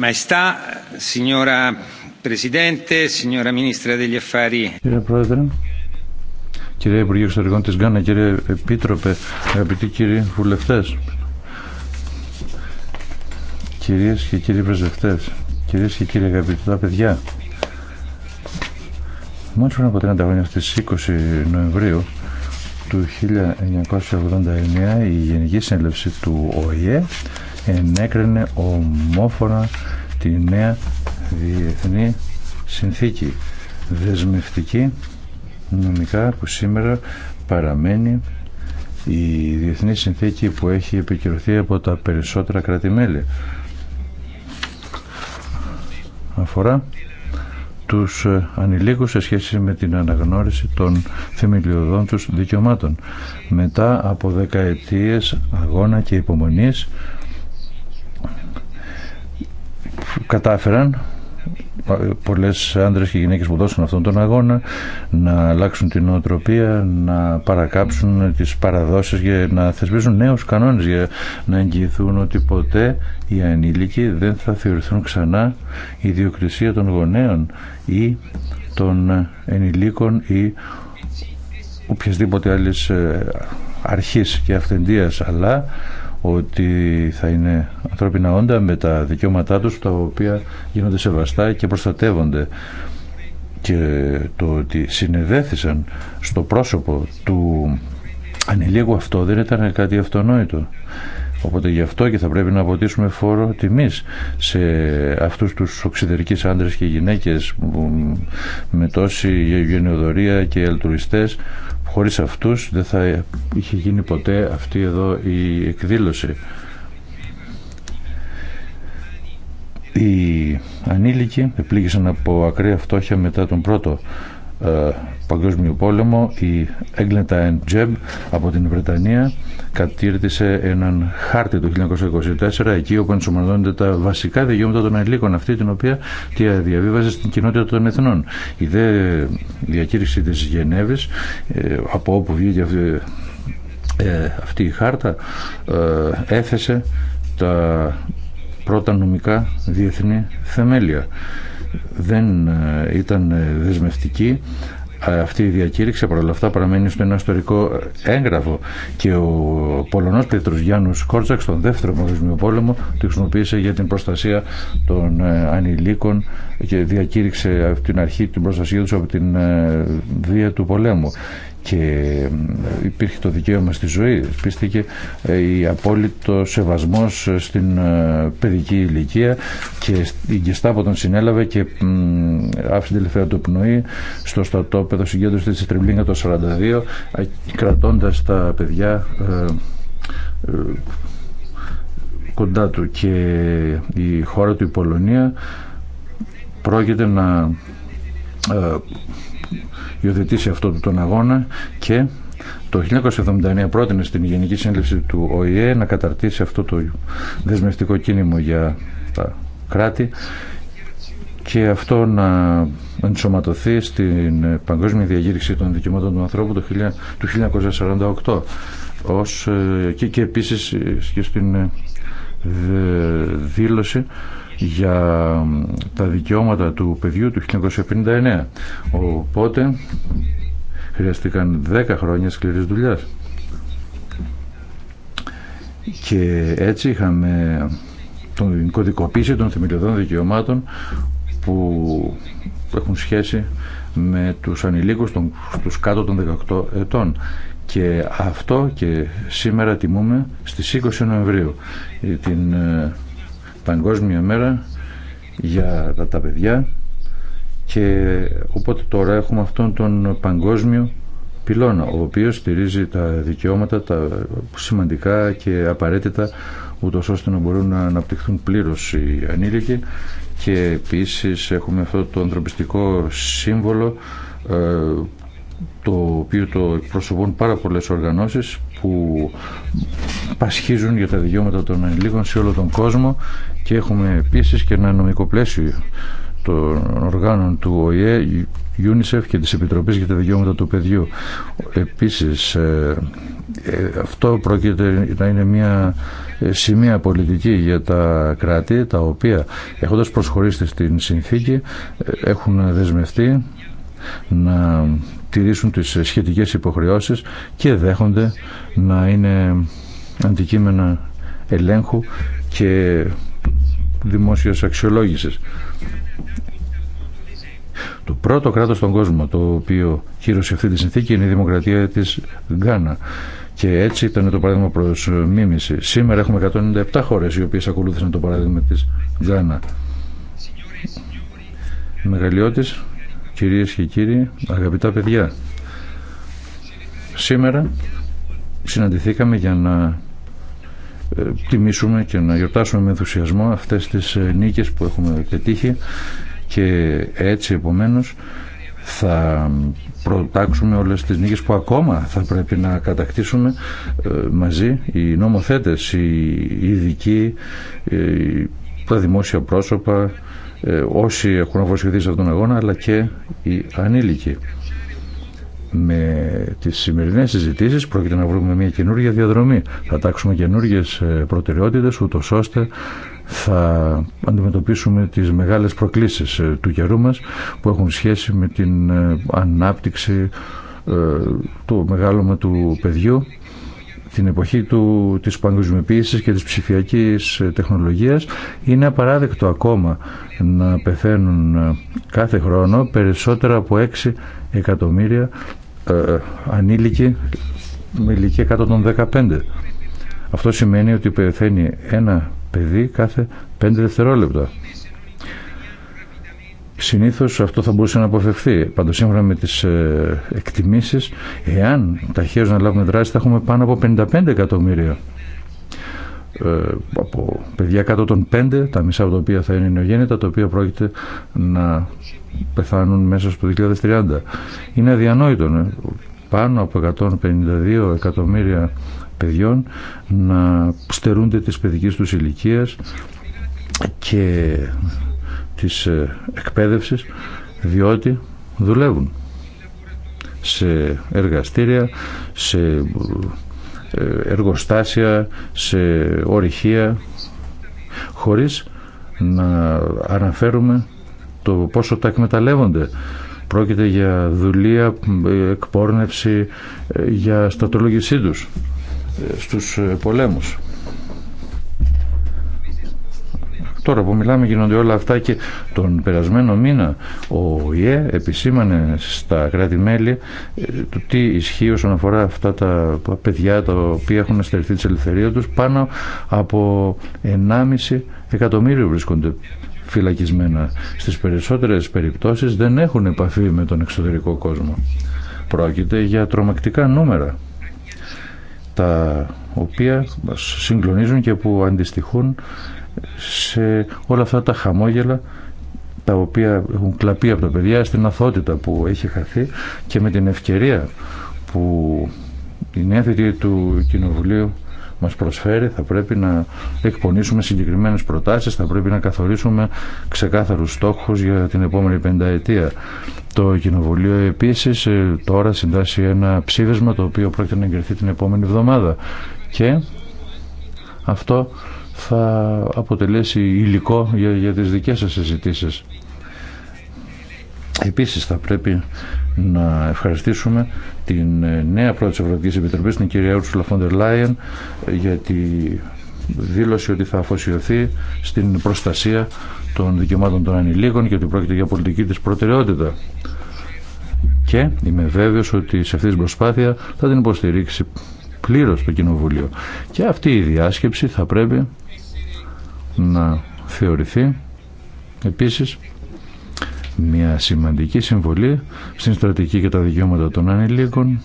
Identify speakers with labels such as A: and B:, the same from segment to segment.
A: Κύριε
B: Πρόεδρε, κύριε Υπουργέ Εξωτερικών της Γκάνα, κύριε Επίτροπε, αγαπητοί κύριοι βουλευτέ. Κυρίε και κύριοι πρεσβευτές, κύριε και κύριοι τα παιδιά, μόλι πριν από 30 χρόνια στι 20 Νοεμβρίου του 1989 η Γενική Συνέλευση του ΟΗΕ ενέκρινε ομόφωνα τη νέα διεθνή συνθήκη δεσμευτική νομικά που σήμερα παραμένει η διεθνή συνθήκη που έχει επικυρωθεί από τα περισσότερα κράτη-μέλη. αφορά τους ε, ανηλίκους σε σχέση με την αναγνώριση των θεμελιωδών τους δικαιωμάτων μετά από δεκαετίες αγώνα και υπομονής κατάφεραν ε, πολλές άντρες και γυναίκες που δώσαν αυτόν τον αγώνα να αλλάξουν την νοοτροπία, να παρακάψουν τις παραδόσεις για να θεσπίζουν νέους κανόνες για να εγγυηθούν ότι ποτέ οι ανήλικοι δεν θα θεωρηθούν ξανά η διοκρισία των γονέων ή των ενηλίκων ή οποιασδήποτε άλλης ε, αρχής και αυθεντίας αλλά ότι θα είναι ανθρώπινα όντα με τα δικαιώματά τους τα οποία γίνονται σεβαστά και προστατεύονται και το ότι συνεδέθησαν στο πρόσωπο του ανηλίγου αυτό δεν ήταν κάτι αυτονόητο. Οπότε γι' αυτό και θα πρέπει να αποτίσουμε φόρο τιμής σε αυτούς τους οξυδερικείς άντρες και γυναίκες με τόση γενεοδορία και έλτουριστές. Χωρίς αυτούς δεν θα είχε γίνει ποτέ αυτή εδώ η εκδήλωση. Οι ανήλικοι επλήγησαν από ακραία φτώχεια μετά τον πρώτο ε, Παγκόσμιο Πόλεμο η Έγκλεντα Εντζέμ από την Βρετανία κατήρτισε έναν χάρτη το 1924 εκεί όπου ενσωματώνονται τα βασικά δικαιώματα των Ελλήνων αυτή την οποία τη διαβίβαζε στην κοινότητα των εθνών. Η δε διακήρυξη της Γενέβης ε, από όπου βγήκε αυτή, ε, αυτή η χάρτα έθεσε τα πρώτα νομικά διεθνή θεμέλια δεν ε, ήταν ε, δεσμευτική ε, αυτή η διακήρυξη όλα αυτά παραμένει στο ένα ιστορικό έγγραφο και ο Πολωνός Πέτρος Γιάννους Κόρτζακ στον δεύτερο παγκοσμίο πόλεμο τη χρησιμοποίησε για την προστασία των ανηλίκων και διακήρυξε από την αρχή την προστασία τους από την βία του πολέμου και ε, υπήρχε το δικαίωμα στη ζωή πίστηκε ε, η απόλυτο σεβασμός ε, στην παιδική ηλικία και η Γκεστάπο τον συνέλαβε και άφησε τελευταία του πνοή στο στρατόπεδο συγκέντρωση της Τριμπλίνκα το 1942 κρατώντας τα παιδιά κοντά του και η χώρα του η Πολωνία πρόκειται να υιοθετήσει αυτό τον αγώνα και το 1979 πρότεινε στην Γενική Σύνδεση του ΟΗΕ να καταρτήσει αυτό το δεσμευτικό κίνημα για τα κράτη και αυτό να ενσωματωθεί στην Παγκόσμια Διακήρυξη των Δικαιωμάτων του Ανθρώπου του 1948 ως, ε, και, και επίσης ε, και στην ε, δήλωση για τα δικαιώματα του παιδιού του 1959. Οπότε χρειαστήκαν 10 χρόνια σκληρής δουλειάς. Και έτσι είχαμε τον κωδικοποίηση των θεμελιωδών δικαιωμάτων που έχουν σχέση με τους ανηλίκους των, τους κάτω των 18 ετών και αυτό και σήμερα τιμούμε στις 20 Νοεμβρίου ε, την ε, Παγκόσμια Μέρα για τα παιδιά και οπότε τώρα έχουμε αυτόν τον παγκόσμιο πυλώνα ο οποίος στηρίζει τα δικαιώματα τα σημαντικά και απαραίτητα ούτως ώστε να μπορούν να αναπτυχθούν πλήρως οι ανήλικοι και επίσης έχουμε αυτό το ανθρωπιστικό σύμβολο ε, το οποίο το εκπροσωπούν πάρα πολλές οργανώσεις που πασχίζουν για τα δικαιώματα των ανηλίκων σε όλο τον κόσμο και έχουμε επίσης και ένα νομικό πλαίσιο των οργάνων του ΟΗΕ, UNICEF και της Επιτροπής για τα Δικαιώματα του Παιδιού. Επίσης, ε, ε, αυτό πρόκειται να είναι μια ε, σημεία πολιτική για τα κράτη, τα οποία έχοντας προσχωρήσει στην συνθήκη έχουν δεσμευτεί να τηρήσουν τις σχετικές υποχρεώσεις και δέχονται να είναι αντικείμενα ελέγχου και δημόσιας αξιολόγησης. Το πρώτο κράτος στον κόσμο το οποίο κύρωσε αυτή τη συνθήκη είναι η δημοκρατία της Γκάνα. Και έτσι ήταν το παράδειγμα προς μίμηση. Σήμερα έχουμε 197 χώρες οι οποίες ακολούθησαν το παράδειγμα της Γκάνα. Μεγαλειώτης Κυρίες και κύριοι, αγαπητά παιδιά, σήμερα συναντηθήκαμε για να ε, τιμήσουμε και να γιορτάσουμε με ενθουσιασμό αυτές τις ε, νίκες που έχουμε πετύχει και έτσι επομένως θα προτάξουμε όλες τις νίκες που ακόμα θα πρέπει να κατακτήσουμε ε, μαζί οι νομοθέτες, οι ειδικοί, τα δημόσια πρόσωπα, ε, όσοι έχουν αφοσιωθεί σε αυτόν τον αγώνα αλλά και οι ανήλικοι. Με τις σημερινές συζητήσεις πρόκειται να βρούμε μια καινούργια διαδρομή. Θα τάξουμε καινούργιες ε, προτεραιότητες ούτως ώστε θα αντιμετωπίσουμε τις μεγάλες προκλήσεις ε, του καιρού μας που έχουν σχέση με την ανάπτυξη το μεγάλωμα του παιδιού την εποχή του, της παγκοσμιοποίησης και της ψηφιακής ε, τεχνολογίας είναι απαράδεκτο ακόμα να πεθαίνουν ε, κάθε χρόνο περισσότερα από 6 εκατομμύρια ε, ε, ανήλικοι με ηλικία κάτω των 15. Αυτό σημαίνει ότι πεθαίνει ένα παιδί κάθε 5 δευτερόλεπτα. Συνήθω αυτό θα μπορούσε να αποφευθεί. Πάντω, σύμφωνα με τις ε, εκτιμήσεις, εάν ταχαίω να λάβουμε δράση θα έχουμε πάνω από 55 εκατομμύρια ε, από παιδιά κάτω των 5, τα μισά από τα οποία θα είναι νεογέννητα, τα οποία πρόκειται να πεθάνουν μέσα στο 2030. Είναι αδιανόητο ναι, πάνω από 152 εκατομμύρια παιδιών να στερούνται της παιδικής τους ηλικίας και της ε, εκπαίδευσης διότι δουλεύουν σε εργαστήρια, σε ε, εργοστάσια, σε ορυχεία χωρίς να αναφέρουμε το πόσο τα εκμεταλλεύονται. Πρόκειται για δουλεία, ε, εκπόρνευση, για στατολογισή τους στους πολέμους. Τώρα που μιλάμε γίνονται όλα αυτά και τον περασμένο μήνα ο ΙΕ επισήμανε στα κράτη-μέλη ε, το τι ισχύει όσον αφορά αυτά τα παιδιά τα οποία έχουν στερηθεί τη ελευθερία τους πάνω από 1,5 εκατομμύριο βρίσκονται φυλακισμένα. Στις περισσότερες περιπτώσεις δεν έχουν επαφή με τον εξωτερικό κόσμο. Πρόκειται για τρομακτικά νούμερα τα οποία μας συγκλονίζουν και που αντιστοιχούν σε όλα αυτά τα χαμόγελα τα οποία έχουν κλαπεί από τα παιδιά στην αθότητα που έχει χαθεί και με την ευκαιρία που η νέα του Κοινοβουλίου μας προσφέρει θα πρέπει να εκπονήσουμε συγκεκριμένες προτάσεις, θα πρέπει να καθορίσουμε ξεκάθαρους στόχους για την επόμενη πενταετία. Το Κοινοβουλίο επίσης ε, τώρα συντάσσει ένα ψήφισμα το οποίο πρόκειται να εγκριθεί την επόμενη εβδομάδα και αυτό θα αποτελέσει υλικό για, για τις δικές σας συζητήσεις. Επίσης θα πρέπει να ευχαριστήσουμε την νέα πρώτη της Ευρωπαϊκής Επιτροπής, την κυρία Ούρσουλα Φόντερ Λάιεν, τη δήλωση ότι θα αφοσιωθεί στην προστασία των δικαιωμάτων των ανηλίκων και ότι πρόκειται για πολιτική της προτεραιότητα. Και είμαι βέβαιος ότι σε αυτή την προσπάθεια θα την υποστηρίξει πλήρως το Κοινοβούλιο. Και αυτή η διάσκεψη θα πρέπει να θεωρηθεί επίσης μια σημαντική συμβολή στην στρατηγική και τα δικαιώματα των ανηλίκων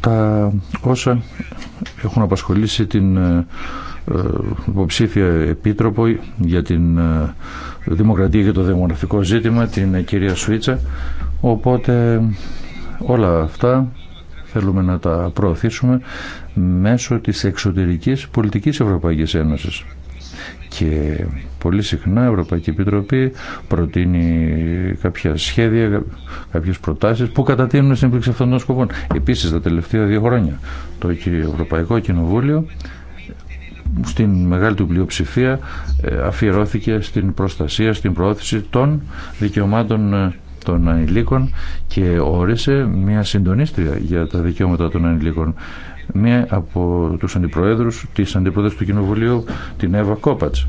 B: τα όσα έχουν απασχολήσει την ε, ε, υποψήφια επίτροπο για την ε, δημοκρατία και το δημογραφικό ζήτημα την κυρία Σουίτσα οπότε όλα αυτά θέλουμε να τα προωθήσουμε μέσω της εξωτερικής πολιτικής Ευρωπαϊκής Ένωσης. Και πολύ συχνά η Ευρωπαϊκή Επιτροπή προτείνει κάποια σχέδια, κάποιες προτάσεις που κατατείνουν στην πλήξη αυτών των σκοπών. Επίσης τα τελευταία δύο χρόνια το Ευρωπαϊκό Κοινοβούλιο στην μεγάλη του πλειοψηφία ε, αφιερώθηκε στην προστασία, στην προώθηση των δικαιωμάτων ε, των ανηλίκων και όρισε μια συντονίστρια για τα δικαιώματα των ανηλίκων. Μία από τους αντιπροέδρους της αντιπρόεδρου του Κοινοβουλίου, την Εύα Κόπατς,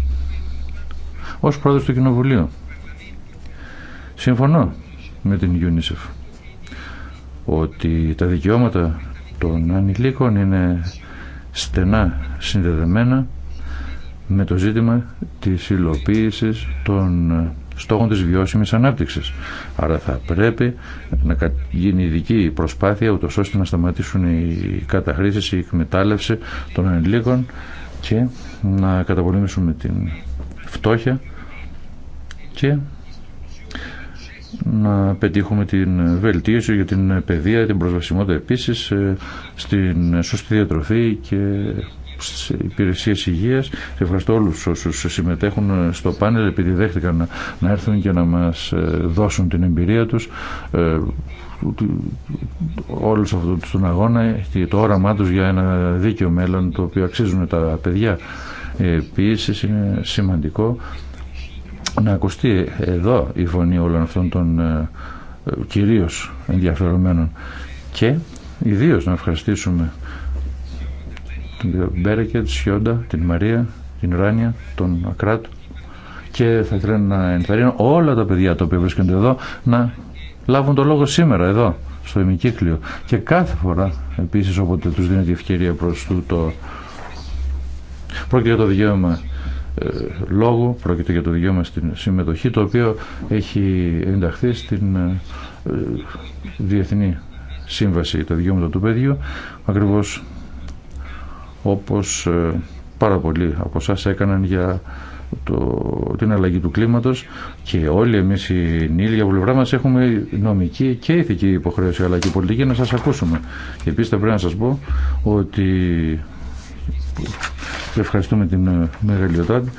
B: ως πρόεδρος του Κοινοβουλίου. Συμφωνώ με την UNICEF ότι τα δικαιώματα των ανηλίκων είναι στενά συνδεδεμένα με το ζήτημα της υλοποίησης των στόχων της βιώσιμης ανάπτυξης. Άρα θα πρέπει να γίνει ειδική προσπάθεια ούτως ώστε να σταματήσουν οι καταχρήσεις, η εκμετάλλευση των ανηλίκων και να καταπολύνουμε την φτώχεια και να πετύχουμε την βελτίωση για την παιδεία, την προσβασιμότητα επίσης ε, στην σωστή διατροφή και Στι Υπηρεσίε υγεία ευχαριστώ όλου όσου συμμετέχουν στο πάνελ επειδή δέχτηκαν να έρθουν και να μας ε, δώσουν την εμπειρία τους ε, όλους αυτού τον αγώνα και το όραμά τους για ένα δίκαιο μέλλον το οποίο αξίζουν τα παιδιά. Ε, Επίση είναι σημαντικό να ακουστεί εδώ η φωνή όλων αυτών των κυρίως ενδιαφερομένων και ιδίως να ευχαριστήσουμε τον Μπέρεκε, τη Σιόντα, την Μαρία, την Ράνια, τον Ακράτ και θα ήθελα να ενθαρρύνω όλα τα παιδιά τα οποία βρίσκονται εδώ να λάβουν το λόγο σήμερα εδώ στο ημικύκλιο και κάθε φορά επίσης όποτε τους δίνεται ευκαιρία προς το πρόκειται για το δικαίωμα ε, λόγου, πρόκειται για το δικαίωμα στην συμμετοχή το οποίο έχει ενταχθεί στην ε, ε διεθνή σύμβαση το δικαιώματα του παιδιού ακριβώς όπως ε, πάρα πολλοί από εσά έκαναν για το, την αλλαγή του κλίματος και όλοι εμείς οι νύλοι βουλευρά μας έχουμε νομική και ηθική υποχρέωση αλλά και πολιτική να σας ακούσουμε και επίσης θα πρέπει να σας πω ότι ευχαριστούμε την ε, Μεγαλειοτάτη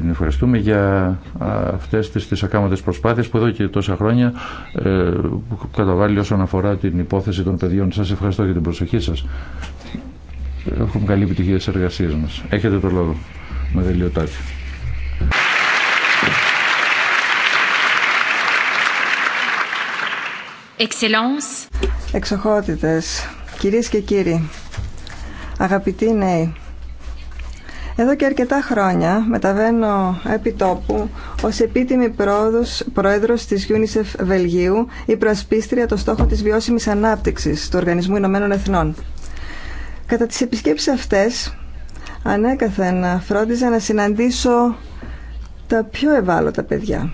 B: την ευχαριστούμε για αυτές τις, τις προσπάθειε που εδώ και τόσα χρόνια ε, καταβάλει όσον αφορά την υπόθεση των παιδιών. Σας ευχαριστώ για την προσοχή σας. Έχουμε καλή επιτυχία στι εργασίε μα. Έχετε το λόγο με
C: Excellence.
D: Εξοχότητες, κυρίες και κύριοι, αγαπητοί νέοι, εδώ και αρκετά χρόνια μεταβαίνω επί τόπου ως επίτιμη πρόεδρος, πρόεδρος της UNICEF Βελγίου προασπίστρια το στόχο της βιώσιμης ανάπτυξης του Οργανισμού Ηνωμένων Εθνών. Κατά τις επισκέψεις αυτές ανέκαθεν φρόντιζα να συναντήσω τα πιο ευάλωτα παιδιά.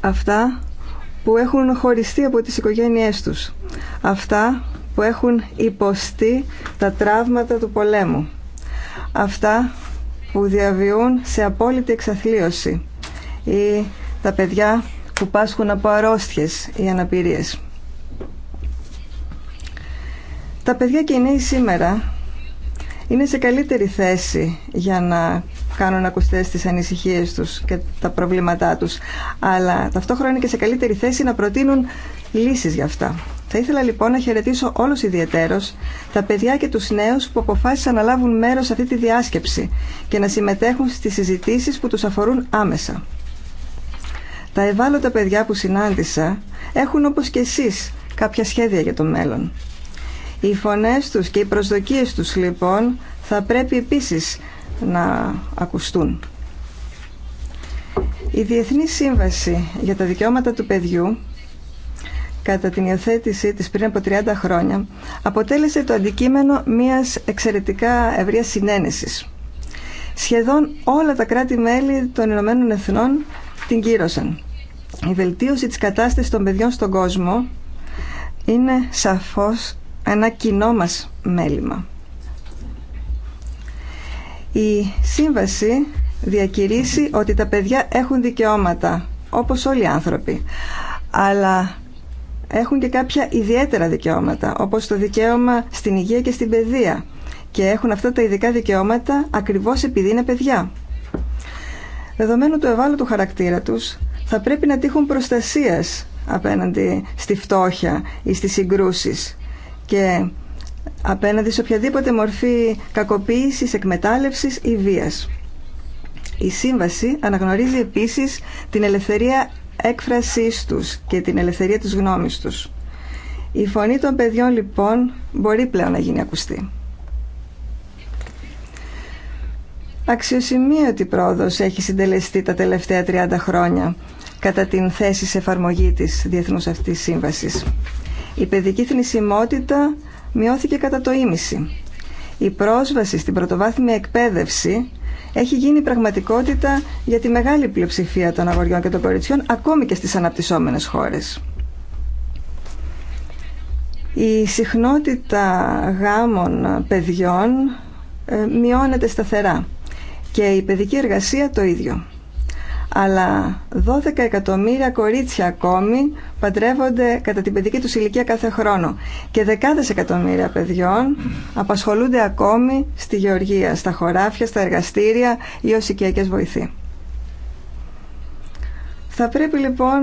D: Αυτά που έχουν χωριστεί από τις οικογένειές τους. Αυτά που έχουν υποστεί τα τραύματα του πολέμου. Αυτά που διαβιούν σε απόλυτη εξαθλίωση ή τα παιδιά που πάσχουν από αρρώστιες ή αναπηρίες. Τα παιδιά και οι νέοι σήμερα είναι σε καλύτερη θέση για να κάνουν ακουστές τις ανησυχίες τους και τα προβλήματά τους αλλά ταυτόχρονα είναι και σε καλύτερη θέση να προτείνουν λύσεις για αυτά. Θα ήθελα λοιπόν να χαιρετήσω όλους ιδιαιτέρως τα παιδιά και τους νέους που αποφάσισαν να λάβουν μέρος σε αυτή τη διάσκεψη και να συμμετέχουν στις συζητήσεις που τους αφορούν άμεσα. Τα ευάλωτα παιδιά που συνάντησα έχουν όπως και εσείς κάποια σχέδια για το μέλλον. Οι φωνές τους και οι προσδοκίες τους λοιπόν θα πρέπει επίσης να ακουστούν. Η Διεθνή Σύμβαση για τα Δικαιώματα του Παιδιού κατά την υιοθέτησή της πριν από 30 χρόνια αποτέλεσε το αντικείμενο μιας εξαιρετικά ευρείας συνένεσης. Σχεδόν όλα τα κράτη-μέλη των Ηνωμένων Εθνών την κύρωσαν. Η βελτίωση της κατάστασης των παιδιών στον κόσμο είναι σαφώς ένα κοινό μας μέλημα. Η σύμβαση διακηρύσει ότι τα παιδιά έχουν δικαιώματα, όπως όλοι οι άνθρωποι. Αλλά έχουν και κάποια ιδιαίτερα δικαιώματα, όπως το δικαίωμα στην υγεία και στην παιδεία. Και έχουν αυτά τα ειδικά δικαιώματα ακριβώς επειδή είναι παιδιά. Δεδομένου του ευάλωτου χαρακτήρα τους, θα πρέπει να τύχουν προστασίας απέναντι στη φτώχεια ή στις συγκρούσεις και απέναντι σε οποιαδήποτε μορφή κακοποίησης, εκμετάλλευσης ή βίας. Η σύμβαση αναγνωρίζει επίσης την ελευθερία έκφρασής τους και την ελευθερία της γνώμης τους. Η φωνή των παιδιών λοιπόν μπορεί πλέον να γίνει ακουστή. Αξιοσημείωτη πρόοδος έχει συντελεστεί τα τελευταία 30 χρόνια κατά την θέση σε εφαρμογή της διεθνούς αυτής σύμβασης. Η παιδική θνησιμότητα μειώθηκε κατά το ίμιση. Η πρόσβαση στην πρωτοβάθμια εκπαίδευση έχει γίνει πραγματικότητα για τη μεγάλη πλειοψηφία των αγοριών και των κοριτσιών, ακόμη και στις αναπτυσσόμενες χώρες. Η συχνότητα γάμων παιδιών ε, μειώνεται σταθερά και η παιδική εργασία το ίδιο αλλά 12 εκατομμύρια κορίτσια ακόμη παντρεύονται κατά την παιδική τους ηλικία κάθε χρόνο και δεκάδες εκατομμύρια παιδιών απασχολούνται ακόμη στη γεωργία, στα χωράφια, στα εργαστήρια ή ως οικιακές βοηθοί. Θα πρέπει λοιπόν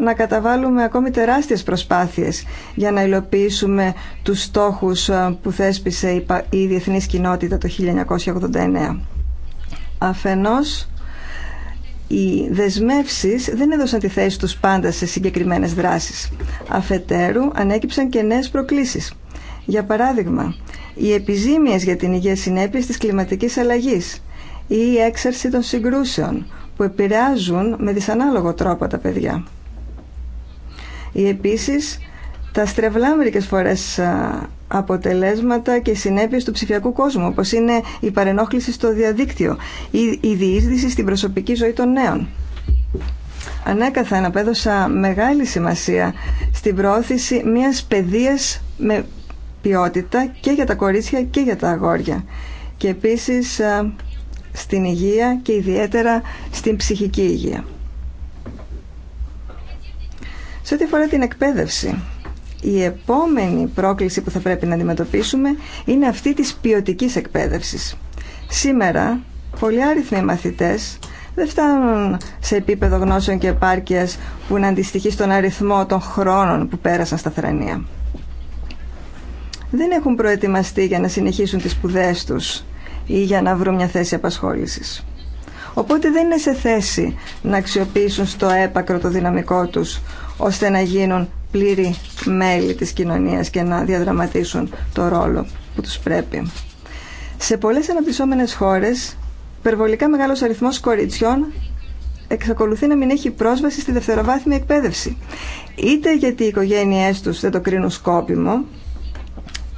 D: να καταβάλουμε ακόμη τεράστιες προσπάθειες για να υλοποιήσουμε τους στόχους ε, που θέσπισε η διεθνής κοινότητα το 1989. Αφενός, οι δεσμεύσεις δεν έδωσαν τη θέση τους πάντα σε συγκεκριμένες δράσεις. Αφετέρου, ανέκυψαν και νέες προκλήσεις. Για παράδειγμα, οι επιζήμιες για την υγεία συνέπειες της κλιματικής αλλαγής ή η έξαρση των συγκρούσεων που επηρεάζουν με δυσανάλογο τρόπο τα παιδιά. Ή επίσης τα στρεβλά φορές αποτελέσματα και συνέπειες του ψηφιακού κόσμου, όπως είναι η παρενόχληση στο διαδίκτυο, η, η διείσδυση στην προσωπική ζωή των νέων. Ανέκαθα πέδωσα μεγάλη σημασία στην πρόθεση μιας παιδείας με ποιότητα και για τα κορίτσια και για τα αγόρια. Και επίσης στην υγεία και ιδιαίτερα στην ψυχική υγεία. Σε ό,τι αφορά την εκπαίδευση, η επόμενη πρόκληση που θα πρέπει να αντιμετωπίσουμε είναι αυτή της ποιοτική εκπαίδευσης. Σήμερα, πολλοί άριθμοι μαθητές δεν φτάνουν σε επίπεδο γνώσεων και επάρκειας που να αντιστοιχεί στον αριθμό των χρόνων που πέρασαν στα θρανία. Δεν έχουν προετοιμαστεί για να συνεχίσουν τις σπουδέ τους ή για να βρουν μια θέση απασχόλησης. Οπότε δεν είναι σε θέση να αξιοποιήσουν στο έπακρο το δυναμικό τους ώστε να γίνουν πλήρη μέλη της κοινωνίας και να διαδραματίσουν το ρόλο που τους πρέπει. Σε πολλές αναπτυσσόμενες χώρες, υπερβολικά μεγάλος αριθμός κοριτσιών εξακολουθεί να μην έχει πρόσβαση στη δευτεροβάθμια εκπαίδευση. Είτε γιατί οι οικογένειές τους δεν το κρίνουν σκόπιμο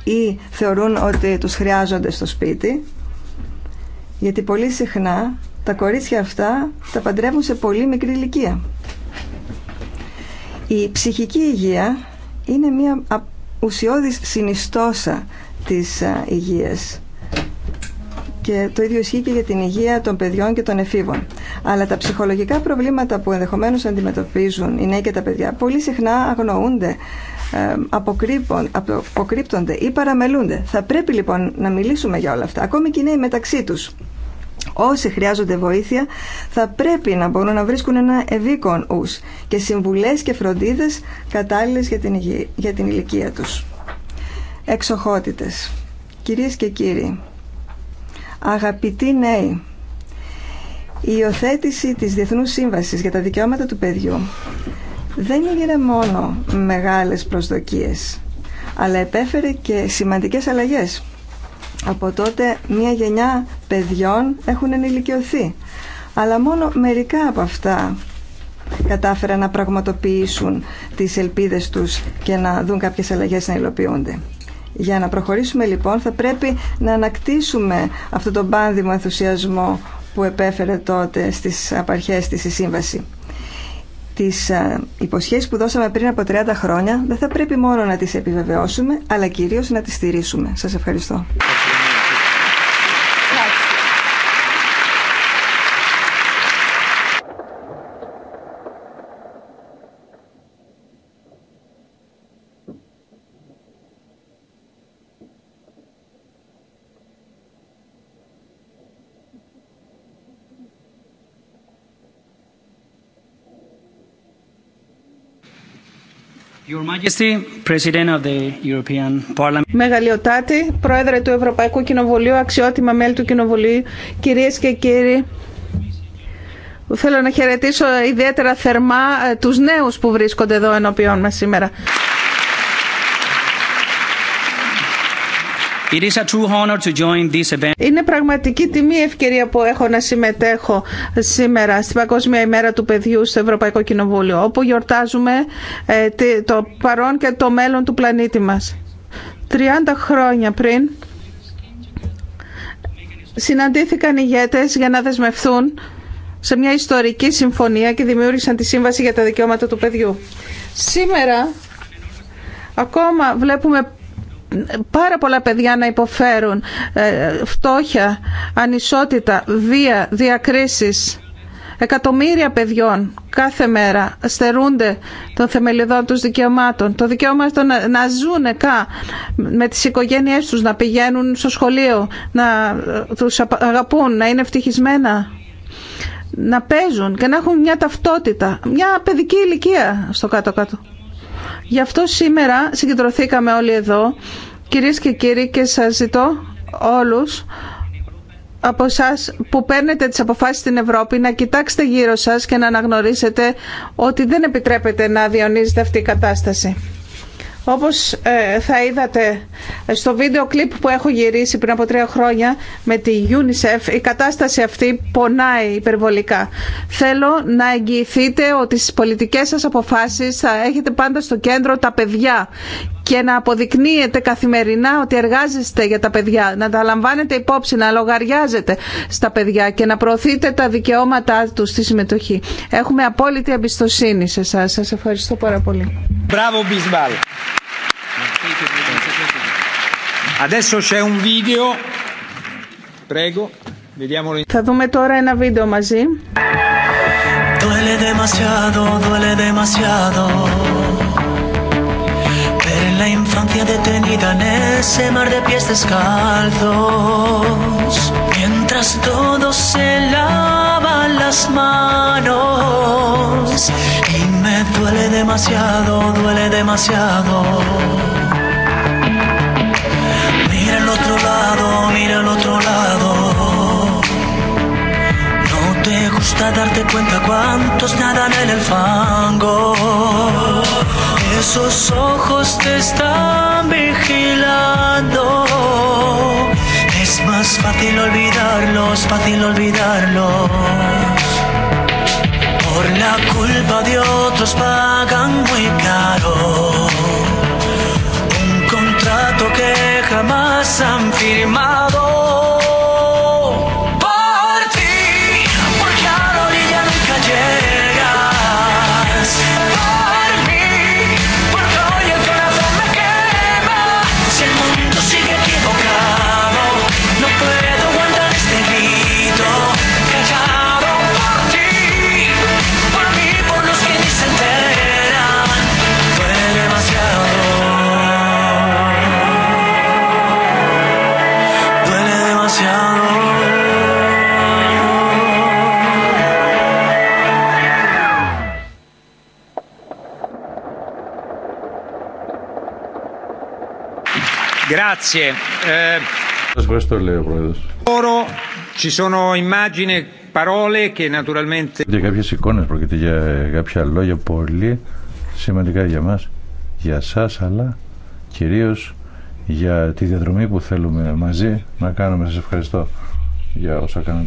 D: ή θεωρούν ότι τους χρειάζονται στο σπίτι, γιατί πολύ συχνά τα κορίτσια αυτά τα παντρεύουν σε πολύ μικρή ηλικία. Η ψυχική υγεία είναι μια ουσιώδης συνιστόσα της ε, υγείας και το ίδιο ισχύει και για την υγεία των παιδιών και των εφήβων. Αλλά τα ψυχολογικά προβλήματα που ενδεχομένως αντιμετωπίζουν οι νέοι και τα παιδιά πολύ συχνά αγνοούνται, ε, αποκρύπτονται ή παραμελούνται. Θα πρέπει λοιπόν να μιλήσουμε για όλα αυτά, ακόμη και οι νέοι μεταξύ τους. Όσοι χρειάζονται βοήθεια θα πρέπει να μπορούν να βρίσκουν ένα ευήκον ους και συμβουλές και φροντίδες κατάλληλες για την, ηλικία τους. Εξοχότητες. Κυρίες και κύριοι, αγαπητοί νέοι, η υιοθέτηση της Διεθνούς Σύμβασης για τα Δικαιώματα του Παιδιού δεν έγινε μόνο μεγάλες προσδοκίες, αλλά επέφερε και σημαντικές αλλαγές. Από τότε μια γενιά παιδιών έχουν ενηλικιωθεί. Αλλά μόνο μερικά από αυτά κατάφεραν να πραγματοποιήσουν τις ελπίδες τους και να δουν κάποιες αλλαγές να υλοποιούνται. Για να προχωρήσουμε λοιπόν θα πρέπει να ανακτήσουμε αυτό το πάνδημο ενθουσιασμό που επέφερε τότε στις απαρχές της η Σύμβαση. Τις ε, υποσχέσεις που δώσαμε πριν από 30 χρόνια δεν θα πρέπει μόνο να τις επιβεβαιώσουμε, αλλά κυρίως να τις στηρίσουμε. Σας ευχαριστώ.
A: Μεγαλειοτάτη, Πρόεδρε του Ευρωπαϊκού Κοινοβουλίου, αξιότιμα μέλη του Κοινοβουλίου, κυρίες και κύριοι, θέλω να χαιρετήσω ιδιαίτερα θερμά ε, τους νέους που βρίσκονται εδώ ενώπιόν μας σήμερα. Είναι πραγματική τιμή ευκαιρία που έχω να συμμετέχω σήμερα στην Παγκόσμια ημέρα του παιδιού στο Ευρωπαϊκό Κοινοβούλιο, όπου γιορτάζουμε ε, το παρόν και το μέλλον του πλανήτη μας. 30 χρόνια πριν συναντήθηκαν ηγέτες για να δεσμευθούν σε μια ιστορική συμφωνία και δημιούργησαν τη Σύμβαση για τα Δικαιώματα του Παιδιού. Σήμερα ακόμα βλέπουμε πάρα πολλά παιδιά να υποφέρουν ε, φτώχεια, ανισότητα, βία, διακρίσεις. Εκατομμύρια παιδιών κάθε μέρα στερούνται των θεμελιωδών τους δικαιωμάτων. Το δικαίωμα στο να, να ζουν με τις οικογένειές τους, να πηγαίνουν στο σχολείο, να ε, τους αγαπούν, να είναι ευτυχισμένα, να παίζουν και να έχουν μια ταυτότητα, μια παιδική ηλικία στο κάτω-κάτω. Γι' αυτό σήμερα συγκεντρωθήκαμε όλοι εδώ, κυρίες και κύριοι, και σας ζητώ όλους από εσά που παίρνετε τις αποφάσεις στην Ευρώπη να κοιτάξετε γύρω σας και να αναγνωρίσετε ότι δεν επιτρέπεται να διονύζεται αυτή η κατάσταση. Όπως ε, θα είδατε στο βίντεο κλιπ που έχω γυρίσει πριν από τρία χρόνια με τη UNICEF, η κατάσταση αυτή πονάει υπερβολικά. Θέλω να εγγυηθείτε ότι στις πολιτικές σας αποφάσεις θα έχετε πάντα στο κέντρο τα παιδιά και να αποδεικνύετε καθημερινά ότι εργάζεστε για τα παιδιά, να τα λαμβάνετε υπόψη, να λογαριάζετε στα παιδιά και να προωθείτε τα δικαιώματά τους στη συμμετοχή. Έχουμε απόλυτη εμπιστοσύνη σε εσάς. Σας ευχαριστώ πάρα πολύ. Adesso c'è un video. Prego, vediamolo. Θα δούμε τώρα ένα βίντεο μαζί.
E: Duele demasiado, duele demasiado. Ver la infancia detenida en ese mar de pies descalzos. Mientras todos se lavan las manos. Me duele demasiado, duele demasiado. Mira al otro lado, mira al otro lado. No te gusta darte cuenta cuántos nadan en el fango. Esos ojos te están vigilando. Es más fácil olvidarlos, fácil olvidarlo. Por la culpa de otros pagan muy caro un contrato que jamás han firmado. Σας
B: ευχαριστώ, λέει ο Πρόεδρος. Για κάποιε εικόνε πρόκειται για ε, κάποια λόγια πολύ σημαντικά για μα, για εσά, αλλά κυρίω για τη διαδρομή που θέλουμε μαζί να κάνουμε. σα ευχαριστώ για όσα κάνετε.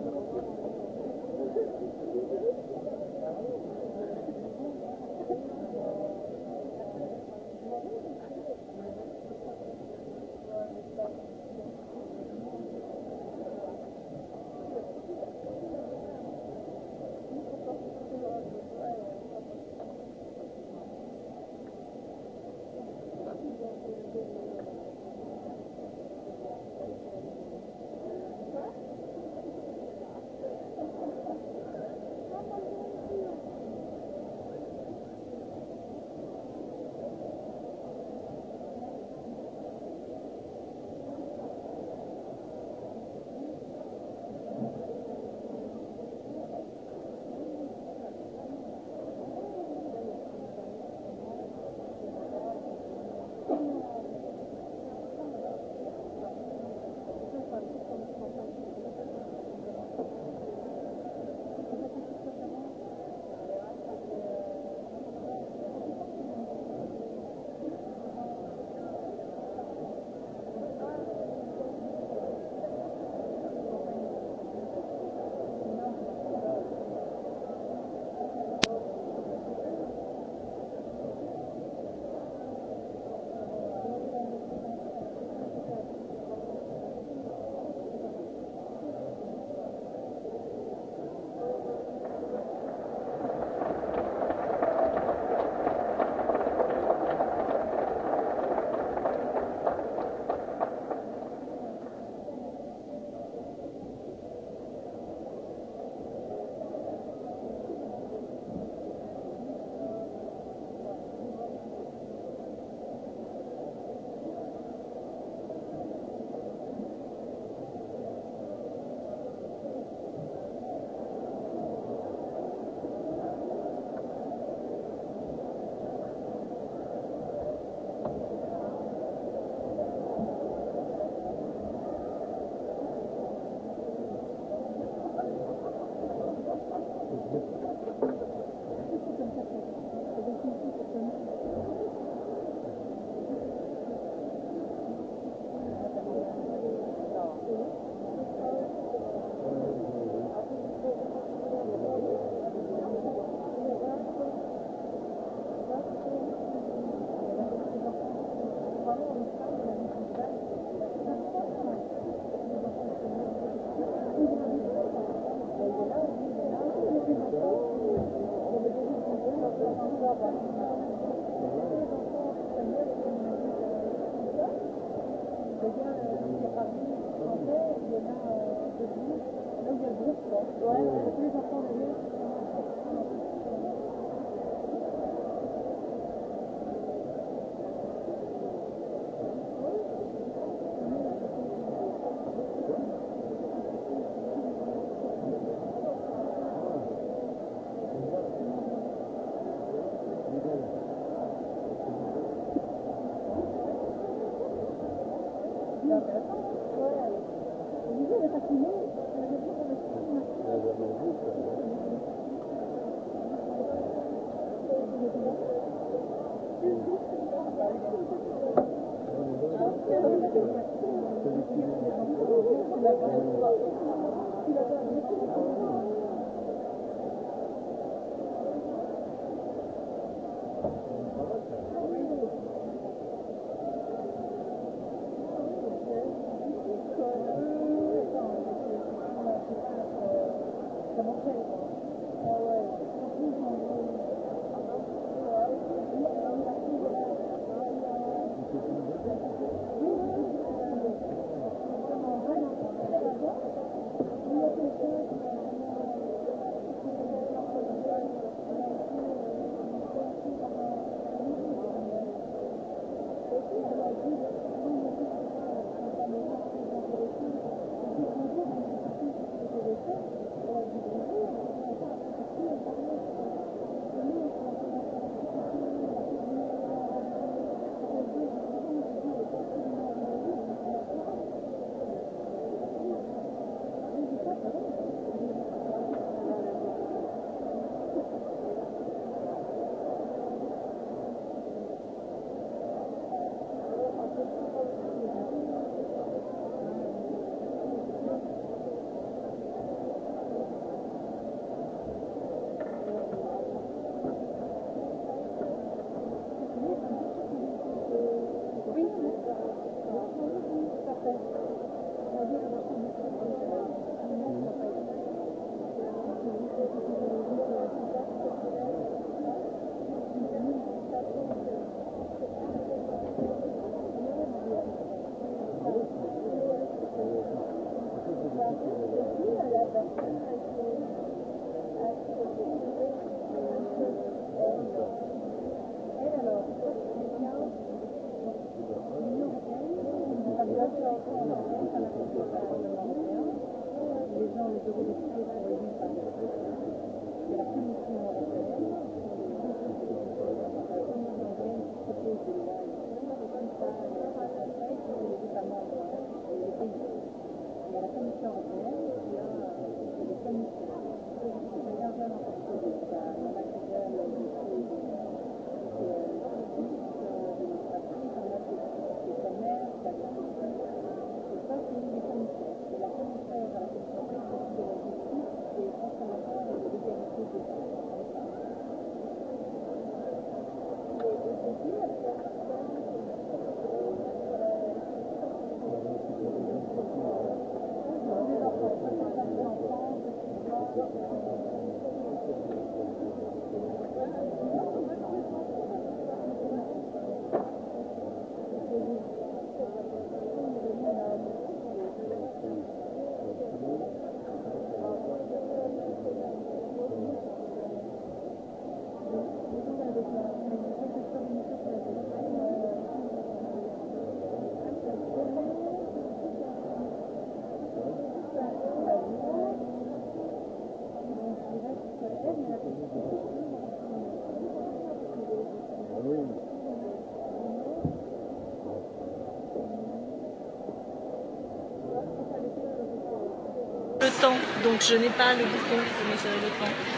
A: Donc je n'ai pas le bouton pour mes le temps.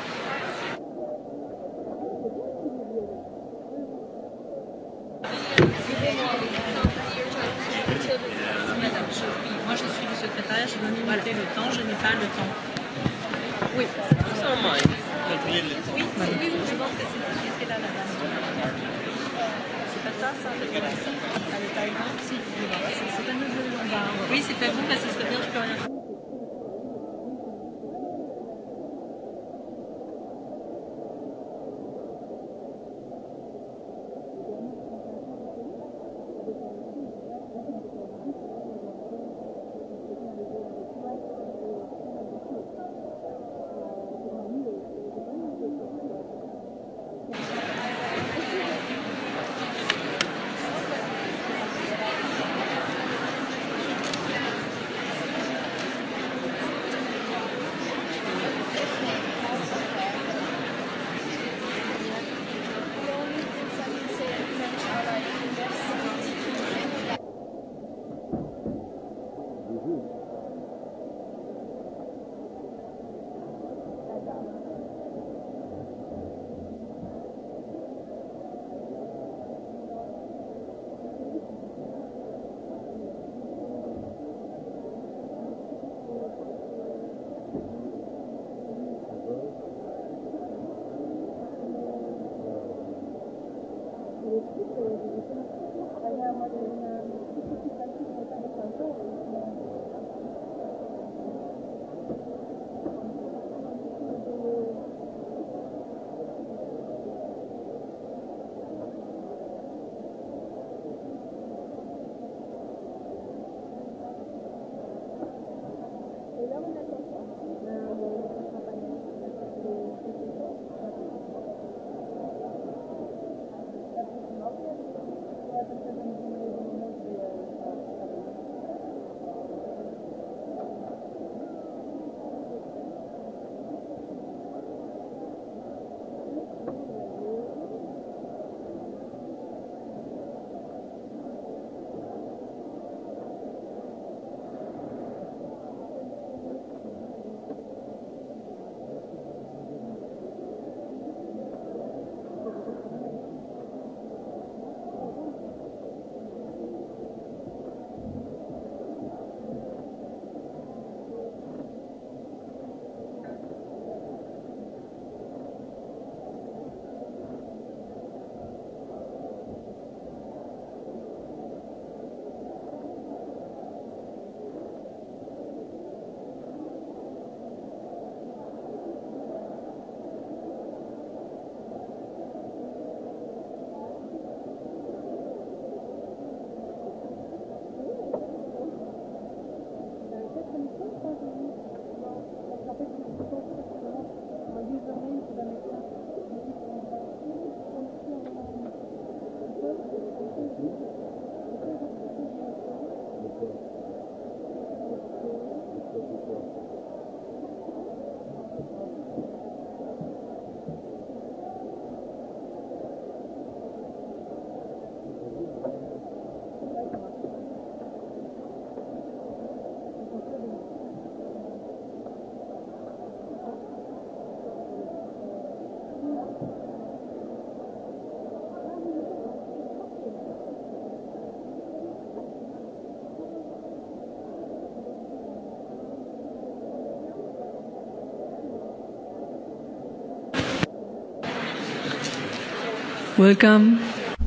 E: Welcome.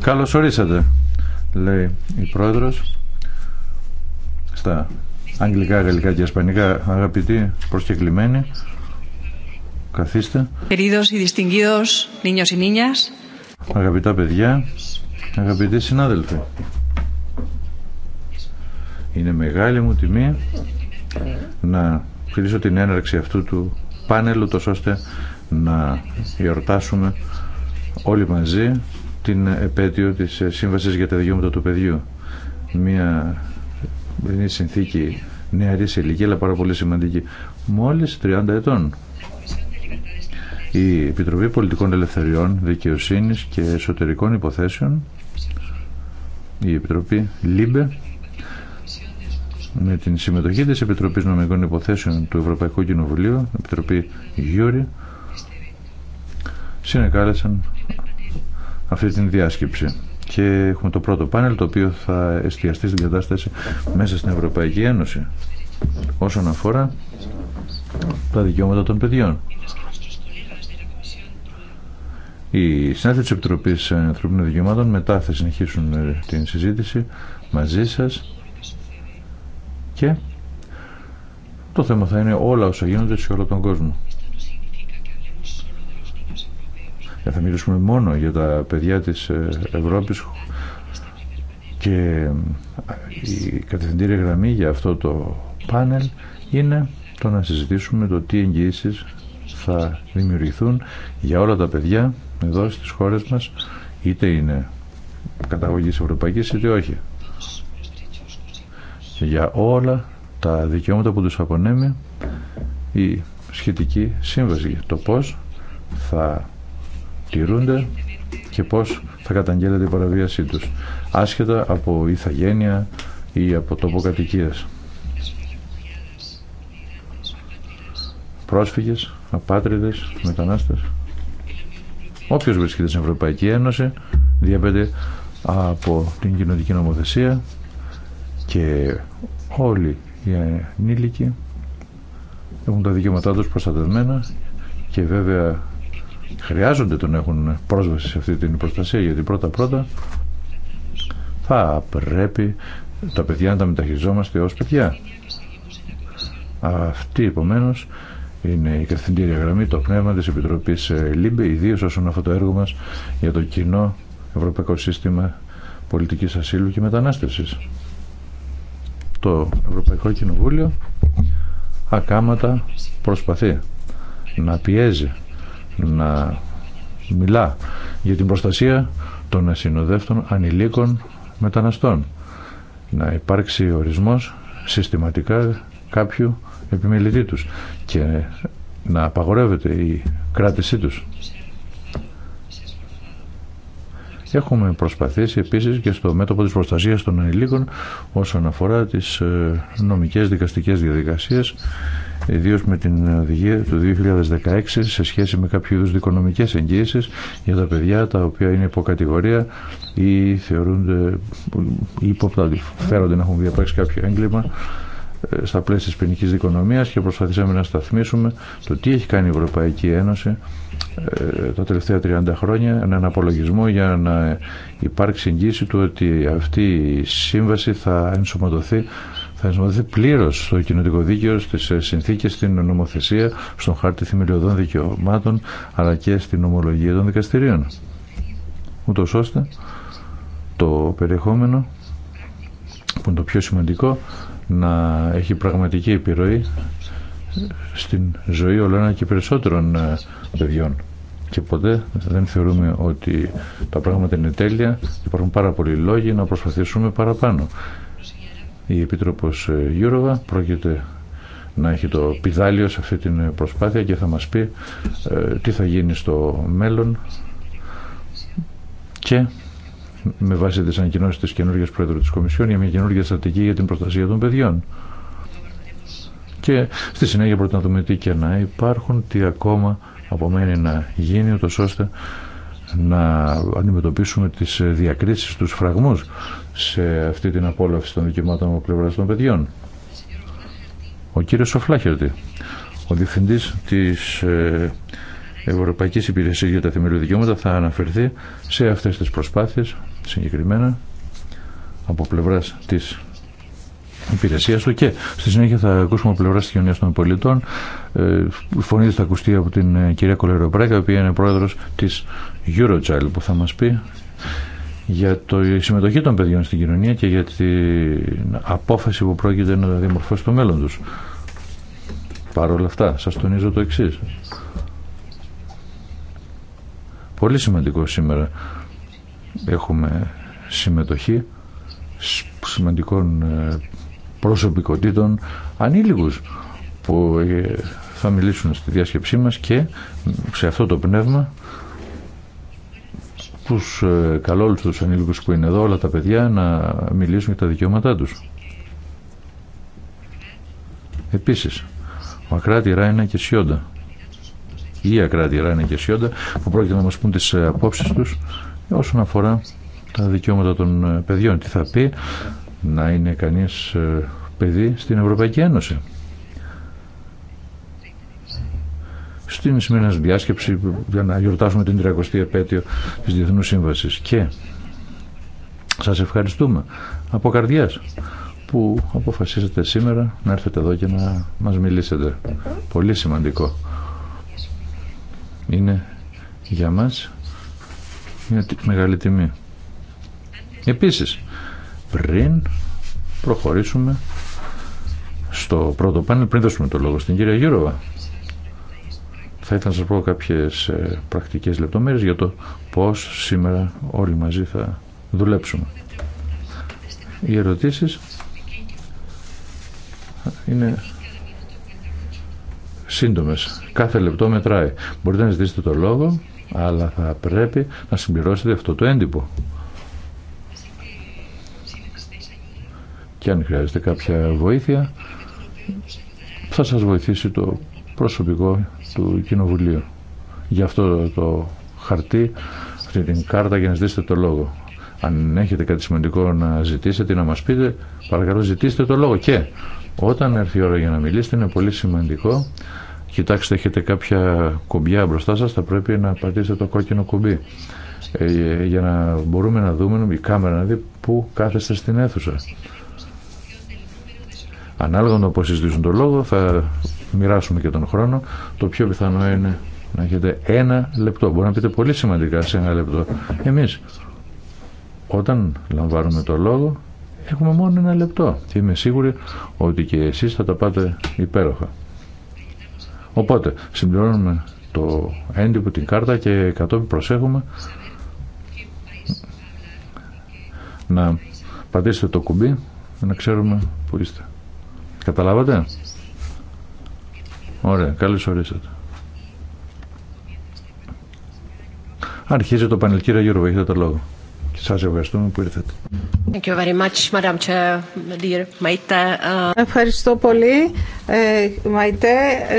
B: Καλώς ορίσατε, λέει η πρόεδρος. Στα αγγλικά, γαλλικά και ισπανικά, αγαπητοί, προσκεκλημένοι. Καθίστε.
E: Queridos y
B: Αγαπητά παιδιά, αγαπητοί συνάδελφοι. Είναι μεγάλη μου τιμή να κλείσω την έναρξη αυτού του τόσο ώστε να γιορτάσουμε όλοι μαζί την επέτειο της Σύμβασης για τα Δικαιώματα του Παιδιού. Μια είναι συνθήκη νεαρής ηλικία, αλλά πάρα πολύ σημαντική. Μόλις 30 ετών. Η Επιτροπή Πολιτικών Ελευθεριών, Δικαιοσύνης και Εσωτερικών Υποθέσεων, η Επιτροπή ΛΥΜΠΕ, με την συμμετοχή της Επιτροπής Νομικών Υποθέσεων του Ευρωπαϊκού Κοινοβουλίου, Επιτροπή Γιούρι, συνεκάλεσαν αυτή την διάσκεψη. Και έχουμε το πρώτο πάνελ το οποίο θα εστιαστεί στην κατάσταση μέσα στην Ευρωπαϊκή Ένωση όσον αφορά τα δικαιώματα των παιδιών. Οι συνάδελφοι τη Επιτροπή Ανθρωπίνων Δικαιωμάτων μετά θα συνεχίσουν ε, την συζήτηση μαζί σας και το θέμα θα είναι όλα όσα γίνονται σε όλο τον κόσμο. Ε, θα μιλήσουμε μόνο για τα παιδιά της ε, Ευρώπης και ε, η κατευθυντήρια γραμμή για αυτό το πάνελ είναι το να συζητήσουμε το τι εγγυήσει θα δημιουργηθούν για όλα τα παιδιά εδώ στις χώρες μας είτε είναι καταγωγής ευρωπαϊκής είτε όχι για όλα τα δικαιώματα που τους απονέμει η σχετική σύμβαση το πώς θα τηρούνται και πώς θα καταγγέλλεται η παραβίασή τους άσχετα από ηθαγένεια ή από τόπο κατοικίας. Πρόσφυγες, απάτριδες, μετανάστες. Όποιος βρίσκεται στην Ευρωπαϊκή Ένωση διαπέται από την κοινωνικη νομοθεσία και όλοι οι ανήλικοι έχουν τα δικαιώματά τους προστατευμένα και βέβαια χρειάζονται τον έχουν πρόσβαση σε αυτή την προστασία γιατί πρώτα πρώτα θα πρέπει τα παιδιά να τα μεταχειριζόμαστε ως παιδιά. Αυτή επομένω είναι η κρυθυντήρια γραμμή, το πνεύμα της Επιτροπής ε, ΛΥΜΠΕ, ιδίως όσον αυτό το έργο μας για το κοινό Ευρωπαϊκό Σύστημα Πολιτικής Ασύλου και Μετανάστευσης. Το Ευρωπαϊκό Κοινοβούλιο ακάματα προσπαθεί να πιέζει να μιλά για την προστασία των ασυνοδεύτων ανηλίκων μεταναστών. Να υπάρξει ορισμός συστηματικά κάποιου επιμελητή τους και να απαγορεύεται η κράτησή τους. Έχουμε προσπαθήσει επίσης και στο μέτωπο της προστασίας των ανηλίκων όσον αφορά τις ε, νομικές δικαστικές διαδικασίες ιδίως με την οδηγία του 2016 σε σχέση με κάποιου είδους δικονομικές εγγύησεις για τα παιδιά τα οποία είναι υποκατηγορία ή θεωρούνται υπόπτα, φέρονται να έχουν διαπράξει κάποιο έγκλημα ε, στα πλαίσια της ποινικής δικονομίας και προσπαθήσαμε να σταθμίσουμε το τι έχει κάνει η Ευρωπαϊκή Ένωση ε, τα τελευταία 30 χρόνια έναν απολογισμό για να υπάρξει εγγύηση του ότι αυτή η σύμβαση θα ενσωματωθεί θα ενσωματωθεί πλήρω στο κοινωτικό δίκαιο, στι ε, συνθήκε, στην νομοθεσία, στον χάρτη θεμελιωδών δικαιωμάτων, αλλά και στην ομολογία των δικαστηρίων. Ούτω ώστε το περιεχόμενο, που είναι το πιο σημαντικό, να έχει πραγματική επιρροή στην ζωή όλο ένα και περισσότερων ε, παιδιών. Και ποτέ δεν θεωρούμε ότι τα πράγματα είναι τέλεια, υπάρχουν πάρα πολλοί λόγοι να προσπαθήσουμε παραπάνω. Η Επίτροπος ε, Γιούροβα πρόκειται να έχει το πιδάλιο σε αυτή την προσπάθεια και θα μας πει ε, τι θα γίνει στο μέλλον και με βάση τις ανακοινώσεις της καινούργιας Πρόεδρου της Κομισιόν για μια καινούργια στρατηγική για την προστασία των παιδιών. Και στη συνέχεια πρέπει να δούμε τι και να υπάρχουν, τι ακόμα απομένει να γίνει, ούτω ώστε να αντιμετωπίσουμε τις διακρίσεις, του φραγμού σε αυτή την απόλαυση των δικαιωμάτων από πλευρά των παιδιών. Ο κύριο Σοφλάχερτη, ο διευθυντής της ε, Ευρωπαϊκής Υπηρεσία για τα Θεμελιώδη Δικαιώματα θα αναφερθεί σε αυτές τι προσπάθειε συγκεκριμένα από πλευρά τη υπηρεσία του και στη συνέχεια θα ακούσουμε πλευρά τη κοινωνία των πολιτών. Ε, φωνή θα ακουστεί από την ε, κυρία Κολεροπρέκα, η οποία είναι πρόεδρο τη Eurochild, που θα μα πει για τη συμμετοχή των παιδιών στην κοινωνία και για την απόφαση που πρόκειται να διαμορφώσει το μέλλον του. Παρ' όλα αυτά, σας τονίζω το εξή. Πολύ σημαντικό σήμερα έχουμε συμμετοχή σημαντικών ε, προσωπικότητων ανήλικους που ε, θα μιλήσουν στη διάσκεψή μας και σε αυτό το πνεύμα τους ε, καλόλους τους ανήλικους που είναι εδώ όλα τα παιδιά να μιλήσουν για τα δικαιώματά τους. Επίσης, ο Ακράτη Ράινα και Σιόντα ή Ακράτη Ράινα και Σιόντα που πρόκειται να μας πούν τις ε, απόψεις τους όσον αφορά τα δικαιώματα των παιδιών. Τι θα πει να είναι κανείς ε, παιδί στην Ευρωπαϊκή Ένωση. Στην σημερινή διάσκεψη για να γιορτάσουμε την 30η επέτειο της Διεθνούς Σύμβασης και σας ευχαριστούμε από καρδιάς που αποφασίσατε σήμερα να έρθετε εδώ και να μας μιλήσετε. Πολύ σημαντικό. Είναι για μας μια μεγάλη τιμή. Επίσης, πριν προχωρήσουμε στο πρώτο πάνελ, πριν δώσουμε το λόγο στην κυρία Γιούροβα, θα ήθελα να σας πω κάποιες ε, πρακτικές λεπτομέρειες για το πώς σήμερα όλοι μαζί θα δουλέψουμε. Οι ερωτήσεις είναι σύντομες. Κάθε λεπτό μετράει. Μπορείτε να ζητήσετε το λόγο, αλλά θα πρέπει να συμπληρώσετε αυτό το έντυπο. και αν χρειάζεται κάποια βοήθεια θα σας βοηθήσει το προσωπικό του Κοινοβουλίου. Γι' αυτό το χαρτί, αυτή την κάρτα για να ζητήσετε το λόγο. Αν έχετε κάτι σημαντικό να ζητήσετε ή να μας πείτε, παρακαλώ ζητήστε το λόγο. Και όταν έρθει η ώρα για να μιλήσετε είναι πολύ σημαντικό. Κοιτάξτε, έχετε κάποια κουμπιά μπροστά σας, θα πρέπει να πατήσετε το κόκκινο κουμπί ε, για να μπορούμε να δούμε η κάμερα να δει πού κάθεστε στην αίθουσα. Ανάλογα με πώς συζητήσουν το λόγο θα μοιράσουμε και τον χρόνο. Το πιο πιθανό είναι να έχετε ένα λεπτό. Μπορεί να πείτε πολύ σημαντικά σε ένα λεπτό. Εμείς όταν λαμβάνουμε το λόγο έχουμε μόνο ένα λεπτό και είμαι σίγουρη ότι και εσείς θα τα πάτε υπέροχα. Οπότε συμπληρώνουμε το έντυπο, την κάρτα και κατόπιν προσέχουμε να πατήσετε το κουμπί να ξέρουμε που είστε. Καταλάβατε. Ωραία, καλώς ορίσατε. Αρχίζει το πανελκύριο γύρω Γιώργο, έχετε το λόγο. Σας ευχαριστούμε που ήρθατε.
A: Uh, Ευχαριστώ πολύ, ε, Μαϊτέ,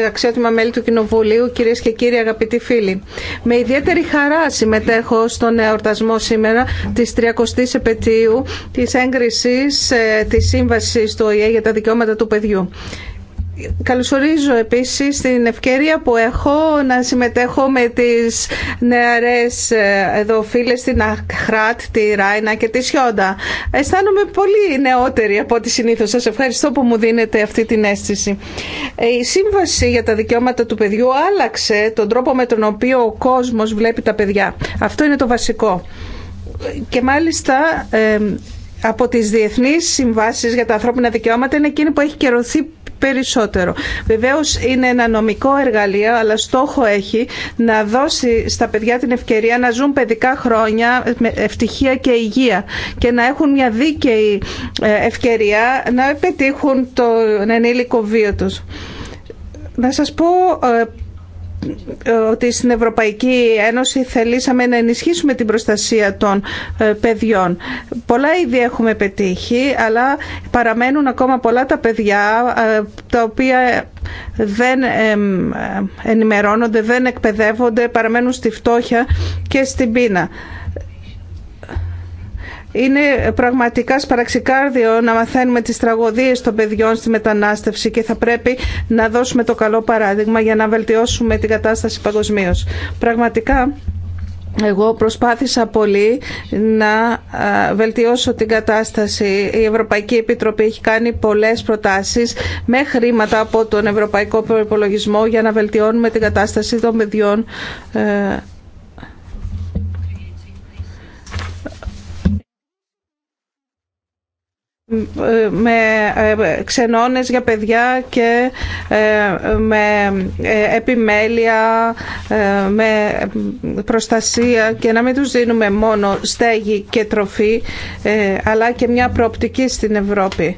A: αξιότιμα μέλη του Κοινοβουλίου, κυρίες και κύριοι αγαπητοί φίλοι. Με ιδιαίτερη χαρά συμμετέχω στον εορτασμό σήμερα τη 30ης επαιτίου της έγκρισης ε, της Σύμβασης του ΟΗΕ για τα δικαιώματα του παιδιού. Καλωσορίζω επίσης την ευκαιρία που έχω να συμμετέχω με τις νεαρές ε, εδώ φίλες στην Αχράτ, τη Ράινα και τη Σιόντα. Αισθάνομαι πολύ νεότερη από ό,τι συνήθω. Σας ευχαριστώ που μου δίνετε αυτή την αίσθηση. Ε, η Σύμβαση για τα Δικαιώματα του Παιδιού άλλαξε τον τρόπο με τον οποίο ο κόσμος βλέπει τα παιδιά. Αυτό είναι το βασικό. Και μάλιστα ε, από τις διεθνείς συμβάσεις για τα ανθρώπινα δικαιώματα είναι εκείνη που έχει καιρωθεί περισσότερο. Βεβαίως είναι ένα νομικό εργαλείο, αλλά στόχο έχει να δώσει στα παιδιά την ευκαιρία να ζουν παιδικά χρόνια με ευτυχία και υγεία και να έχουν μια δίκαιη ε, ευκαιρία να πετύχουν τον ενήλικο βίο τους. Να σας πω ε, ότι στην Ευρωπαϊκή Ένωση θελήσαμε να ενισχύσουμε την προστασία των ε, παιδιών. Πολλά ήδη έχουμε πετύχει, αλλά παραμένουν ακόμα πολλά τα παιδιά ε, τα οποία δεν ε, ενημερώνονται, δεν εκπαιδεύονται, παραμένουν στη φτώχεια και στην πείνα. Είναι πραγματικά σπαραξικάρδιο να μαθαίνουμε τις τραγωδίες των παιδιών στη μετανάστευση και θα πρέπει να δώσουμε το καλό παράδειγμα για να βελτιώσουμε την κατάσταση παγκοσμίω. Πραγματικά εγώ προσπάθησα πολύ να βελτιώσω την κατάσταση. Η Ευρωπαϊκή Επιτροπή έχει κάνει πολλές προτάσεις με χρήματα από τον Ευρωπαϊκό Προϋπολογισμό για να βελτιώνουμε την κατάσταση των παιδιών ε, με ε, ξενώνες για παιδιά και ε, με ε, επιμέλεια, με προστασία και να μην τους δίνουμε μόνο στέγη και τροφή αλλά και μια προοπτική στην Ευρώπη.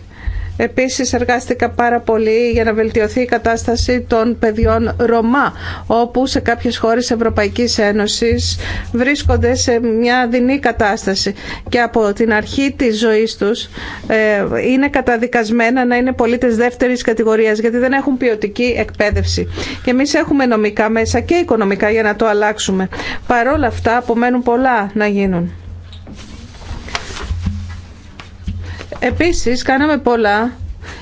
A: Επίσης εργάστηκα πάρα πολύ για να βελτιωθεί η κατάσταση των παιδιών Ρωμά, όπου σε κάποιες χώρες Ευρωπαϊκής Ένωσης βρίσκονται σε μια δεινή κατάσταση και από την αρχή της ζωής τους ε, είναι καταδικασμένα να είναι πολίτες δεύτερης κατηγορίας, γιατί δεν έχουν ποιοτική εκπαίδευση. Και εμείς έχουμε νομικά μέσα και οικονομικά για να το αλλάξουμε. Παρόλα αυτά απομένουν πολλά να γίνουν. Επίσης, κάναμε πολλά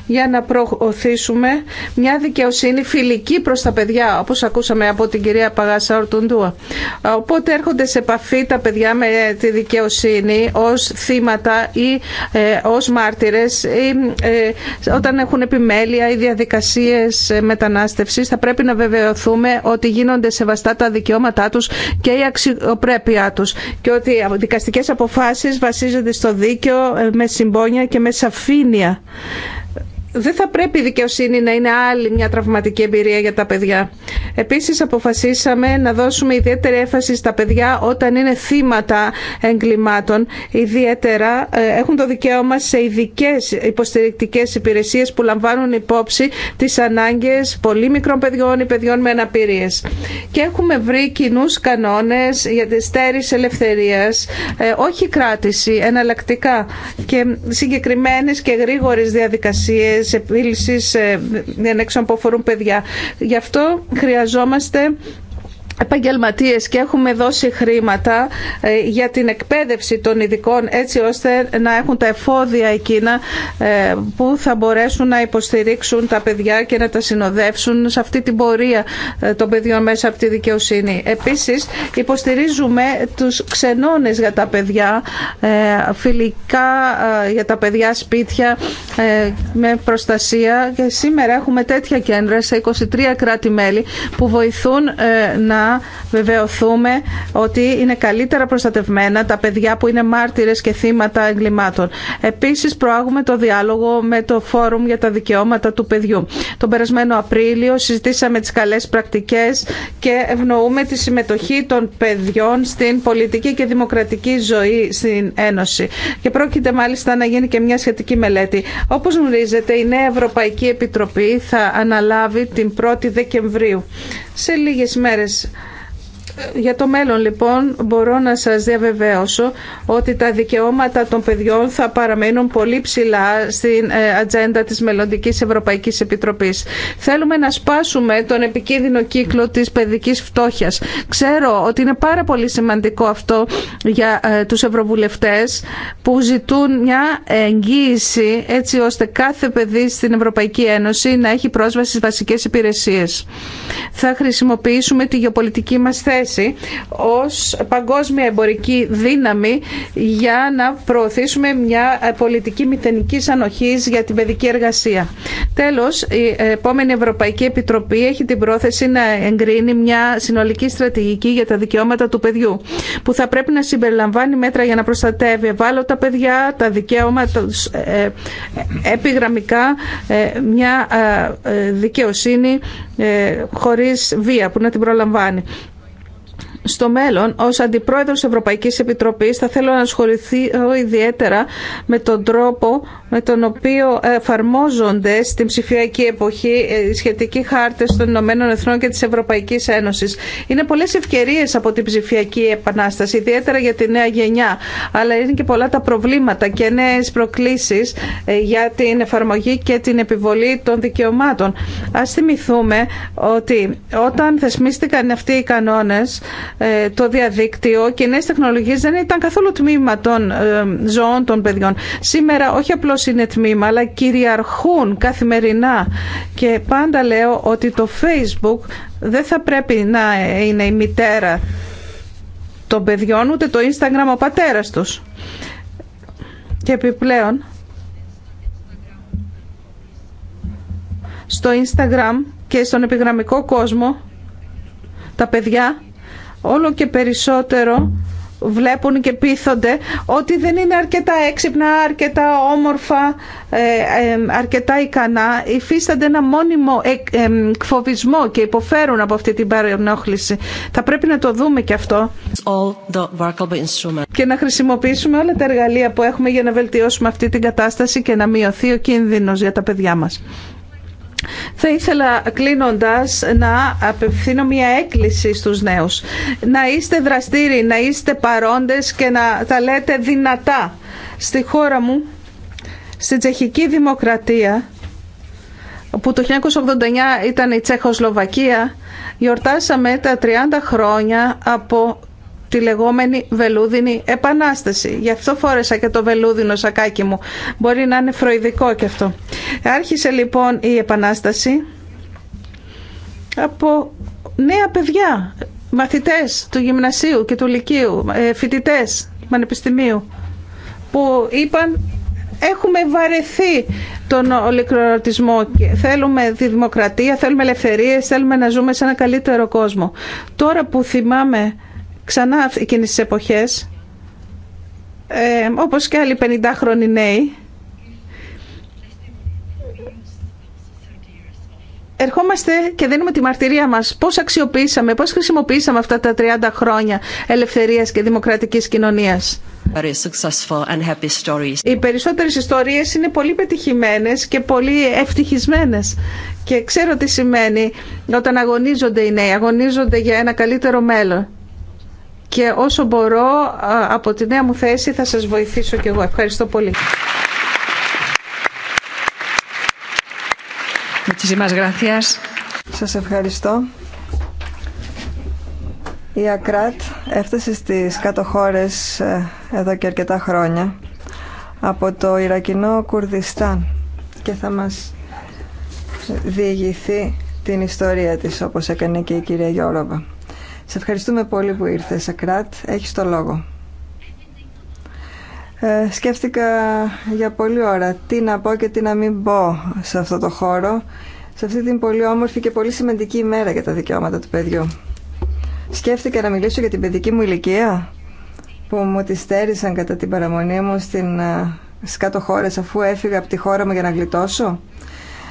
A: για να προωθήσουμε μια δικαιοσύνη φιλική προς τα παιδιά, όπως ακούσαμε από την κυρία Παγάσα Ορτουντούα. Οπότε έρχονται σε επαφή τα παιδιά με τη δικαιοσύνη ως θύματα ή ε, ως μάρτυρες ή ε, όταν έχουν επιμέλεια ή διαδικασίες ε, μετανάστευσης θα πρέπει να βεβαιωθούμε ότι γίνονται σεβαστά τα δικαιώματά τους και η αξιοπρέπειά τους και ότι οι δικαστικές αποφάσεις βασίζονται στο δίκαιο με συμπόνια και με σαφήνεια δεν θα πρέπει η δικαιοσύνη να είναι άλλη μια τραυματική εμπειρία για τα παιδιά. Επίσης αποφασίσαμε να δώσουμε ιδιαίτερη έφαση στα παιδιά όταν είναι θύματα εγκλημάτων. Ιδιαίτερα ε, έχουν το δικαίωμα σε ειδικέ υποστηρικτικές υπηρεσίες που λαμβάνουν υπόψη τις ανάγκες πολύ μικρών παιδιών ή παιδιών με αναπηρίες. Και έχουμε βρει κοινού κανόνες για τη στέρηση ελευθερίας, ε, όχι κράτηση, εναλλακτικά και συγκεκριμένες και γρήγορε διαδικασίες της επίλυσης ε, ενέξεων που αφορούν παιδιά. Γι' αυτό χρειαζόμαστε επαγγελματίες και έχουμε δώσει χρήματα ε, για την εκπαίδευση των ειδικών έτσι ώστε να έχουν τα εφόδια εκείνα ε, που θα μπορέσουν να υποστηρίξουν τα παιδιά και να τα συνοδεύσουν σε αυτή την πορεία ε, των παιδιών μέσα από τη δικαιοσύνη. Επίσης υποστηρίζουμε τους ξενώνες για τα παιδιά, φιλικά για τα παιδιά σπίτια με προστασία και σήμερα έχουμε τέτοια κέντρα σε 23 κράτη-μέλη που βοηθούν να βεβαιωθούμε ότι είναι καλύτερα προστατευμένα τα παιδιά που είναι μάρτυρες και θύματα εγκλημάτων. Επίσης προάγουμε το διάλογο με το Φόρουμ για τα Δικαιώματα του Παιδιού. Τον περασμένο Απρίλιο συζητήσαμε τις καλές πρακτικές και ευνοούμε τη συμμετοχή των παιδιών στην πολιτική και δημοκρατική ζωή στην Ένωση. Και πρόκειται μάλιστα να γίνει και μια σχετική μελέτη. Όπως γνωρίζετε η Νέα Ευρωπαϊκή Επιτροπή θα αναλάβει την 1η Δεκεμβρίου. Σε λίγες μέρες για το μέλλον λοιπόν μπορώ να σας διαβεβαίωσω ότι τα δικαιώματα των παιδιών θα παραμένουν πολύ ψηλά στην ε, ατζέντα της μελλοντική Ευρωπαϊκής Επιτροπής. Θέλουμε να σπάσουμε τον επικίνδυνο κύκλο της παιδικής φτώχειας. Ξέρω ότι είναι πάρα πολύ σημαντικό αυτό για ε, τους ευρωβουλευτές που ζητούν μια εγγύηση έτσι ώστε κάθε παιδί στην Ευρωπαϊκή Ένωση να έχει πρόσβαση στις βασικές υπηρεσίες. Θα χρησιμοποιήσουμε τη γεωπολιτική μας θέση θέση ως παγκόσμια εμπορική δύναμη για να προωθήσουμε μια πολιτική μητενική ανοχής για την παιδική εργασία. Τέλος, η επόμενη Ευρωπαϊκή Επιτροπή έχει την πρόθεση να εγκρίνει μια συνολική στρατηγική για τα δικαιώματα του παιδιού που θα πρέπει να συμπεριλαμβάνει μέτρα για να προστατεύει ευάλωτα παιδιά, τα δικαιώματα ε, ε, επιγραμμικά, ε, μια δικαιοσύνη χωρίς βία που να την προλαμβάνει στο μέλλον ως Αντιπρόεδρος Ευρωπαϊκής Επιτροπής θα θέλω να ασχοληθεί ε, ιδιαίτερα με τον τρόπο με τον οποίο εφαρμόζονται στην ψηφιακή εποχή ε, οι σχετικοί χάρτες των Ηνωμένων Εθνών και τη Ευρωπαϊκής Ένωσης. Είναι πολλέ ευκαιρίε από την ψηφιακή επανάσταση, ιδιαίτερα για τη νέα γενιά, αλλά είναι και πολλά τα προβλήματα και νέε προκλήσει ε, για την εφαρμογή και την επιβολή των δικαιωμάτων. Α θυμηθούμε ότι όταν θεσμίστηκαν αυτοί οι κανόνε ε, το διαδίκτυο και οι νέε τεχνολογίες δεν ήταν καθόλου τμήμα των ζωών των παιδιών. Σήμερα όχι απλώ είναι τμήμα, αλλά κυριαρχούν καθημερινά. Και πάντα λέω ότι το Facebook δεν θα πρέπει να είναι η μητέρα των παιδιών, ούτε το Instagram ο πατέρας τους. Και επιπλέον, στο Instagram και στον επιγραμμικό κόσμο, τα παιδιά όλο και περισσότερο βλέπουν και πείθονται ότι δεν είναι αρκετά έξυπνα, αρκετά όμορφα, ε, ε, αρκετά ικανά. Υφίστανται ένα μόνιμο ε, εκφοβισμό και υποφέρουν από αυτή την παρενόχληση. Θα πρέπει να το δούμε και αυτό και να χρησιμοποιήσουμε όλα τα εργαλεία που έχουμε για να βελτιώσουμε αυτή την κατάσταση και να μειωθεί ο κίνδυνος για τα παιδιά μας. Θα ήθελα κλείνοντας να απευθύνω μια έκκληση στους νέους. Να είστε δραστήριοι, να είστε παρόντες και να τα λέτε δυνατά. Στη χώρα μου, στη τσεχική δημοκρατία, που το 1989 ήταν η Τσεχοσλοβακία, γιορτάσαμε τα 30 χρόνια από τη λεγόμενη βελούδινη επανάσταση. Γι' αυτό φόρεσα και το βελούδινο σακάκι μου. Μπορεί να είναι φροηδικό και αυτό. Άρχισε λοιπόν η επανάσταση από νέα παιδιά, μαθητές του γυμνασίου και του λυκείου, ε, φοιτητές πανεπιστημίου, που είπαν έχουμε βαρεθεί τον και Θέλουμε τη δημοκρατία, θέλουμε ελευθερίες, θέλουμε να ζούμε σε ένα καλύτερο κόσμο. Τώρα που θυμάμαι ξανά εκείνες τις εποχές, ε, όπως και άλλοι 50χρονοι νέοι, ερχόμαστε και δίνουμε τη μαρτυρία μας πώς αξιοποιήσαμε, πώς χρησιμοποιήσαμε αυτά τα 30 χρόνια ελευθερίας και δημοκρατικής κοινωνίας. Οι περισσότερες ιστορίες είναι πολύ πετυχημένες και πολύ ευτυχισμένες και ξέρω τι σημαίνει όταν αγωνίζονται οι νέοι, αγωνίζονται για ένα καλύτερο μέλλον και όσο μπορώ από τη νέα μου θέση θα σας βοηθήσω και εγώ. Ευχαριστώ πολύ.
D: Σας ευχαριστώ. Η ΑΚΡΑΤ έφτασε στις κάτω χώρες ε, εδώ και αρκετά χρόνια από το Ιρακινό Κουρδιστάν και θα μας διηγηθεί την ιστορία της όπως έκανε και η κυρία Γιώροβα. Σε ευχαριστούμε πολύ που ήρθες, Σακράτ. Έχεις το λόγο. Ε, σκέφτηκα για πολλή ώρα τι να πω και τι να μην πω σε αυτό το χώρο, σε αυτή την πολύ όμορφη και πολύ σημαντική ημέρα για τα δικαιώματα του παιδιού. Σκέφτηκα να μιλήσω για την παιδική μου ηλικία που μου τη στέρισαν κατά την παραμονή μου στην, ε, στις κάτω χώρες αφού έφυγα από τη χώρα μου για να γλιτώσω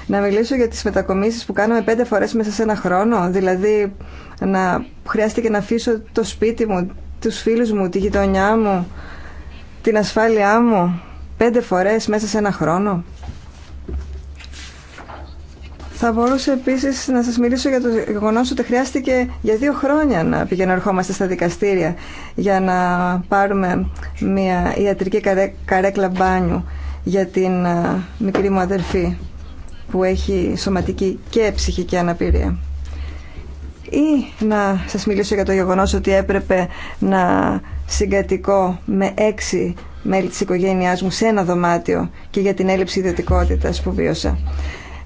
D: να μιλήσω για τις μετακομίσεις που κάναμε πέντε φορές μέσα σε ένα χρόνο, δηλαδή να χρειάστηκε να αφήσω το σπίτι μου, τους φίλους μου, τη γειτονιά μου, την ασφάλειά μου, πέντε φορές μέσα σε ένα χρόνο. Θα μπορούσα επίση να σα μιλήσω για το γεγονό ότι χρειάστηκε για δύο χρόνια να πηγαίνω ερχόμαστε στα δικαστήρια για να πάρουμε μια ιατρική καρέκλα μπάνιου για την μικρή μου αδερφή που έχει σωματική και ψυχική αναπηρία. Ή να σας μιλήσω για το γεγονός ότι έπρεπε να συγκατοικώ με έξι μέλη της οικογένειάς μου σε ένα δωμάτιο και για την έλλειψη ιδιωτικότητας που βίωσα.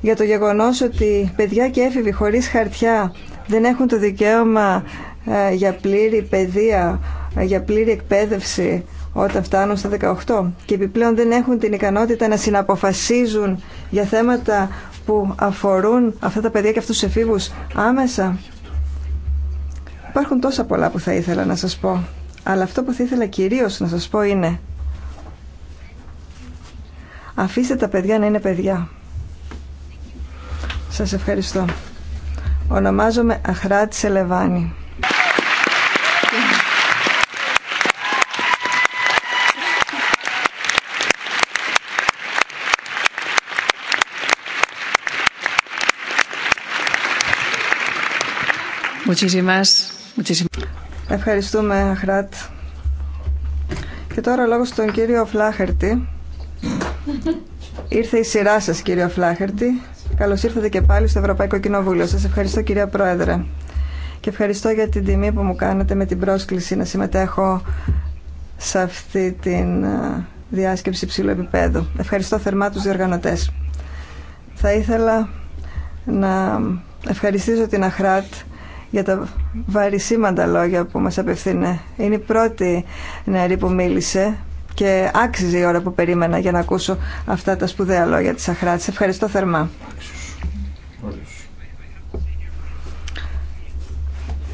D: Για το γεγονός ότι παιδιά και έφηβοι χωρίς χαρτιά δεν έχουν το δικαίωμα ε, για πλήρη παιδεία, ε, για πλήρη εκπαίδευση, όταν φτάνουν στα 18 και επιπλέον δεν έχουν την ικανότητα να συναποφασίζουν για θέματα που αφορούν αυτά τα παιδιά και αυτούς τους εφήβους άμεσα. Υπάρχουν τόσα πολλά που θα ήθελα να σας πω, αλλά αυτό που θα ήθελα κυρίως να σας πω είναι αφήστε τα παιδιά να είναι παιδιά. Σας ευχαριστώ. Ονομάζομαι Αχράτ Σελεβάνη. Ευχαριστούμε, Χράτ. Και τώρα λόγω στον κύριο Φλάχερτη. Ήρθε η σειρά σας, κύριο Φλάχερτη. Καλώς ήρθατε και πάλι στο Ευρωπαϊκό Κοινοβούλιο. Σας ευχαριστώ, κυρία Πρόεδρε. Και ευχαριστώ για την τιμή που μου κάνετε με την πρόσκληση να συμμετέχω σε αυτή τη διάσκεψη ψηλού επίπεδου. Ευχαριστώ θερμά τους διοργανωτές. Θα ήθελα να ευχαριστήσω την ΑΧΡΑΤ για τα βαρισίμαντα λόγια που μας απευθύνε. Είναι η πρώτη νεαρή που μίλησε και άξιζε η ώρα που περίμενα για να ακούσω αυτά τα σπουδαία λόγια της Αχράτης. Ευχαριστώ θερμά.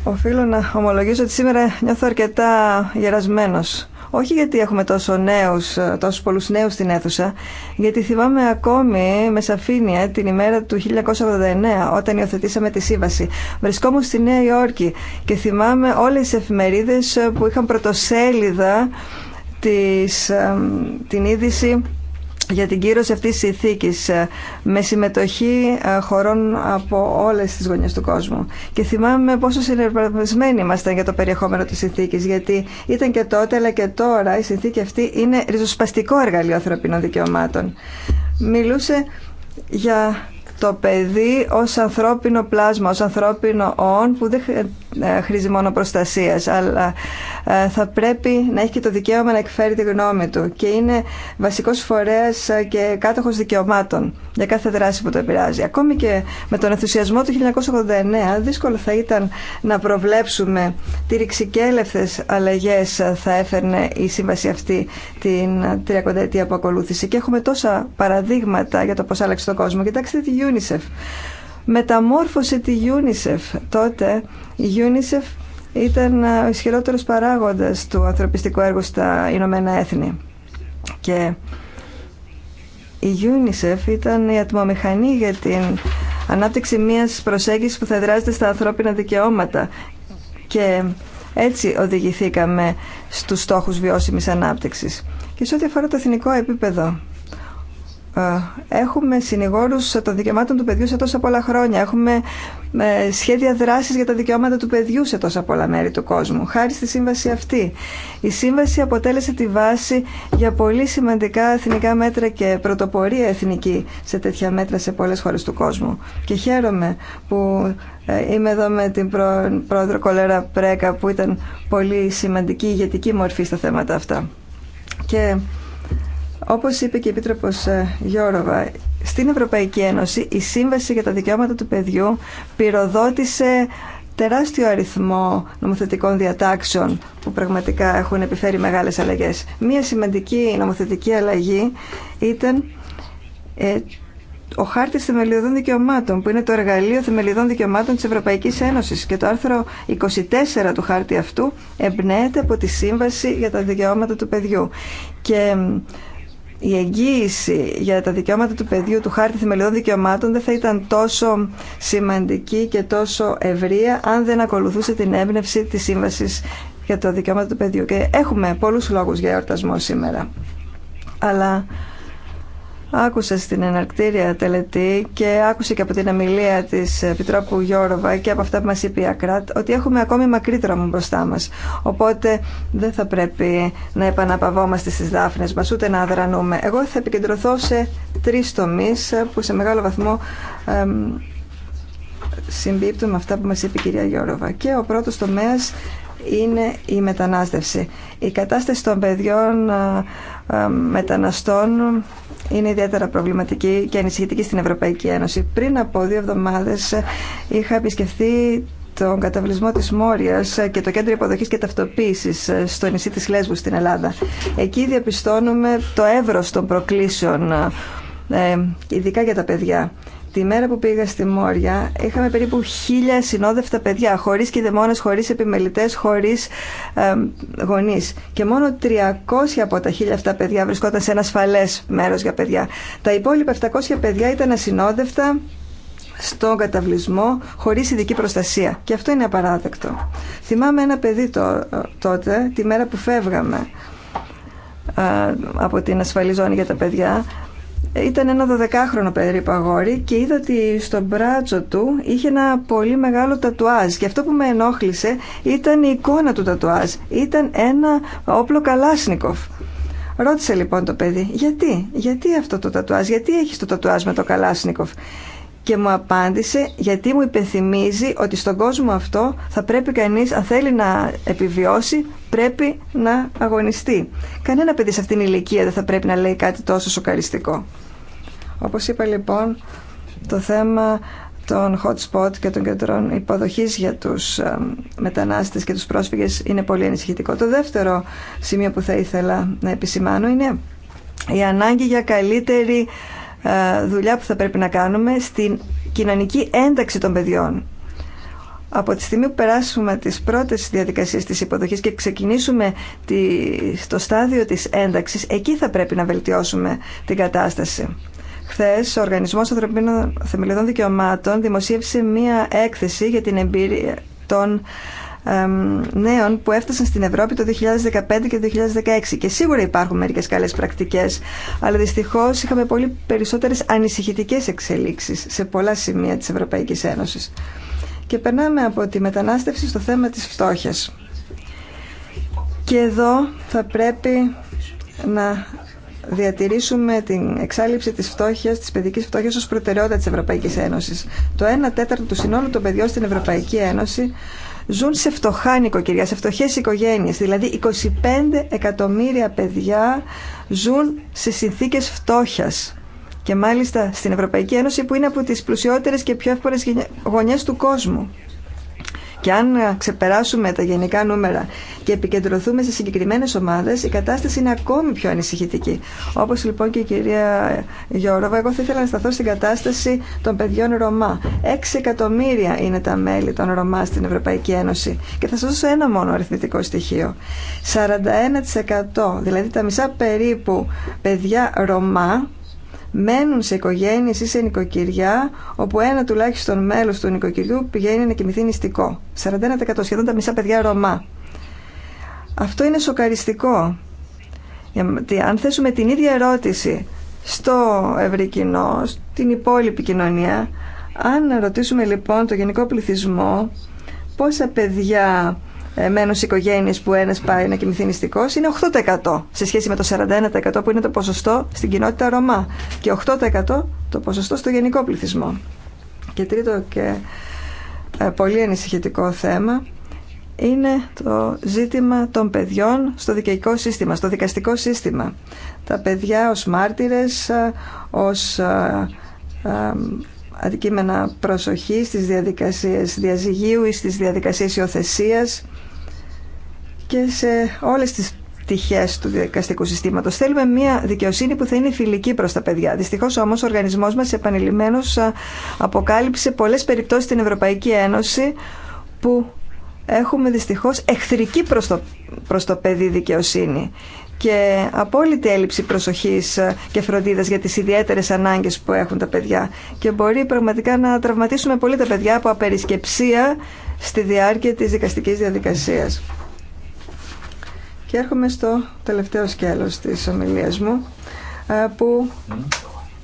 D: Οφείλω να ομολογήσω ότι σήμερα νιώθω αρκετά γερασμένος όχι γιατί έχουμε τόσο νέους, τόσους πολλούς νέους στην αίθουσα, γιατί θυμάμαι ακόμη με σαφήνεια την ημέρα του 1989 όταν υιοθετήσαμε τη σύμβαση. Βρισκόμουν στη Νέα Υόρκη και θυμάμαι όλες τις εφημερίδες που είχαν πρωτοσέλιδα της, την είδηση για την κύρωση αυτής της ηθίκης ε, με συμμετοχή ε, χωρών από όλες τις γωνιές του κόσμου. Και θυμάμαι πόσο συνεργασμένοι ήμασταν για το περιεχόμενο της ηθίκης, γιατί ήταν και τότε αλλά και τώρα η συνθήκη αυτή είναι ριζοσπαστικό εργαλείο ανθρωπίνων δικαιωμάτων. Μιλούσε για το παιδί ως ανθρώπινο πλάσμα, ως ανθρώπινο όν που δεν ε, χρήζει μόνο προστασίας αλλά ε, θα πρέπει να έχει και το δικαίωμα να εκφέρει τη γνώμη του και είναι βασικός φορέας ε, και κάτοχος δικαιωμάτων για κάθε δράση που το επηρεάζει. Ακόμη και με τον ενθουσιασμό του 1989 δύσκολο θα ήταν να προβλέψουμε τι ρηξικέλευθες αλλαγές θα έφερνε η σύμβαση αυτή την 30 ετία που ακολούθησε και έχουμε τόσα παραδείγματα για το πώς άλλαξε το κόσμο. Κοιτάξτε UNICEF. Μεταμόρφωσε τη UNICEF. Τότε η UNICEF ήταν ε, ο ισχυρότερος παράγοντας του ανθρωπιστικού έργου στα Ηνωμένα Έθνη. Και η UNICEF ήταν η ατμομηχανή για την ανάπτυξη μιας προσέγγισης που θα δράζεται στα ανθρώπινα δικαιώματα και έτσι οδηγηθήκαμε στους στόχους βιώσιμης ανάπτυξης. Και σε ό,τι αφορά το εθνικό επίπεδο, ε, έχουμε συνηγόρου των δικαιωμάτων του παιδιού σε τόσα πολλά χρόνια. Έχουμε ε, σχέδια δράση για τα δικαιώματα του παιδιού σε τόσα πολλά μέρη του κόσμου. Χάρη στη σύμβαση αυτή. Η σύμβαση αποτέλεσε τη βάση για πολύ σημαντικά εθνικά μέτρα και πρωτοπορία εθνική σε τέτοια μέτρα σε πολλέ χώρε του κόσμου. Και χαίρομαι που ε, είμαι εδώ με την πρόεδρο Κολέρα Πρέκα που ήταν πολύ σημαντική ηγετική μορφή στα θέματα αυτά. Και όπως είπε και η Επίτροπος ε, Γιώροβα, στην Ευρωπαϊκή Ένωση η Σύμβαση για τα Δικαιώματα του Παιδιού πυροδότησε τεράστιο αριθμό νομοθετικών διατάξεων που πραγματικά έχουν επιφέρει μεγάλες αλλαγές. Μία σημαντική νομοθετική αλλαγή ήταν ε, ο χάρτης θεμελιωδών δικαιωμάτων που είναι το εργαλείο θεμελιωδών δικαιωμάτων της Ευρωπαϊκής Ένωσης και το άρθρο 24 του χάρτη αυτού εμπνέεται από τη Σύμβαση για τα Δικαιώματα του Παιδιού. Και η εγγύηση για τα δικαιώματα του παιδιού του χάρτη θεμελιών δικαιωμάτων δεν θα ήταν τόσο σημαντική και τόσο ευρεία αν δεν ακολουθούσε την έμπνευση της σύμβασης για τα δικαιώματα του παιδιού. Και έχουμε πολλούς λόγους για εορτασμό σήμερα. Αλλά Άκουσα στην εναρκτήρια τελετή και άκουσε και από την ομιλία της Επιτρόπου Γιώροβα και από αυτά που μας είπε η Ακράτ ότι έχουμε ακόμη μακρύτερα δρόμο μπροστά μας. Οπότε δεν θα πρέπει να επαναπαυόμαστε στις δάφνες μα ούτε να αδρανούμε. Εγώ θα επικεντρωθώ σε τρει τομεί που σε μεγάλο βαθμό εμ, συμπίπτουν με αυτά που μα είπε η κυρία Γιώροβα. Και ο πρώτο τομέα είναι η μετανάστευση. Η κατάσταση των παιδιών ε, ε, μεταναστών είναι ιδιαίτερα προβληματική και ανησυχητική στην Ευρωπαϊκή Ένωση. Πριν από δύο εβδομάδες είχα επισκεφθεί τον καταβλισμό της Μόριας και το κέντρο υποδοχής και ταυτοποίησης στο νησί της Λέσβου στην Ελλάδα. Εκεί διαπιστώνουμε το εύρος των προκλήσεων, ε, ειδικά για τα παιδιά. Τη μέρα που πήγα στη Μόρια είχαμε περίπου χίλια συνόδευτα παιδιά, χωρίς κηδεμόνες, χωρίς επιμελητές, χωρίς ε, γονείς. Και μόνο 300 από τα χίλια αυτά παιδιά βρισκόταν σε ένα ασφαλές μέρος για παιδιά. Τα υπόλοιπα 700 παιδιά ήταν ασυνόδευτα στον καταβλισμό χωρίς ειδική προστασία. Και αυτό είναι απαράδεκτο. Θυμάμαι ένα παιδί ε, τότε, τη μέρα που φεύγαμε ε, από την ασφαλή ζώνη για τα παιδιά, ήταν ένα 12χρονο περίπου αγόρι και είδα ότι στο μπράτσο του είχε ένα πολύ μεγάλο τατουάζ και αυτό που με ενόχλησε ήταν η εικόνα του τατουάζ. Ήταν ένα όπλο Καλάσνικοφ. Ρώτησε λοιπόν το παιδί, γιατί, γιατί αυτό το τατουάζ, γιατί έχεις το τατουάζ με το Καλάσνικοφ και μου απάντησε γιατί μου υπενθυμίζει ότι στον κόσμο αυτό θα πρέπει κανείς αν θέλει να επιβιώσει πρέπει να αγωνιστεί. Κανένα παιδί σε αυτήν την ηλικία δεν θα πρέπει να λέει κάτι τόσο σοκαριστικό. Όπως είπα λοιπόν το θέμα των hot spot και των κέντρων υποδοχής για τους ε, μετανάστες και τους πρόσφυγες είναι πολύ ενισχυτικό. Το δεύτερο σημείο που θα ήθελα να επισημάνω είναι η ανάγκη για καλύτερη ε, δουλειά που θα πρέπει να κάνουμε στην κοινωνική ένταξη των παιδιών. Από τη στιγμή που περάσουμε τις πρώτες διαδικασίες της υποδοχής και ξεκινήσουμε στο στάδιο της ένταξης, εκεί θα πρέπει να βελτιώσουμε την κατάσταση. Χθε, ο Οργανισμό Ανθρωπίνων Θεμελιωδών Δικαιωμάτων δημοσίευσε μία έκθεση για την εμπειρία των νέων που έφτασαν στην Ευρώπη το 2015 και το 2016. Και σίγουρα υπάρχουν μερικέ καλέ πρακτικέ, αλλά δυστυχώ είχαμε πολύ περισσότερε ανησυχητικέ εξελίξει σε πολλά σημεία τη Ευρωπαϊκή Ένωση. Και περνάμε από τη μετανάστευση στο θέμα τη φτώχεια. Και εδώ θα πρέπει να διατηρήσουμε την εξάλληψη της φτώχειας, της παιδικής φτώχειας ως προτεραιότητα της Ευρωπαϊκής Ένωσης. Το 1 τέταρτο του συνόλου των παιδιών στην Ευρωπαϊκή Ένωση ζουν σε φτωχά νοικοκυριά, σε φτωχές οικογένειες. Δηλαδή 25 εκατομμύρια παιδιά ζουν σε συνθήκες φτώχειας. Και μάλιστα στην Ευρωπαϊκή Ένωση που είναι από τις πλουσιότερες και πιο εύπορες γωνιές του κόσμου. Και αν ε, ξεπεράσουμε τα γενικά νούμερα και επικεντρωθούμε σε συγκεκριμένες ομάδες, η κατάσταση είναι ακόμη πιο ανησυχητική. Όπως λοιπόν και η κυρία Γιώροβα, εγώ θα ήθελα να σταθώ στην κατάσταση των παιδιών Ρωμά. 6 εκατομμύρια είναι τα μέλη των Ρωμά στην Ευρωπαϊκή Ένωση. Και θα σας δώσω ένα μόνο αριθμητικό στοιχείο. 41% δηλαδή τα μισά περίπου παιδιά Ρωμά μένουν σε οικογένειες ή σε νοικοκυριά όπου ένα τουλάχιστον μέλος του νοικοκυριού πηγαίνει να κοιμηθεί νηστικό. 41% σχεδόν τα μισά παιδιά Ρωμά. Αυτό είναι σοκαριστικό. Γιατί αν θέσουμε την ίδια ερώτηση στο ευρύ κοινό, στην υπόλοιπη κοινωνία, αν ρωτήσουμε λοιπόν το γενικό πληθυσμό πόσα παιδιά μένουν οικογένειες οικογένειε που ένα πάει να κοιμηθεί νηστικό είναι 8% σε σχέση με το 41% που είναι το ποσοστό στην κοινότητα Ρωμά και 8% το ποσοστό στο γενικό πληθυσμό. Και τρίτο και ε, πολύ ανησυχητικό θέμα είναι το ζήτημα των παιδιών στο δικαιικό σύστημα, στο δικαστικό σύστημα. Τα παιδιά ως μάρτυρες, ε, ως ε, αντικείμενα προσοχής στις διαδικασίες διαζυγίου ή στις διαδικασίες υιοθεσίας και σε όλες τις πτυχέ του δικαστικού συστήματος. Θέλουμε μια δικαιοσύνη που θα είναι φιλική προς τα παιδιά. Δυστυχώς όμως ο οργανισμός μας επανειλημμένος αποκάλυψε πολλές περιπτώσεις στην Ευρωπαϊκή Ένωση που έχουμε δυστυχώς εχθρική προς το, προς το παιδί δικαιοσύνη και απόλυτη έλλειψη προσοχής και φροντίδας για τις ιδιαίτερες ανάγκες που έχουν τα παιδιά και μπορεί πραγματικά να τραυματίσουμε πολύ τα παιδιά από απερισκεψία στη διάρκεια της δικαστικής διαδικασίας. Και έρχομαι στο τελευταίο σκέλος της ομιλίας μου ε, που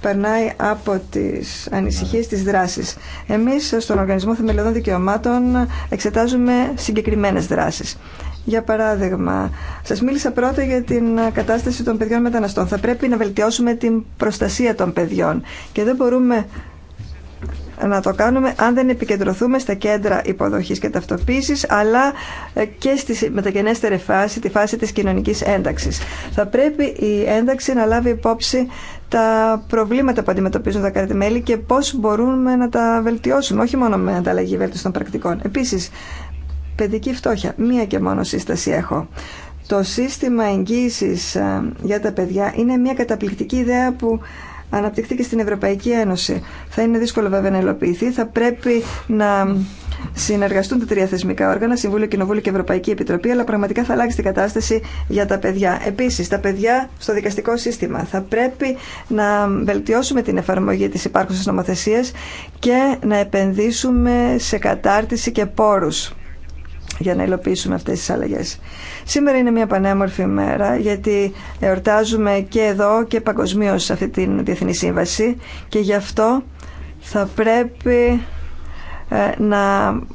D: περνάει από τις ανησυχίες της δράσης. Εμείς στον Οργανισμό Θεμελιωδών Δικαιωμάτων εξετάζουμε συγκεκριμένες δράσεις. Για παράδειγμα, σας μίλησα πρώτα για την κατάσταση των παιδιών μεταναστών. Θα πρέπει να βελτιώσουμε την προστασία των παιδιών και δεν μπορούμε να το κάνουμε αν δεν επικεντρωθούμε στα κέντρα υποδοχής και ταυτοποίησης αλλά ε, και στη μεταγενέστερη φάση, τη φάση της κοινωνικής ένταξης. Θα πρέπει η ένταξη να λάβει υπόψη τα προβλήματα που αντιμετωπίζουν τα κρατη και πώς μπορούμε να τα βελτιώσουμε, όχι μόνο με ανταλλαγή βέλτιση των πρακτικών. Επίσης, παιδική φτώχεια. Μία και μόνο σύσταση έχω. Το σύστημα εγγύησης ε, για τα παιδιά είναι μια καταπληκτική ιδέα που αναπτυχθεί και στην Ευρωπαϊκή Ένωση. Θα είναι δύσκολο βέβαια να υλοποιηθεί. Θα πρέπει να συνεργαστούν τα τρία θεσμικά όργανα, Συμβούλιο, Κοινοβούλιο και Ευρωπαϊκή Επιτροπή, αλλά πραγματικά θα αλλάξει την κατάσταση για τα παιδιά. Επίση, τα παιδιά στο δικαστικό σύστημα. Θα πρέπει να βελτιώσουμε την εφαρμογή τη υπάρχουσα νομοθεσία και να επενδύσουμε σε κατάρτιση και πόρου για να υλοποιήσουμε αυτές τις αλλαγές. Σήμερα είναι μια πανέμορφη μέρα γιατί εορτάζουμε και εδώ και παγκοσμίω αυτή την Διεθνή Σύμβαση και γι' αυτό θα πρέπει ε, να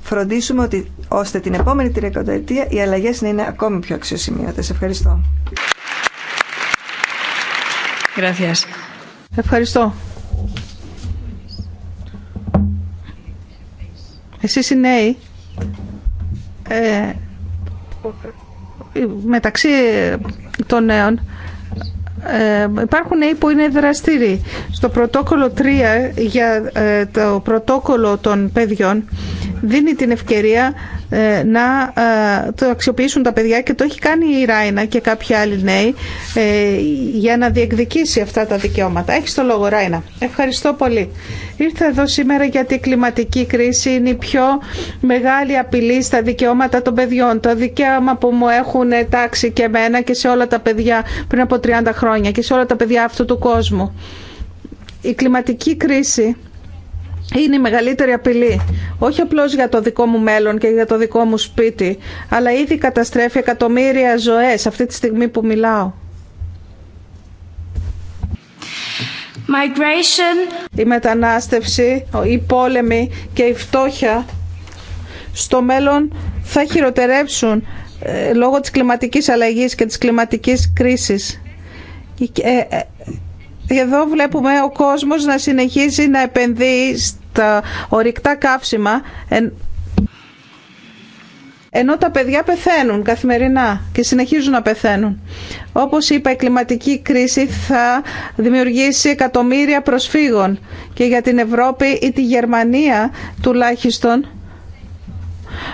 D: φροντίσουμε ότι, ώστε την επόμενη τριακονταετία οι αλλαγές να είναι ακόμη πιο αξιοσημείωτες. Ευχαριστώ. Ευχαριστώ.
A: Εσείς οι νέοι ε, μεταξύ των νέων ε, υπάρχουν νέοι που είναι δραστήριοι. Στο πρωτόκολλο 3 για ε, το πρωτόκολλο των παιδιών δίνει την ευκαιρία ε, να ε, το αξιοποιήσουν τα παιδιά και το έχει κάνει η Ράινα και κάποιοι άλλοι νέοι ε, για να διεκδικήσει αυτά τα δικαιώματα. Έχει το λόγο Ράινα. Ευχαριστώ πολύ. Ήρθα εδώ σήμερα γιατί η κλιματική κρίση είναι η πιο μεγάλη απειλή στα δικαιώματα των παιδιών. Το δικαίωμα που μου έχουν τάξει και εμένα και σε όλα τα παιδιά πριν από 30 χρόνια και σε όλα τα παιδιά αυτού του κόσμου. Η κλιματική κρίση είναι η μεγαλύτερη απειλή. Όχι απλώς για το δικό μου μέλλον και για το δικό μου σπίτι, αλλά ήδη καταστρέφει εκατομμύρια ζωές αυτή τη στιγμή που μιλάω.
E: Migration. Η
A: μετανάστευση, η πόλεμη και η φτώχεια στο μέλλον θα χειροτερέψουν ε, λόγω της κλιματικής αλλαγής και της κλιματικής κρίσης. Ε, ε, εδώ βλέπουμε ο κόσμος να συνεχίζει να επενδύει στα ορυκτά καύσιμα ενώ τα παιδιά πεθαίνουν καθημερινά και συνεχίζουν να πεθαίνουν. Όπως είπα, η κλιματική κρίση θα δημιουργήσει εκατομμύρια προσφύγων και για την Ευρώπη ή τη Γερμανία τουλάχιστον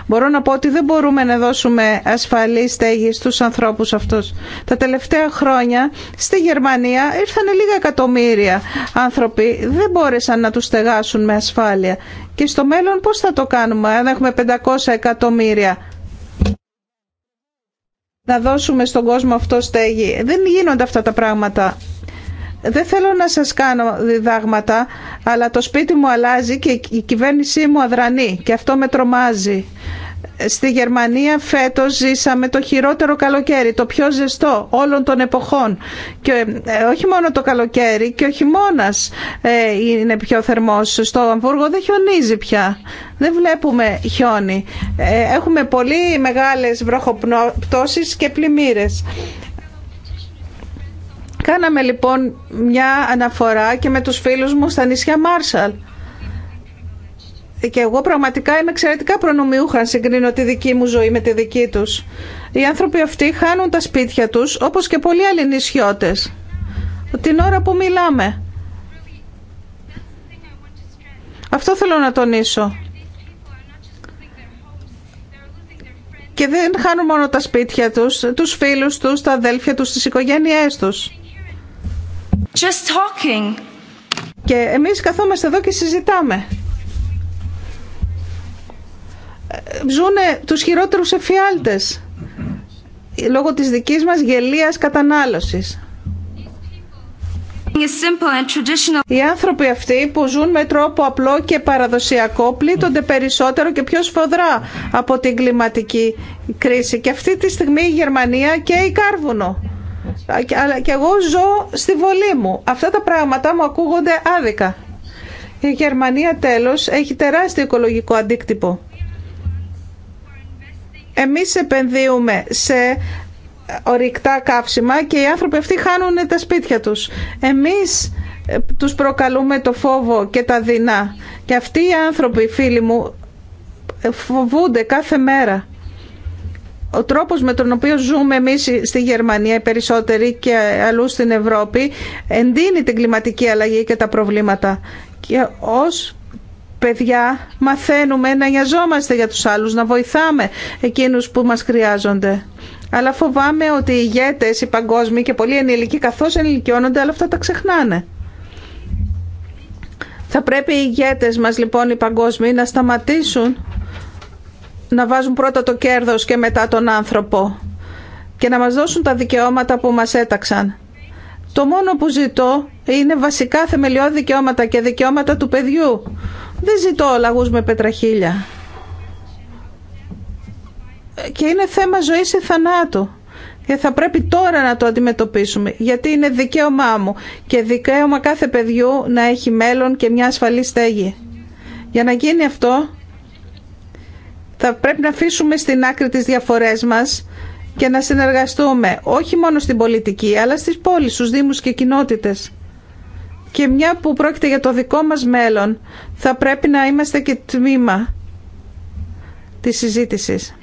A: Μπορώ να πω ότι δεν μπορούμε να δώσουμε ασφαλή στέγη στους ανθρώπους αυτούς. Τα τελευταία χρόνια στη Γερμανία ήρθαν λίγα εκατομμύρια άνθρωποι. Δεν μπόρεσαν να τους στεγάσουν με ασφάλεια. Και στο μέλλον πώς θα το κάνουμε αν έχουμε 500 εκατομμύρια να δώσουμε στον κόσμο αυτό στέγη. Δεν γίνονται αυτά τα πράγματα δεν θέλω να σας κάνω διδάγματα, αλλά το σπίτι μου αλλάζει και η κυβέρνησή μου αδρανεί και αυτό με τρομάζει. Στη Γερμανία φέτος ζήσαμε το χειρότερο καλοκαίρι, το πιο ζεστό όλων των εποχών. Και ε, όχι μόνο το καλοκαίρι και ο χειμώνας ε, είναι πιο θερμός. Στο Αμβούργο δεν χιονίζει πια. Δεν βλέπουμε χιόνι. Ε, έχουμε πολύ μεγάλες βροχοπτώσεις και πλημμύρες. Κάναμε λοιπόν μια αναφορά και με τους φίλους μου στα νησιά Μάρσαλ. Και εγώ πραγματικά είμαι εξαιρετικά προνομιούχα αν συγκρίνω τη δική μου ζωή με τη δική τους. Οι άνθρωποι αυτοί χάνουν τα σπίτια τους όπως και πολλοί άλλοι νησιώτες. Την ώρα που μιλάμε. Αυτό θέλω να τονίσω. Και δεν χάνουν μόνο τα σπίτια τους, τους φίλους τους, τα αδέλφια τους, τις οικογένειές τους. Και εμείς καθόμαστε εδώ και συζητάμε. Ζούνε τους χειρότερους εφιάλτες λόγω της δικής μας γελίας κατανάλωσης. Οι άνθρωποι αυτοί που ζουν με τρόπο απλό και παραδοσιακό πλήττονται περισσότερο και πιο σφοδρά από την κλιματική κρίση. Και αυτή τη στιγμή η Γερμανία και η Κάρβουνο. Αλλά και εγώ ζω στη βολή μου. Αυτά τα πράγματα μου ακούγονται άδικα. Η Γερμανία τέλος έχει τεράστιο οικολογικό αντίκτυπο. Εμείς επενδύουμε σε ε, ορυκτά καύσιμα και οι άνθρωποι αυτοί χάνουν τα σπίτια τους. Εμείς ε, τους προκαλούμε το φόβο και τα δεινά. Και αυτοί οι άνθρωποι, φίλοι μου, ε, φοβούνται κάθε μέρα ο τρόπος με τον οποίο ζούμε εμείς στη Γερμανία, οι περισσότεροι και αλλού στην Ευρώπη, εντείνει την κλιματική αλλαγή και τα προβλήματα. Και ως παιδιά μαθαίνουμε να νοιαζόμαστε για τους άλλους, να βοηθάμε εκείνους που μας χρειάζονται. Αλλά φοβάμαι ότι οι ηγέτες, οι παγκόσμιοι και πολλοί ενηλικοί καθώς ενηλικιώνονται, αλλά αυτά τα ξεχνάνε. Θα πρέπει οι ηγέτες μας λοιπόν οι παγκόσμιοι να σταματήσουν να βάζουν πρώτα το κέρδος και μετά τον άνθρωπο και να μας δώσουν τα δικαιώματα που μας έταξαν. Το μόνο που ζητώ είναι βασικά θεμελιώδη δικαιώματα και δικαιώματα του παιδιού. Δεν ζητώ λαγούς με πετραχίλια. Και είναι θέμα ζωής ή θανάτου. Και θα πρέπει τώρα να το αντιμετωπίσουμε, γιατί είναι δικαίωμά μου και δικαίωμα κάθε παιδιού να έχει μέλλον και μια ασφαλή στέγη. Για να γίνει αυτό, θα πρέπει να αφήσουμε στην άκρη τις διαφορές μας και να συνεργαστούμε όχι μόνο στην πολιτική αλλά στις πόλεις, στους δήμους και κοινότητες. Και μια που πρόκειται για το δικό μας μέλλον θα πρέπει να είμαστε και τμήμα της συζήτησης.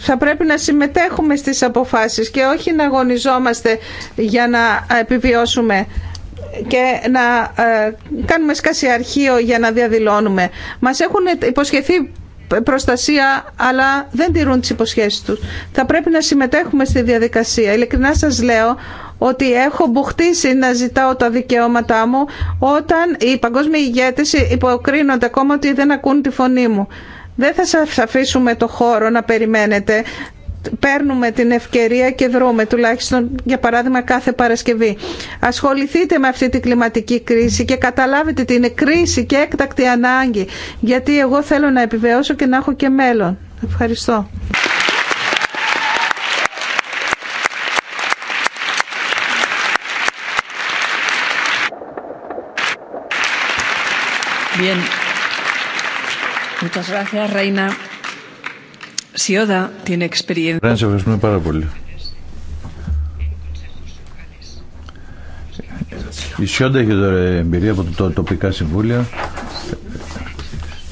A: Θα πρέπει να συμμετέχουμε στις αποφάσεις και όχι να αγωνιζόμαστε για να επιβιώσουμε και να ε, κάνουμε σκάση αρχείο για να διαδηλώνουμε. Μας έχουν υποσχεθεί προστασία αλλά δεν τηρούν τις υποσχέσεις τους. Θα πρέπει να συμμετέχουμε στη διαδικασία. Ειλικρινά σας λέω ότι έχω μπουχτίσει να ζητάω τα δικαιώματά μου όταν οι παγκόσμιοι ηγέτες υποκρίνονται ακόμα ότι δεν ακούν τη φωνή μου. Δεν θα σας αφήσουμε το χώρο να περιμένετε παίρνουμε την ευκαιρία και δρούμε, τουλάχιστον για παράδειγμα κάθε Παρασκευή. Ασχοληθείτε με αυτή την κλιματική κρίση και καταλάβετε ότι είναι κρίση και έκτακτη ανάγκη, γιατί εγώ θέλω να επιβεώσω και να έχω και μέλλον. Ευχαριστώ.
E: Bien. Muchas gracias, Reina. Σιώδα σε
B: ευχαριστούμε πάρα πολύ. Η Σιόντα έχει τώρα εμπειρία από τα τοπικά συμβούλια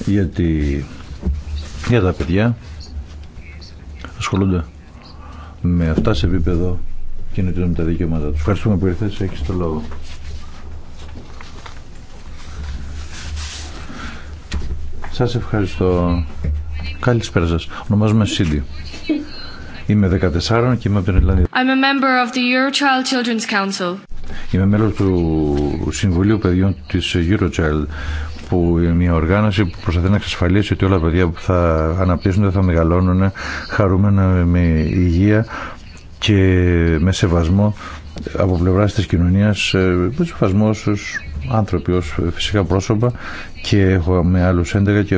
B: γιατί για τα παιδιά ασχολούνται με αυτά σε επίπεδο και με τα δικαιώματα τους. Ευχαριστούμε που ήρθες, έχεις το λόγο. Σας ευχαριστώ. Καλησπέρα σας. Ονομάζομαι Σίντι. Είμαι 14 και είμαι από την I'm
C: a member of the Eurochild Council.
B: Είμαι μέλος του Συμβουλίου Παιδιών της Eurochild που είναι μια οργάνωση που προσπαθεί να εξασφαλίσει ότι όλα τα παιδιά που θα αναπτύσσονται θα μεγαλώνουν χαρούμενα με υγεία και με σεβασμό από πλευράς της κοινωνίας ε, με σεβασμό στους άνθρωποι ως φυσικά πρόσωπα και έχω με άλλους 11 και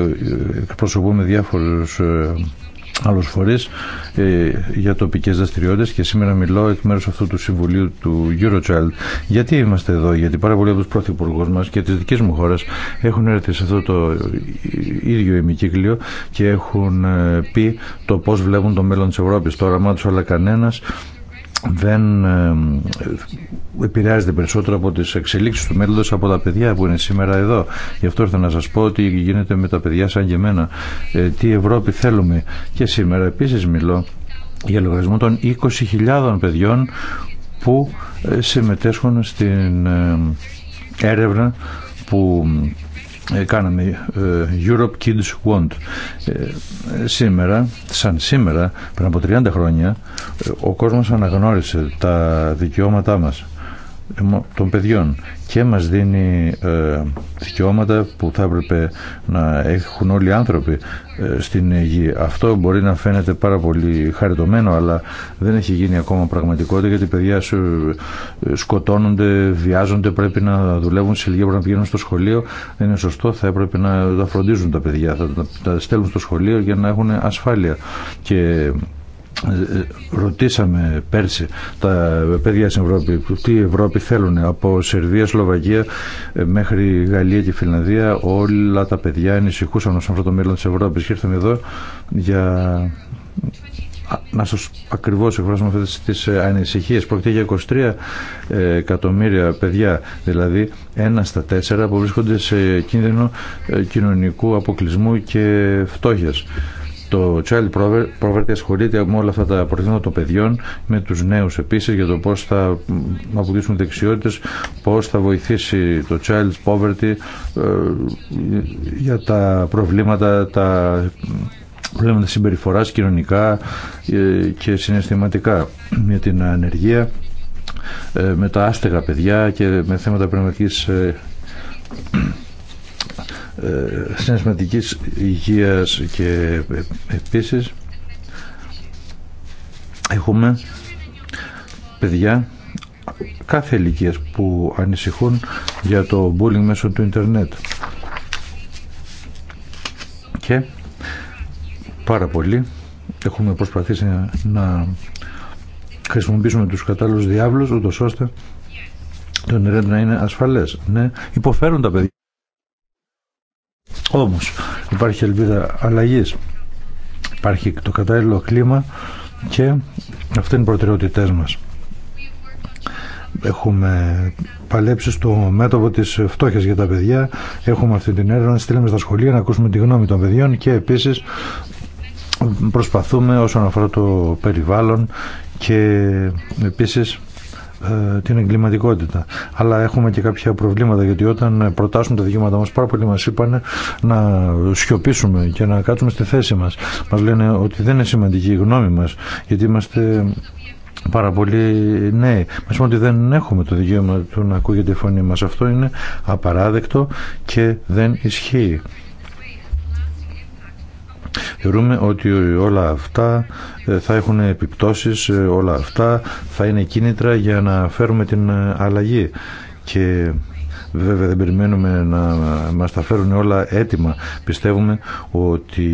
B: εκπροσωπούμε διάφορους ε, άλλου φορεί ε, για τοπικέ δραστηριότητε και σήμερα μιλώ εκ μέρου αυτού του συμβουλίου του Eurochild. Γιατί είμαστε εδώ, Γιατί πάρα πολλοί από του πρωθυπουργού μα και τη δική μου χώρα έχουν έρθει σε αυτό το ίδιο ημικύκλιο και έχουν ε, πει το πώ βλέπουν το μέλλον τη Ευρώπη, το όραμά του, αλλά κανένα δεν επηρεάζεται περισσότερο από τις εξελίξεις του μέλλοντος από τα παιδιά που είναι σήμερα εδώ. Γι' αυτό ήρθα να σας πω ότι γίνεται με τα παιδιά σαν και εμένα. Ε, τι Ευρώπη θέλουμε. Και σήμερα επίσης μιλώ για λογαριασμό των 20.000 παιδιών που ε, συμμετέσχουν στην έρευνα που ε, κάναμε ε, Europe Kids Want ε, σήμερα σαν σήμερα πριν από 30 χρόνια ο κόσμος αναγνώρισε τα δικαιώματά μας των παιδιών και μας δίνει ε, δικαιώματα που θα έπρεπε να έχουν όλοι οι άνθρωποι ε, στην γη. Αυτό μπορεί να φαίνεται πάρα πολύ χαριτωμένο αλλά δεν έχει γίνει ακόμα πραγματικότητα γιατί οι παιδιά ε, σκοτώνονται, βιάζονται, πρέπει να δουλεύουν σε λίγο πρέπει να πηγαίνουν στο σχολείο. Δεν είναι σωστό, θα έπρεπε να τα φροντίζουν τα παιδιά, θα τα στέλνουν στο σχολείο για να έχουν ασφάλεια. Και ε, ε, ρωτήσαμε πέρσι τα παιδιά στην Ευρώπη τι Ευρώπη θέλουν από Σερβία, Σλοβακία ε, μέχρι Γαλλία και Φιλανδία όλα τα παιδιά ανησυχούσαν ως αυτό το μέλλον της Ευρώπης και ήρθαμε εδώ για να σας ακριβώς εκφράσουμε αυτές τις ανησυχίες πρόκειται για 23 εκατομμύρια παιδιά δηλαδή ένα στα τέσσερα που βρίσκονται σε κίνδυνο κοινωνικού αποκλεισμού και φτώχειας το Child Poverty ασχολείται με όλα αυτά τα προβλήματα των παιδιών, με τους νέους επίσης για το πώς θα αποκτήσουν δεξιότητες, πώς θα βοηθήσει το Child Poverty ε, για τα προβλήματα, τα προβλήματα συμπεριφοράς κοινωνικά ε, και συναισθηματικά Με την ανεργία ε, με τα άστεγα παιδιά και με θέματα πνευματικής ε, συναισθηματικής υγείας και επίσης έχουμε παιδιά κάθε ηλικία που ανησυχούν για το bullying μέσω του ίντερνετ και πάρα πολύ έχουμε προσπαθήσει να χρησιμοποιήσουμε τους κατάλληλους διάβλους ούτως ώστε το ίντερνετ να είναι ασφαλές ναι, υποφέρουν τα παιδιά όμως υπάρχει ελπίδα αλλαγής, υπάρχει το κατάλληλο κλίμα και αυτή είναι οι προτεραιότητές μας. Έχουμε παλέψει στο μέτωπο της φτώχειας για τα παιδιά, έχουμε αυτή την έρευνα, στείλουμε στα σχολεία να ακούσουμε τη γνώμη των παιδιών και επίσης προσπαθούμε όσον αφορά το περιβάλλον και επίσης ε, την εγκληματικότητα. Αλλά έχουμε και κάποια προβλήματα γιατί όταν προτάσουν τα δικαιώματά μας πάρα πολλοί μας είπαν να σιωπήσουμε και να κάτσουμε στη θέση μας. Μα λένε ότι δεν είναι σημαντική η γνώμη μας γιατί είμαστε πάρα πολύ νέοι. μα είπαν ότι δεν έχουμε το δικαίωμα του να ακούγεται η φωνή μα. Αυτό είναι απαράδεκτο και δεν ισχύει. Θεωρούμε ότι όλα αυτά ε, θα έχουν επιπτώσεις, ε, όλα αυτά θα είναι κίνητρα για να φέρουμε την ε, αλλαγή. Και βέβαια δεν περιμένουμε να μας τα φέρουν όλα έτοιμα. Πιστεύουμε ότι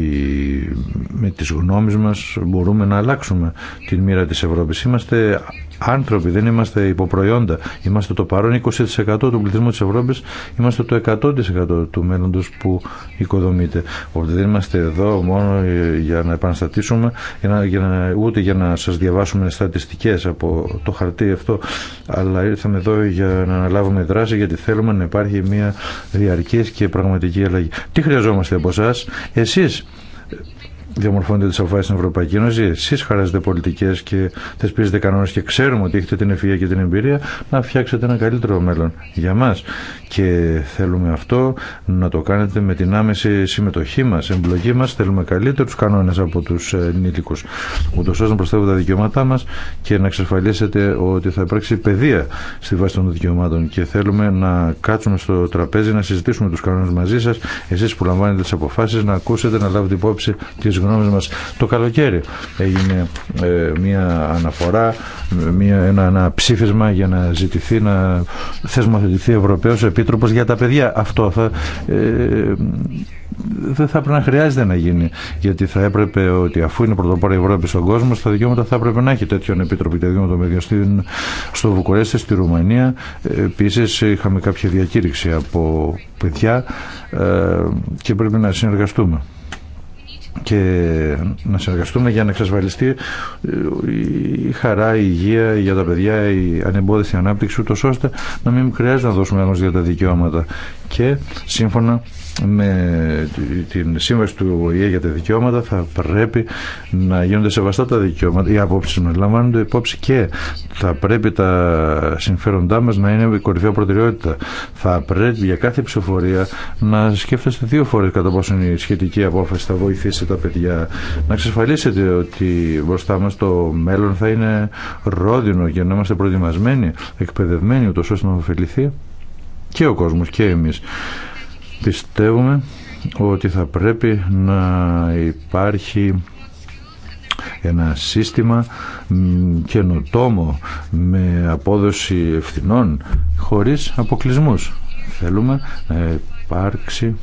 B: με τις γνώμες μας μπορούμε να αλλάξουμε την μοίρα της Ευρώπης. Είμαστε άνθρωποι, δεν είμαστε υποπροϊόντα. Είμαστε το παρόν 20% του πληθυσμού της Ευρώπης, είμαστε το 100% του μέλλοντο που οικοδομείται. Οπότε δεν είμαστε εδώ μόνο για να επαναστατήσουμε, για να, για να, ούτε για να σας διαβάσουμε στατιστικές από το χαρτί αυτό, αλλά ήρθαμε εδώ για να αναλάβουμε δράση γιατί θέλουμε να υπάρχει μια διαρκή και πραγματική αλλαγή. Τι χρειαζόμαστε από εσά, Εσεί διαμορφώνεται τι αποφάσει στην Ευρωπαϊκή Ένωση. Εσεί χαράζετε πολιτικέ και θεσπίζετε κανόνε και ξέρουμε ότι έχετε την ευφυα και την εμπειρία να φτιάξετε ένα καλύτερο μέλλον για μα. Και θέλουμε αυτό να το κάνετε με την άμεση συμμετοχή μα, εμπλοκή μα. Θέλουμε καλύτερου κανόνε από του ενήλικου, ούτω ώστε να προστατεύουν τα δικαιώματά μα και να εξασφαλίσετε ότι θα υπάρξει παιδεία στη βάση των δικαιωμάτων. Και θέλουμε να κάτσουμε στο τραπέζι, να συζητήσουμε του κανόνε μαζί σα, εσεί που λαμβάνετε τι αποφάσει, να ακούσετε, να λάβετε υπόψη τι γνώμες μας το καλοκαίρι. Έγινε ε, μια αναφορά, μια, ένα, ψήφισμα για να ζητηθεί να θεσμοθετηθεί Ευρωπαίος Επίτροπος για τα παιδιά. Αυτό θα ε, δεν θα πρέπει να χρειάζεται να γίνει. Γιατί θα έπρεπε ότι αφού είναι πρωτοπόρα η Ευρώπη στον κόσμο, στα δικαιώματα θα έπρεπε να έχει τέτοιον επίτροπο και δικαιώματα των παιδιών στο Βουκουρέστι, στη Ρουμανία. Επίση, είχαμε κάποια διακήρυξη από παιδιά ε, και πρέπει να συνεργαστούμε και να συνεργαστούμε για να εξασφαλιστεί ε, η χαρά, η υγεία για τα παιδιά, η ανεμπόδιστη ανάπτυξη, ούτω ώστε να μην χρειάζεται να δώσουμε ένωση για τα δικαιώματα. Και σύμφωνα με την σύμβαση του ΟΗΕ για τα δικαιώματα θα πρέπει να γίνονται σεβαστά τα δικαιώματα, οι απόψεις μας λαμβάνονται υπόψη και θα πρέπει τα συμφέροντά μας να είναι η κορυφαία προτεραιότητα. Θα πρέπει για κάθε ψηφοφορία να σκέφτεστε δύο φορές κατά πόσο η σχετική απόφαση θα βοηθήσει τα παιδιά. Να εξασφαλίσετε ότι μπροστά μας το μέλλον θα είναι ρόδινο για να είμαστε προετοιμασμένοι, εκπαιδευμένοι, ούτως ώστε να ωφεληθεί και ο κόσμος και εμείς. Πιστεύουμε ότι θα πρέπει να υπάρχει ένα σύστημα καινοτόμο με απόδοση ευθυνών χωρίς αποκλεισμούς. Θέλουμε να υπάρξει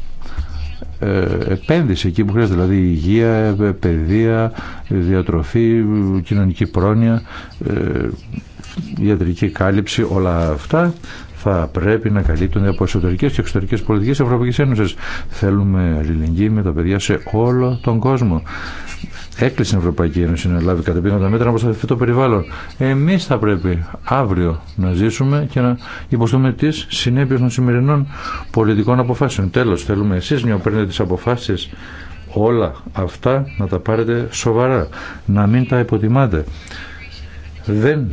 B: ε, επένδυση εκεί που χρειάζεται, δηλαδή υγεία, ε, παιδεία, διατροφή, κοινωνική πρόνοια, ε, ιατρική κάλυψη, όλα αυτά θα πρέπει να καλύπτονται από εσωτερικέ και εξωτερικέ πολιτικέ Ευρωπαϊκή Ένωση. Θέλουμε αλληλεγγύη με τα παιδιά σε όλο τον κόσμο. Έκλεισε η Ευρωπαϊκή Ένωση να λάβει κατεπίγοντα μέτρα να προστατευτεί το περιβάλλον. Εμεί θα πρέπει αύριο να ζήσουμε και να υποστούμε τι συνέπειε των σημερινών πολιτικών αποφάσεων. Τέλο, θέλουμε εσεί να παίρνετε τι αποφάσει όλα αυτά να τα πάρετε σοβαρά, να μην τα υποτιμάτε δεν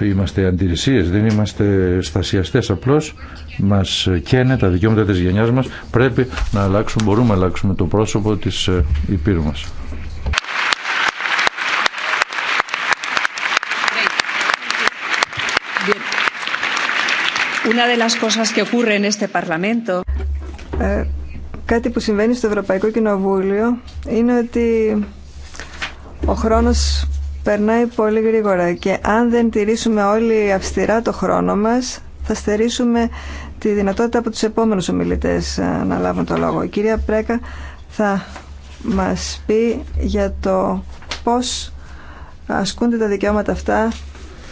B: ε, είμαστε αντιρρησίες, δεν είμαστε στασιαστές απλώς μας καίνε τα δικαιώματα της γενιάς μας πρέπει να αλλάξουμε, μπορούμε να αλλάξουμε το πρόσωπο της ε, υπήρου μας
D: Una de ε, κάτι που συμβαίνει στο Ευρωπαϊκό Κοινοβούλιο είναι ότι ο χρόνος περνάει πολύ γρήγορα και αν δεν τηρήσουμε όλοι αυστηρά το χρόνο μας θα στερήσουμε τη δυνατότητα από τους επόμενους ομιλητές ε, να λάβουν το λόγο. Η κυρία Πρέκα θα μας πει για το πώς ασκούνται τα δικαιώματα αυτά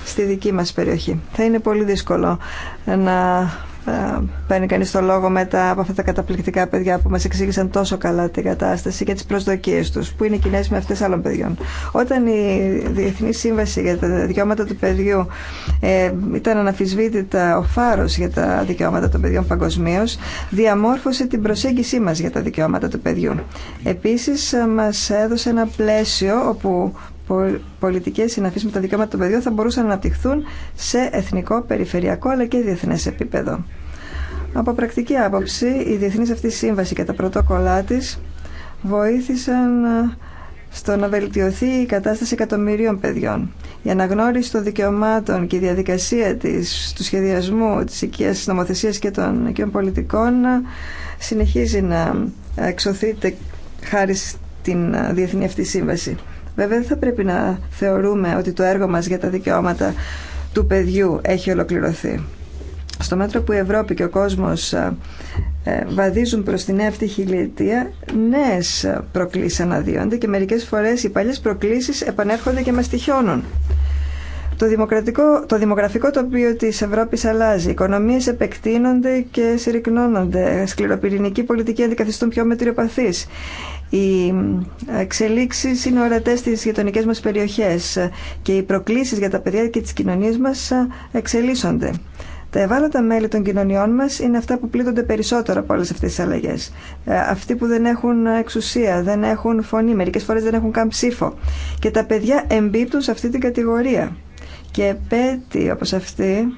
D: στη δική μας περιοχή. Θα είναι πολύ δύσκολο να ε, παίρνει κανείς το λόγο μετά από αυτά τα καταπληκτικά παιδιά που μας εξήγησαν τόσο καλά την κατάσταση και τις προσδοκίες τους, που είναι κοινέ με αυτές άλλων παιδιών. Όταν η Διεθνή Σύμβαση για τα Δικαιώματα του Παιδιού ε, ήταν αναφυσβήτητα ο φάρος για τα δικαιώματα των παιδιών παγκοσμίω, διαμόρφωσε την προσέγγισή μας για τα δικαιώματα του παιδιού. Επίσης, ε, μας έδωσε ένα πλαίσιο όπου πολιτικές συναφεί με τα δικαιώματα των παιδιών θα μπορούσαν να αναπτυχθούν σε εθνικό, περιφερειακό αλλά και διεθνές επίπεδο. Από πρακτική άποψη, η διεθνής αυτή σύμβαση και τα πρωτόκολλά τη βοήθησαν ε, στο να βελτιωθεί η κατάσταση εκατομμυρίων παιδιών. Η αναγνώριση των δικαιωμάτων και η διαδικασία της, του σχεδιασμού της οικίας νομοθεσίας και των οικιών πολιτικών ε, συνεχίζει να ε, εξωθείται χάρη στην διεθνή αυτή σύμβαση. Βέβαια δεν θα πρέπει να θεωρούμε ότι το έργο μας για τα δικαιώματα του παιδιού έχει ολοκληρωθεί. Στο μέτρο που η Ευρώπη και ο κόσμος ε, ε, βαδίζουν προς τη νέα αυτή χιλιετία, νέες προκλήσεις αναδύονται και μερικές φορές οι παλιές προκλήσεις επανέρχονται και μας τυχιώνουν. Το, δημοκρατικό, το δημογραφικό τοπίο της Ευρώπης αλλάζει. Οι οικονομίες επεκτείνονται και συρρυκνώνονται. Σκληροπυρηνική πολιτική αντικαθιστούν πιο μετριοπαθείς. Οι εξελίξεις είναι ορατέ στις γειτονικέ μας περιοχέ και οι προκλήσεις για τα παιδιά και τι κοινωνίε μα εξελίσσονται. Τα ευάλωτα μέλη των κοινωνιών μα είναι αυτά που πλήττονται περισσότερο από όλε αυτέ τι αλλαγέ. Ε, αυτοί που δεν έχουν εξουσία, δεν έχουν φωνή, μερικέ φορέ δεν έχουν καν ψήφο. Και τα παιδιά εμπίπτουν σε αυτή την κατηγορία. Και πέτοι όπω αυτή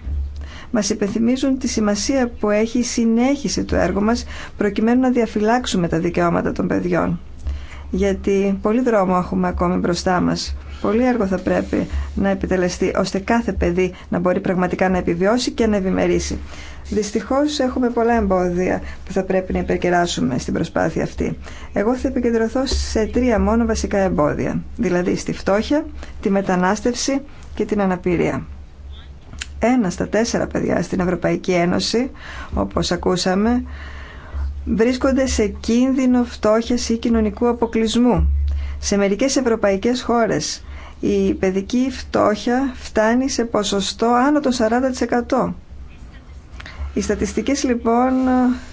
D: μας υπενθυμίζουν τη σημασία που έχει η συνέχιση του έργου μας προκειμένου να διαφυλάξουμε τα δικαιώματα των παιδιών. Γιατί πολύ δρόμο έχουμε ακόμη μπροστά μας. Πολύ έργο θα πρέπει να επιτελεστεί ώστε κάθε παιδί να μπορεί πραγματικά να επιβιώσει και να ευημερήσει. Δυστυχώς έχουμε πολλά εμπόδια που θα πρέπει να υπερκεράσουμε στην προσπάθεια αυτή. Εγώ θα επικεντρωθώ σε τρία μόνο βασικά εμπόδια, δηλαδή στη φτώχεια, τη μετανάστευση και την αναπηρία ένα στα τέσσερα παιδιά στην Ευρωπαϊκή Ένωση, όπως ακούσαμε, βρίσκονται σε κίνδυνο φτώχειας ή κοινωνικού αποκλεισμού. Σε μερικές ευρωπαϊκές χώρες η παιδική φτώχεια φτάνει σε ποσοστό άνω των 40%. Οι στατιστικές λοιπόν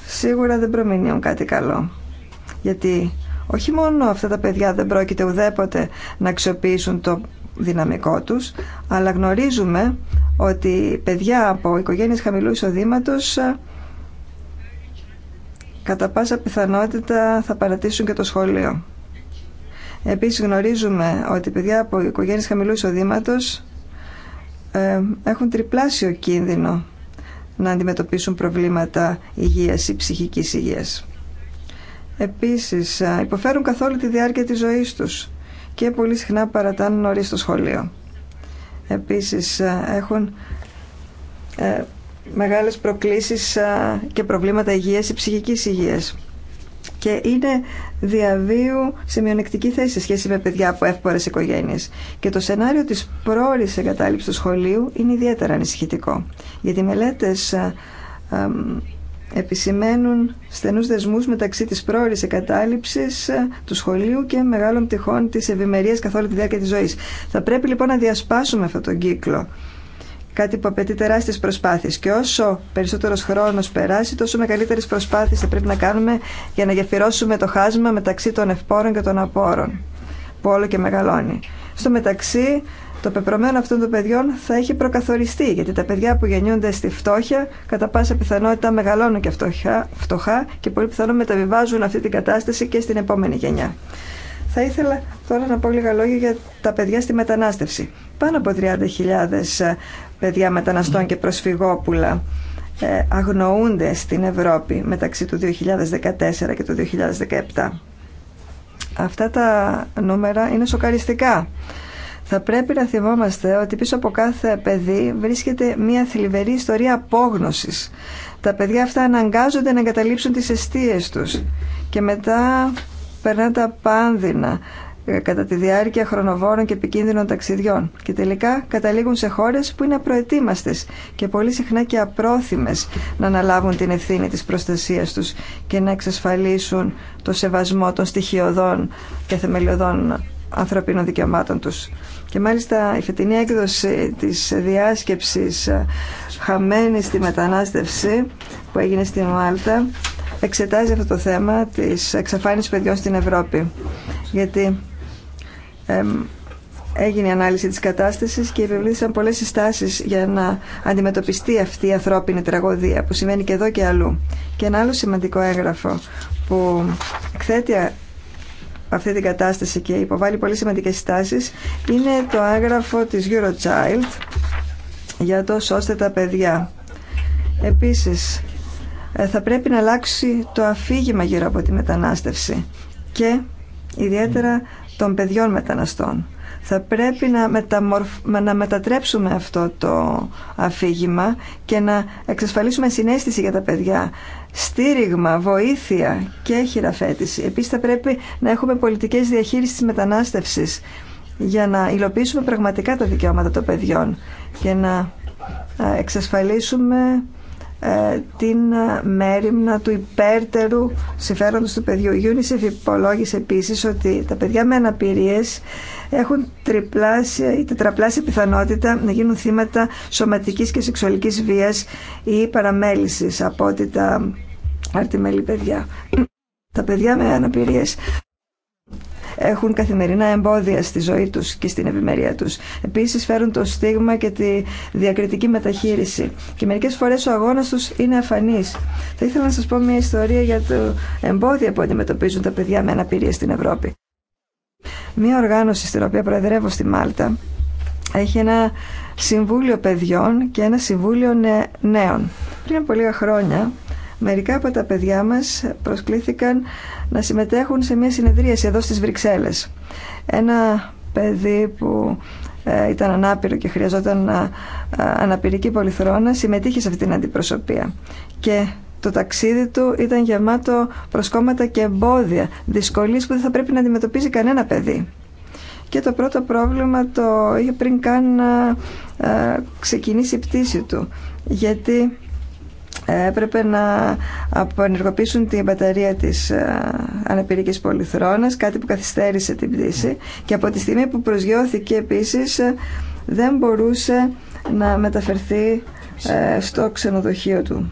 D: σίγουρα δεν προμηνύουν κάτι καλό. Γιατί όχι μόνο αυτά τα παιδιά δεν πρόκειται ουδέποτε να αξιοποιήσουν το δυναμικό τους, αλλά γνωρίζουμε ότι παιδιά από οικογένειες χαμηλού εισοδήματος ε, κατά πάσα πιθανότητα θα παρατήσουν και το σχολείο. Επίσης γνωρίζουμε ότι παιδιά από οικογένειες χαμηλού εισοδήματος ε, έχουν τριπλάσιο κίνδυνο να αντιμετωπίσουν προβλήματα υγείας ή ψυχικής υγείας. Επίσης, ε, υποφέρουν καθόλου τη διάρκεια της ζωής τους και πολύ συχνά παρατάνουν νωρί στο σχολείο. Επίσης ε, έχουν ε, μεγάλες προκλήσεις ε, και προβλήματα υγείας ή ψυχικής υγείας και είναι διαβίου σε μειονεκτική θέση σε σχέση με παιδιά από εύπορε οικογένειε. Και το σενάριο τη πρόορη εγκατάλειψη του σχολείου είναι ιδιαίτερα ανησυχητικό. Γιατί μελέτε επισημαίνουν στενούς δεσμούς μεταξύ της πρόορης εγκατάλειψης ε, του σχολείου και μεγάλων πτυχών της ευημερίας καθ' όλη τη διάρκεια της ζωής. Θα πρέπει λοιπόν να διασπάσουμε αυτόν τον κύκλο. Κάτι που απαιτεί τεράστιε προσπάθειε. Και όσο περισσότερο χρόνο περάσει, τόσο μεγαλύτερε προσπάθειε θα πρέπει να κάνουμε για να γεφυρώσουμε το χάσμα μεταξύ των ευπόρων και των απόρων, που όλο και μεγαλώνει. Στο μεταξύ, το πεπρωμένο αυτών των παιδιών θα έχει προκαθοριστεί, γιατί τα παιδιά που γεννιούνται στη φτώχεια κατά πάσα πιθανότητα μεγαλώνουν και φτωχά, φτωχά και πολύ πιθανό μεταβιβάζουν αυτή την κατάσταση και στην επόμενη γενιά. Θα ήθελα τώρα να πω λίγα λόγια για τα παιδιά στη μετανάστευση. Πάνω από 30.000 ε, παιδιά μεταναστών και προσφυγόπουλα ε, αγνοούνται στην Ευρώπη μεταξύ του 2014 και του 2017. Αυτά τα νούμερα είναι σοκαριστικά θα πρέπει να θυμόμαστε ότι πίσω από κάθε παιδί βρίσκεται μια θλιβερή ιστορία απόγνωσης. Τα παιδιά αυτά αναγκάζονται να εγκαταλείψουν τις αιστείες τους και μετά περνά τα πάνδυνα ε, κατά τη διάρκεια χρονοβόρων και επικίνδυνων ταξιδιών και τελικά καταλήγουν σε χώρες που είναι απροετοίμαστες και πολύ συχνά και απρόθυμες να αναλάβουν την ευθύνη της προστασίας τους και να εξασφαλίσουν το σεβασμό των στοιχειωδών και θεμελιωδών ανθρωπίνων δικαιωμάτων τους. Και μάλιστα η φετινή έκδοση της διάσκεψης ε, χαμένη στη μετανάστευση που έγινε στην Μάλτα εξετάζει αυτό το θέμα της εξαφάνισης παιδιών στην Ευρώπη. Γιατί έγινε η ανάλυση της κατάστασης και επιβλήθησαν πολλές συστάσεις για να αντιμετωπιστεί αυτή η ανθρώπινη τραγωδία που σημαίνει και εδώ και αλλού. Και ένα άλλο σημαντικό έγγραφο που εκθέτει αυτή την κατάσταση και υποβάλλει πολύ σημαντικές στάσεις είναι το άγραφο της Eurochild για το «Σώστε τα παιδιά». Επίσης, ε, θα πρέπει να αλλάξει το αφήγημα γύρω από τη μετανάστευση και ιδιαίτερα των παιδιών μεταναστών. Θα πρέπει να, μεταμορφ... να μετατρέψουμε αυτό το αφήγημα και να εξασφαλίσουμε συνέστηση για τα παιδιά στήριγμα, βοήθεια και χειραφέτηση. Επίσης θα πρέπει να έχουμε πολιτικές διαχείρισης τη μετανάστευσης για να υλοποιήσουμε πραγματικά τα δικαιώματα των παιδιών και να ε, εξασφαλίσουμε ε, την ε, μέρημνα του υπέρτερου συμφέροντος του παιδιού. Η UNICEF υπολόγισε επίσης ότι τα παιδιά με αναπηρίες έχουν τριπλάσια ή τετραπλάσια πιθανότητα να γίνουν θύματα σωματικής και σεξουαλικής βίας ή παραμέλησης από ότι τα μέλη παιδιά. Τα παιδιά με αναπηρίες έχουν καθημερινά εμπόδια στη ζωή τους και στην ευημερία τους. Επίσης φέρουν το στίγμα και τη διακριτική μεταχείριση. Και μερικές φορές ο αγώνας τους είναι αφανής. Θα ήθελα να σας πω μια ιστορία για το εμπόδιο που αντιμετωπίζουν τα παιδιά με αναπηρία στην Ευρώπη. Μια οργάνωση στην οποία προεδρεύω στη Μάλτα έχει ένα συμβούλιο παιδιών και ένα συμβούλιο νέων. Πριν από λίγα χρόνια Μερικά από τα παιδιά μας προσκλήθηκαν να συμμετέχουν σε μια συνεδρίαση εδώ στις Βρυξέλλες. Ένα παιδί που ε, ήταν ανάπηρο και χρειαζόταν ε, αναπηρική πολυθρόνα συμμετείχε σε αυτή την αντιπροσωπεία. Και το ταξίδι του ήταν γεμάτο προσκόμματα και εμπόδια, δυσκολίες που δεν θα πρέπει να αντιμετωπίζει κανένα παιδί. Και το πρώτο πρόβλημα το είχε πριν καν ε, ξεκινήσει η πτήση του, γιατί έπρεπε να απενεργοποιήσουν την μπαταρία της ε, αναπηρικής πολυθρόνας, κάτι που καθυστέρησε την πτήση και από τη στιγμή που προσγειώθηκε επίσης ε, δεν μπορούσε να μεταφερθεί ε, στο ξενοδοχείο του.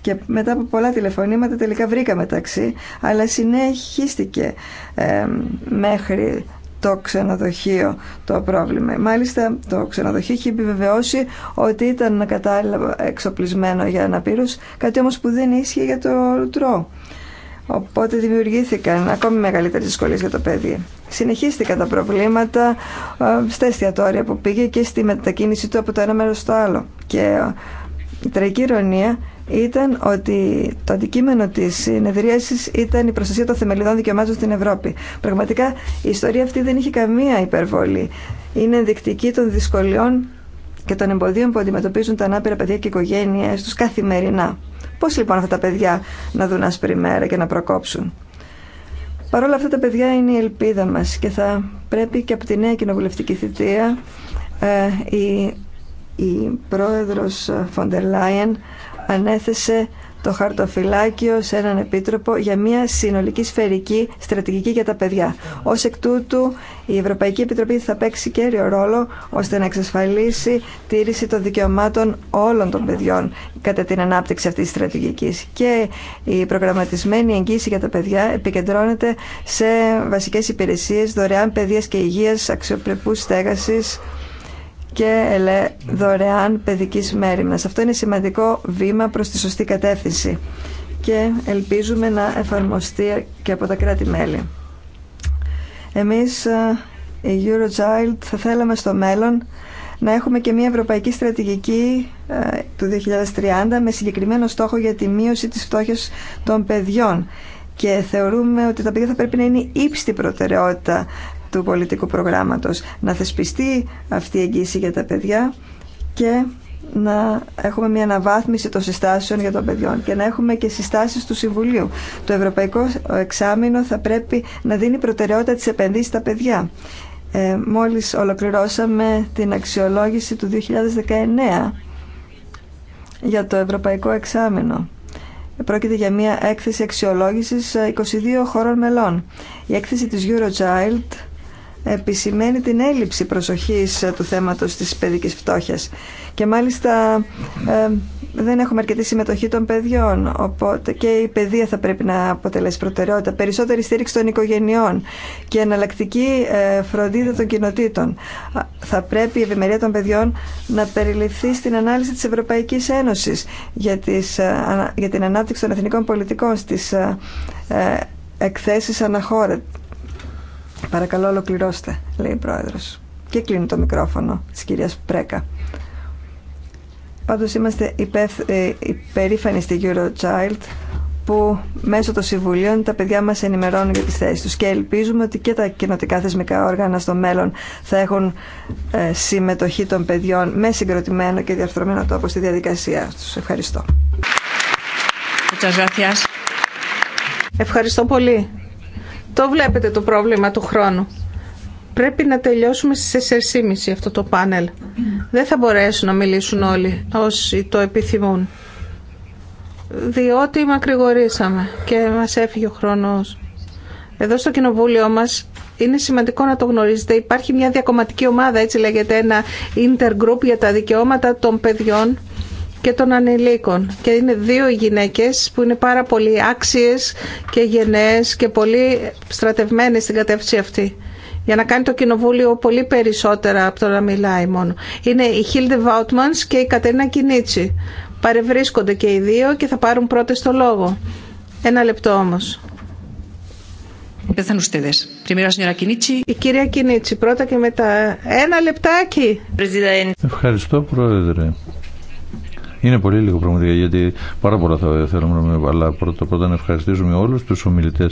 D: Και μετά από πολλά τηλεφωνήματα τελικά βρήκαμε ταξί, αλλά συνεχίστηκε μέχρι το ξενοδοχείο το πρόβλημα. Μάλιστα το ξενοδοχείο είχε επιβεβαιώσει ότι ήταν κατάλληλα εξοπλισμένο για αναπήρους, κάτι όμως που δεν ίσχυε για το λουτρό. Οπότε δημιουργήθηκαν ακόμη μεγαλύτερε δυσκολίε για το παιδί. Συνεχίστηκαν τα προβλήματα ε, στα εστιατόρια που πήγε και στη μετακίνηση του από το ένα μέρος στο άλλο. Και ε, η τραγική ηρωνία ήταν ότι το αντικείμενο τη συνεδρίαση ήταν η προστασία των θεμελιδών δικαιωμάτων στην Ευρώπη. Πραγματικά η ιστορία αυτή δεν είχε καμία υπερβολή. Είναι ενδεικτική των δυσκολιών και των εμποδίων που αντιμετωπίζουν τα ανάπηρα παιδιά και οικογένειε του καθημερινά. Πώ λοιπόν αυτά τα παιδιά να δουν άσπρη μέρα και να προκόψουν. Παρ' όλα αυτά τα παιδιά είναι η ελπίδα μα και θα πρέπει και από τη νέα κοινοβουλευτική θητεία ε, η η πρόεδρος Φοντερ Λάιεν ανέθεσε το χαρτοφυλάκιο σε έναν επίτροπο για μια συνολική σφαιρική στρατηγική για τα παιδιά. Ω εκ τούτου, η Ευρωπαϊκή Επιτροπή θα παίξει κέριο ρόλο ώστε να εξασφαλίσει τήρηση των δικαιωμάτων όλων των παιδιών κατά την ανάπτυξη αυτή τη στρατηγική. Και η προγραμματισμένη εγγύηση για τα παιδιά επικεντρώνεται σε βασικέ υπηρεσίε δωρεάν παιδεία και υγεία αξιοπρεπού στέγασης και δωρεάν παιδικής μα. Αυτό είναι σημαντικό βήμα προ τη σωστή κατεύθυνση και ελπίζουμε να εφαρμοστεί και από τα κράτη-μέλη. Εμείς, ε, η Eurochild, θα θέλαμε στο μέλλον να έχουμε και μια ευρωπαϊκή στρατηγική ε, του 2030 με συγκεκριμένο στόχο για τη μείωση της φτώχειας των παιδιών και θεωρούμε ότι τα παιδιά θα πρέπει να είναι ύψιστη προτεραιότητα του πολιτικού προγράμματος. Να θεσπιστεί αυτή η εγγύηση για τα παιδιά και να έχουμε μια αναβάθμιση των συστάσεων για των παιδιών και να έχουμε και συστάσεις του Συμβουλίου. Το Ευρωπαϊκό Εξάμεινο θα πρέπει να δίνει προτεραιότητα της επενδύσεις στα παιδιά. Ε, μόλις ολοκληρώσαμε την αξιολόγηση του 2019 για το Ευρωπαϊκό Εξάμεινο. Πρόκειται για μια έκθεση αξιολόγησης ε, 22 χώρων μελών. Η έκθεση της Eurochild επισημαίνει την έλλειψη προσοχής ε, του θέματος της παιδικής φτώχειας. Και μάλιστα ε, δεν έχουμε αρκετή συμμετοχή των παιδιών, οπότε και η παιδεία θα πρέπει να αποτελέσει προτεραιότητα, περισσότερη στήριξη των οικογενειών και εναλλακτική ε, φροντίδα των κοινοτήτων. Θα πρέπει η ευημερία των παιδιών να περιληφθεί στην ανάλυση της Ευρωπαϊκής Ένωσης για, τις, για την ανάπτυξη των εθνικών πολιτικών στις εκθέσεις αναχώρα Παρακαλώ ολοκληρώστε, λέει ο πρόεδρος. Και κλείνει το μικρόφωνο της κυρίας Πρέκα. Πάντως είμαστε ε, υπερήφανοι στη Eurochild που μέσω των συμβουλίων τα παιδιά μας ενημερώνουν για τις θέσεις τους και ελπίζουμε ότι και τα κοινοτικά θεσμικά όργανα στο μέλλον θα έχουν ε, συμμετοχή των παιδιών με συγκροτημένο και διαρθρωμένο τόπο στη διαδικασία τους. Ευχαριστώ.
A: Ευχαριστώ πολύ. Το βλέπετε το πρόβλημα του χρόνου. Πρέπει να τελειώσουμε στις 4.30 αυτό το πάνελ. Δεν θα μπορέσουν να μιλήσουν όλοι όσοι το επιθυμούν. Διότι μακρηγορήσαμε και μας έφυγε ο χρόνος. Εδώ στο κοινοβούλιο μας είναι σημαντικό να το γνωρίζετε. Υπάρχει μια διακομματική ομάδα, έτσι λέγεται, ένα intergroup για τα δικαιώματα των παιδιών και των ανηλίκων. Και είναι δύο γυναίκες που είναι πάρα πολύ άξιες και γενναίες και πολύ στρατευμένες στην κατεύθυνση αυτή. Για να κάνει το κοινοβούλιο πολύ περισσότερα από το να μιλάει μόνο. Είναι η Χίλντε Βάουτμανς και η Κατερίνα Κινίτσι. Παρευρίσκονται και οι δύο και θα πάρουν πρώτες το λόγο. Ένα λεπτό όμως. Η κυρία Κινίτσι, πρώτα και μετά. Ένα λεπτάκι.
B: Ευχαριστώ, Πρόεδρε. Είναι πολύ λίγο πραγματικά γιατί πάρα πολλά θα θέλουμε να αλλά πρώτα, πρώτα να ευχαριστήσουμε όλους τους ομιλητέ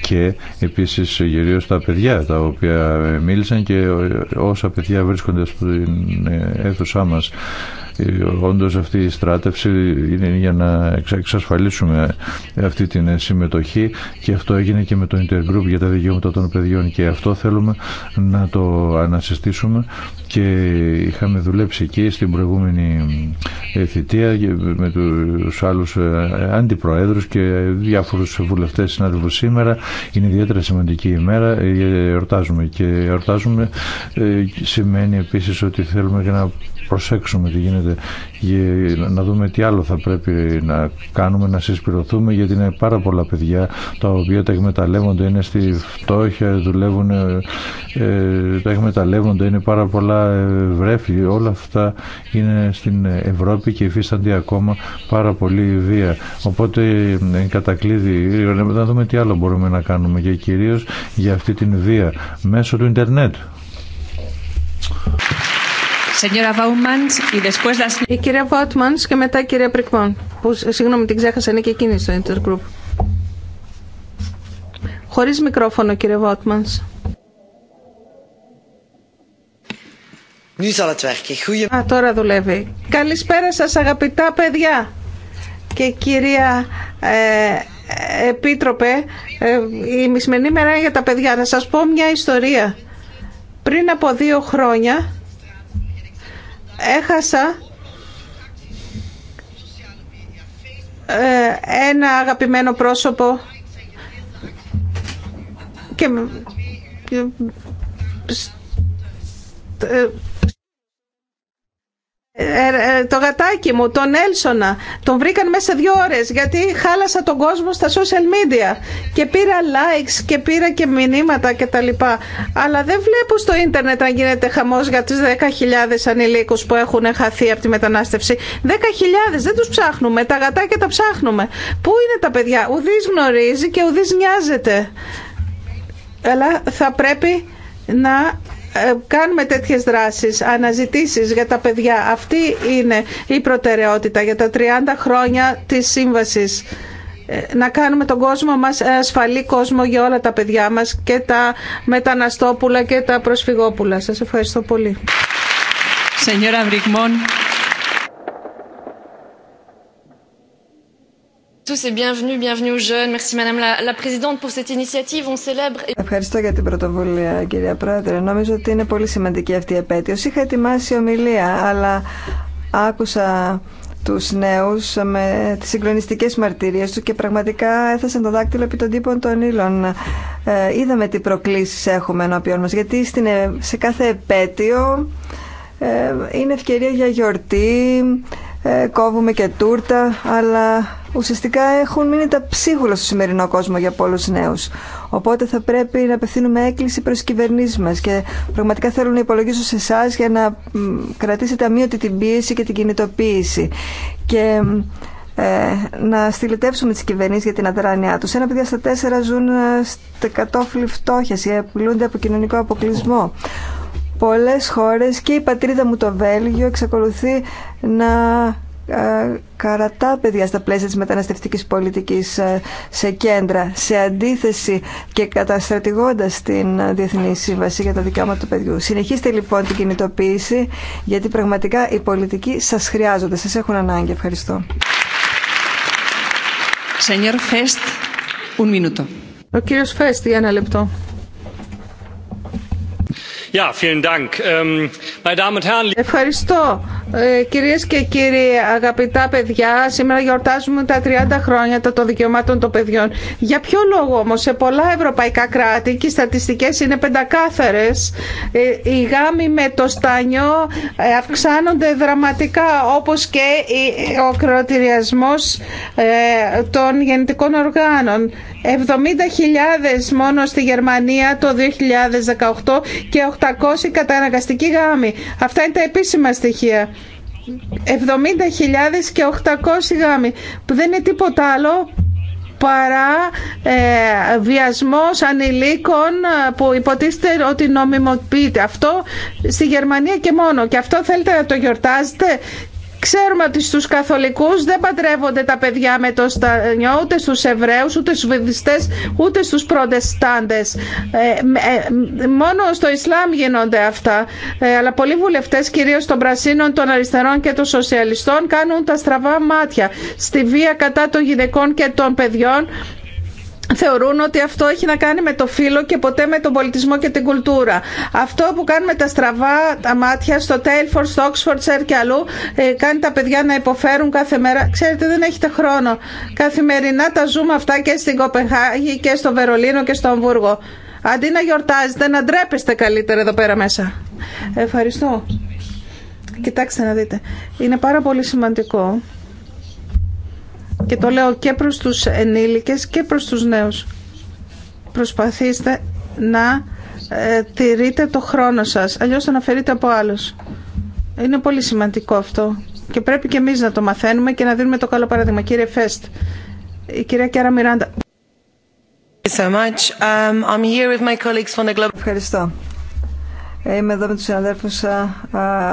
B: και επίσης γυρίω τα παιδιά τα οποία μίλησαν και όσα παιδιά βρίσκονται στην αίθουσά μα. Όντως αυτή η στράτευση είναι για να εξασφαλίσουμε αυτή την συμμετοχή και αυτό έγινε και με το Intergroup για τα δικαιώματα των παιδιών και αυτό θέλουμε να το ανασυστήσουμε και είχαμε δουλέψει εκεί στην προηγούμενη ε, θητεία με τους άλλους ε, αντιπροέδρους και διάφορους βουλευτές συνάδελφους σήμερα. Είναι ιδιαίτερα σημαντική ημέρα, ε, εορτάζουμε και εορτάζουμε σημαίνει επίσης ότι θέλουμε να προσέξουμε τι γίνεται, να δούμε τι άλλο θα πρέπει να κάνουμε, να συσπηρωθούμε, γιατί είναι πάρα πολλά παιδιά τα οποία τα εκμεταλλεύονται, είναι στη φτώχεια, δουλεύουν, ε, ε τα εκμεταλλεύονται, είναι πάρα πολλά ε, βρέφη. Όλα αυτά είναι στην Ευρώπη και υφίστανται ακόμα πάρα πολύ βία. Οπότε, ε, κατακλείδη, να δούμε τι άλλο μπορούμε να κάνουμε και κυρίως για αυτή την βία μέσω του Ιντερνετ.
E: Η
A: κυρία Βότμαν και μετά η κυρία Πρικμόν. Που συγγνώμη την ξέχασα, είναι και εκείνη στο Intergroup. Χωρίς μικρόφωνο κύριε Βότμαν. Α, τώρα δουλεύει. Καλησπέρα σας αγαπητά παιδιά και κυρία ε, Επίτροπε. Ε, η μισμενή μέρα είναι για τα παιδιά. Να σας πω μια ιστορία. Πριν από δύο χρόνια έχασα ε, ένα αγαπημένο πρόσωπο και ε, ε, ε, το γατάκι μου, τον Έλσονα, τον βρήκαν μέσα δύο ώρες γιατί χάλασα τον κόσμο στα social media και πήρα likes και πήρα και μηνύματα και τα λοιπά. Αλλά δεν βλέπω στο ίντερνετ να γίνεται χαμός για τις 10.000 ανηλίκους που έχουν χαθεί από τη μετανάστευση. 10.000, δεν τους ψάχνουμε, τα γατάκια τα ψάχνουμε. Πού είναι τα παιδιά, ουδής γνωρίζει και ουδής νοιάζεται. Αλλά θα πρέπει να ε, κάνουμε τέτοιες δράσεις, αναζητήσεις για τα παιδιά. Αυτή είναι η προτεραιότητα για τα 30 χρόνια της σύμβασης. Ε, να κάνουμε τον κόσμο μας ασφαλή κόσμο για όλα τα παιδιά μας και τα μεταναστόπουλα και τα προσφυγόπουλα. Σας ευχαριστώ πολύ.
D: Ευχαριστώ για την πρωτοβουλία, κυρία Πρόεδρε. Νομίζω ότι είναι πολύ σημαντική αυτή η επέτειος. Είχα ετοιμάσει ομιλία, αλλά άκουσα τους νέους με τις συγκλονιστικές μαρτυρίες του και πραγματικά έθεσαν το δάκτυλο επί των τύπων των ήλων. Ε, είδαμε τι προκλήσεις έχουμε ενώπιον μας, γιατί στην, ε, σε κάθε επέτειο ε, είναι ευκαιρία για γιορτή, κόβουμε και τούρτα, αλλά ουσιαστικά έχουν μείνει τα ψίχουλα στο σημερινό κόσμο για πολλού νέου. Οπότε θα πρέπει να απευθύνουμε έκκληση προς κυβερνήσει μα και πραγματικά θέλω να υπολογίσω σε εσά για να κρατήσετε αμύωτη την πίεση και την κινητοποίηση. Και ε, να στυλιτεύσουμε τι κυβερνήσει για την αδράνειά τους. Ένα παιδιά στα τέσσερα ζουν ε, στα κατόφλι ή απειλούνται από κοινωνικό αποκλεισμό. Πολλές χώρες και η πατρίδα μου το Βέλγιο εξακολουθεί να ε, καρατά παιδιά στα πλαίσια της μεταναστευτικής πολιτικής ε, σε κέντρα, σε αντίθεση και καταστρατηγώντας την ε, Διεθνή Σύμβαση για τα Δικαιώματα του Παιδιού. Συνεχίστε λοιπόν την κινητοποίηση, γιατί πραγματικά οι πολιτικοί σας χρειάζονται, σας έχουν ανάγκη. Ευχαριστώ. Ο κύριος Φέστη, ένα λεπτό.
E: Ähm,
A: Ευχαριστώ. Ε, κυρίες και κύριοι, αγαπητά παιδιά, σήμερα γιορτάζουμε τα 30 χρόνια των δικαιωμάτων των παιδιών. Για ποιο λόγο όμως σε πολλά ευρωπαϊκά κράτη και οι στατιστικές είναι πεντακάθαρες, ε, οι γάμοι με το στάνιο ε, αυξάνονται δραματικά όπως και ο κροτηριασμός των γεννητικών οργάνων 70.000 μόνο στη Γερμανία το 2018 και 800 καταναγκαστικοί γάμοι. Αυτά είναι τα επίσημα στοιχεία. 70.000 και 800 γάμοι που δεν είναι τίποτα άλλο παρά ε, βιασμός ανηλίκων ε, που υποτίθεται ότι νομιμοποιείται. Αυτό στη Γερμανία και μόνο. Και αυτό θέλετε να το γιορτάζετε Ξέρουμε ότι στους καθολικούς δεν παντρεύονται τα παιδιά με το στανιό, ούτε στους Εβραίους, ούτε στους Βιδιστές, ούτε στους Προτεστάντες. Ε, ε, μόνο στο Ισλάμ γίνονται αυτά. Ε, αλλά πολλοί βουλευτές, κυρίως των Πρασίνων, των Αριστερών και των Σοσιαλιστών, κάνουν τα στραβά μάτια στη βία κατά των γυναικών και των παιδιών θεωρούν ότι αυτό έχει να κάνει με το φύλλο και ποτέ με τον πολιτισμό και την κουλτούρα. Αυτό που κάνουμε τα στραβά τα μάτια στο Τέλφορ, στο Oxfordshire και αλλού ε, κάνει τα παιδιά να υποφέρουν κάθε μέρα. Ξέρετε δεν έχετε χρόνο. Καθημερινά τα ζούμε αυτά και στην Κοπενχάγη και στο Βερολίνο και στο Αμβούργο. Αντί να γιορτάζετε να ντρέπεστε καλύτερα εδώ πέρα μέσα. Ευχαριστώ. Κοιτάξτε να δείτε. Είναι πάρα πολύ σημαντικό και το λέω και προς τους ενήλικες και προς τους νέους. Προσπαθήστε να ε, τηρείτε το χρόνο σας, αλλιώς αναφερείτε από άλλους. Είναι πολύ σημαντικό αυτό και πρέπει και εμείς να το μαθαίνουμε και να δίνουμε το καλό παράδειγμα. Κύριε Φέστ, η κυρία Κέρα Μιράντα.
D: Ευχαριστώ. Είμαι εδώ με τους συναδέλφους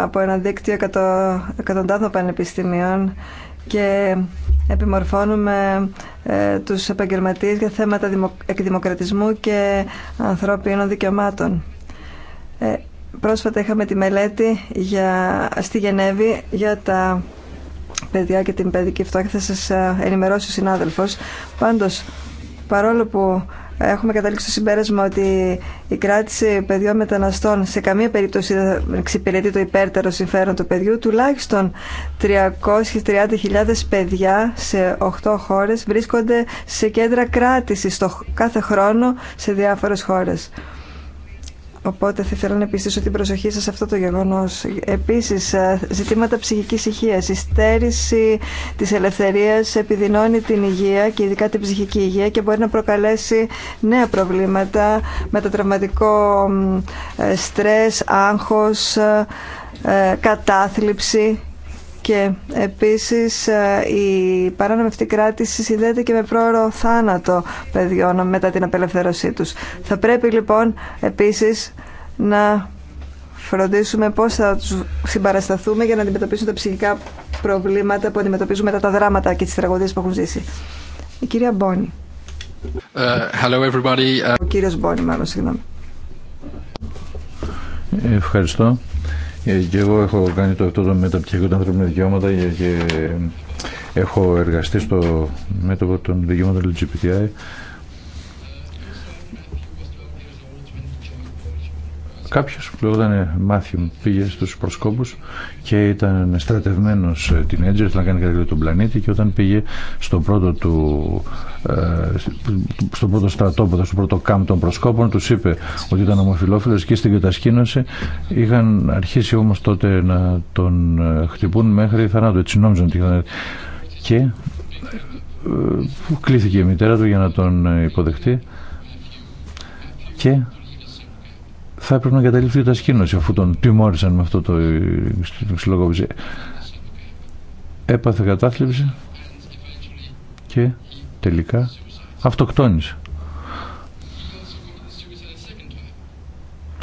D: από ένα δίκτυο εκατοντάδων πανεπιστημίων και επιμορφώνουμε ε, τους επαγγελματίες για θέματα εκδημοκρατισμού και ανθρώπινων δικαιωμάτων. Ε, πρόσφατα είχαμε τη μελέτη για, στη Γενέβη για τα παιδιά και την παιδική φτώχεια. Θα σας ε, ενημερώσει ο συνάδελφος. Πάντως, παρόλο που έχουμε καταλήξει στο συμπέρασμα ότι η κράτηση παιδιών μεταναστών σε καμία περίπτωση δεν εξυπηρετεί το υπέρτερο συμφέρον του παιδιού, τουλάχιστον 330.000 παιδιά σε 8 χώρες βρίσκονται σε κέντρα κράτησης το κάθε χρόνο σε διάφορες χώρες. Οπότε θα ήθελα να επιστήσω την προσοχή σας σε αυτό το γεγονός. Επίσης, ε, ζητήματα ψυχικής υγείας. Η στέρηση της ελευθερίας επιδεινώνει την υγεία και ειδικά την ψυχική υγεία και μπορεί να προκαλέσει νέα προβλήματα με το τραυματικό ε, στρες, άγχος, ε, κατάθλιψη και επίσης ε, η παράνομη αυτή κράτηση συνδέεται και με πρόωρο θάνατο παιδιών μετά την απελευθέρωσή τους. Θα πρέπει λοιπόν επίσης να φροντίσουμε πώς θα τους συμπαρασταθούμε για να αντιμετωπίσουν τα ψυχικά προβλήματα που αντιμετωπίζουν μετά τα δράματα και τις τραγωδίες που έχουν ζήσει. Η κυρία Μπόνη. Ε, hello everybody. Ο κύριος Μπόνη μάλλον, συγγνώμη.
B: Ευχαριστώ. Ε, και εγώ έχω κάνει το αυτό το μεταπτυχιακό των ανθρώπινων δικαιώματα και έχω εργαστεί στο μέτωπο των δικαιωμάτων LGBTI Κάποιος που λεγόταν ε, Μάθιου πήγε στους προσκόπους και ήταν στρατευμένος την ε, Έτζερ να κάνει κατά τον πλανήτη και όταν πήγε στο πρώτο του ε, στο πρώτο στρατόπεδο, στο πρώτο κάμπ των προσκόπων τους είπε ότι ήταν ομοφιλόφιλος και στην κατασκήνωση είχαν αρχίσει όμως τότε να τον χτυπούν μέχρι θανάτου έτσι νόμιζαν ότι ήταν και κλήθηκε η μητέρα του για να τον υποδεχτεί και θα έπρεπε να καταλήφθει η τασκήνωση αφού τον τιμώρησαν με αυτό το ξυλοκόπηση. Έπαθε κατάθλιψη και τελικά αυτοκτόνησε.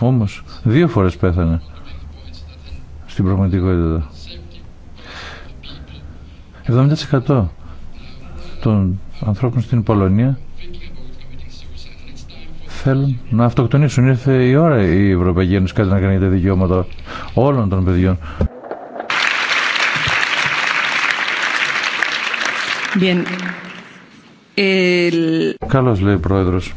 B: Όμως δύο φορές πέθανε στην πραγματικότητα. 70% των ανθρώπων στην Πολωνία θέλουν να αυτοκτονήσουν. Ήρθε η ώρα η Ευρωπαϊκή Ένωση κάτι να κάνει τα δικαιώματα όλων των παιδιών. Bien. Καλώς λέει ο Πρόεδρος.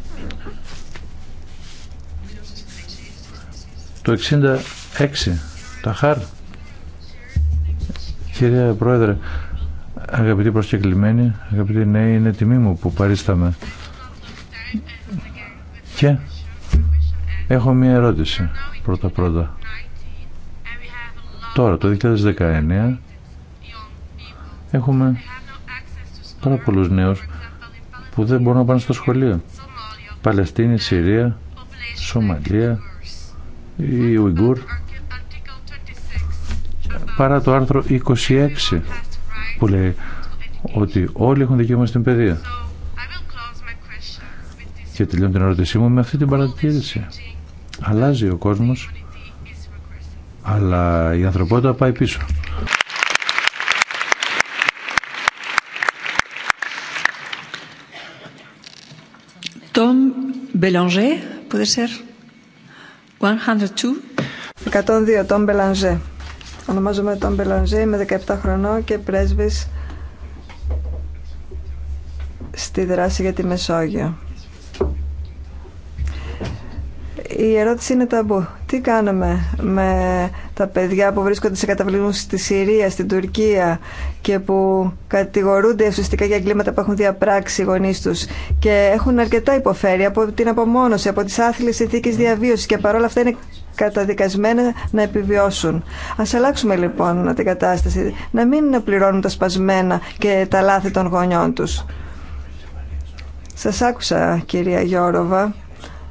B: Το 66, τα χάρ. Κυρία Πρόεδρε, αγαπητοί προσκεκλημένοι, αγαπητοί νέοι, είναι τιμή μου που παρίσταμε και έχω μια ερώτηση πρώτα πρώτα. Τώρα το 2019 έχουμε πάρα πολλούς νέους που δεν μπορούν να πάνε στο σχολείο. Παλαιστίνη, Συρία, Σομαλία, η Ουιγκούρ. Παρά το άρθρο 26 που λέει ότι όλοι έχουν δικαίωμα στην παιδεία και τελειώνω την ερώτησή μου με αυτή την παρατήρηση. Αλλάζει ο κόσμος, αλλά η ανθρωπότητα πάει πίσω.
E: Tom Belanger, puede ser
D: 102. 102, Tom Belanger. Ονομάζομαι Τομ Belanger, είμαι 17 χρονών και πρέσβης στη δράση για τη Μεσόγειο. η ερώτηση είναι ταμπού. Τι κάνουμε με τα παιδιά που βρίσκονται σε καταβλήμους στη Συρία, στην Τουρκία και που κατηγορούνται ουσιαστικά για εγκλήματα που έχουν διαπράξει οι γονείς τους και έχουν αρκετά υποφέρει από την απομόνωση, από τις άθλιες συνθήκες διαβίωσης και παρόλα αυτά είναι καταδικασμένα να επιβιώσουν. Ας αλλάξουμε λοιπόν την κατάσταση, να μην πληρώνουν τα σπασμένα και τα λάθη των γονιών τους. Σας άκουσα κυρία Γιώροβα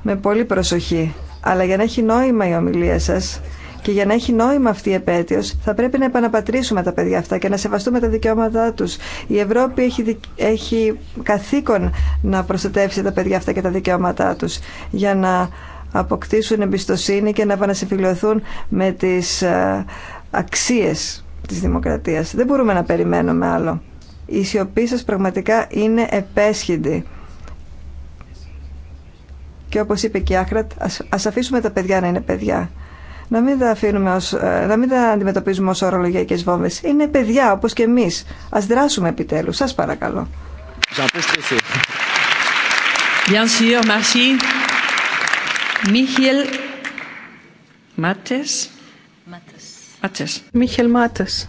D: με πολύ προσοχή. Αλλά για να έχει νόημα η ομιλία σας και για να έχει νόημα αυτή η επέτειος θα πρέπει να επαναπατρίσουμε τα παιδιά αυτά και να σεβαστούμε τα δικαιώματά τους. Η Ευρώπη έχει, έχει καθήκον να προστατεύσει τα παιδιά αυτά και τα δικαιώματά τους για να αποκτήσουν εμπιστοσύνη και να επανασυμφιλειωθούν με τις ε, αξίε της δημοκρατίας. Δεν μπορούμε να περιμένουμε άλλο. Η σιωπή σα πραγματικά είναι επέσχυντη. Και όπως είπε και η Άχρατ, ας, ας αφήσουμε τα παιδιά να είναι παιδιά. Να μην τα, αφήνουμε ως, ε, να μην τα αντιμετωπίζουμε ως ορολογιακές βόμβες. Είναι παιδιά όπως και εμείς. Ας δράσουμε επιτέλους. Σας παρακαλώ. Bien sûr, merci. Michel
A: Mates. Mates. Michel Mates.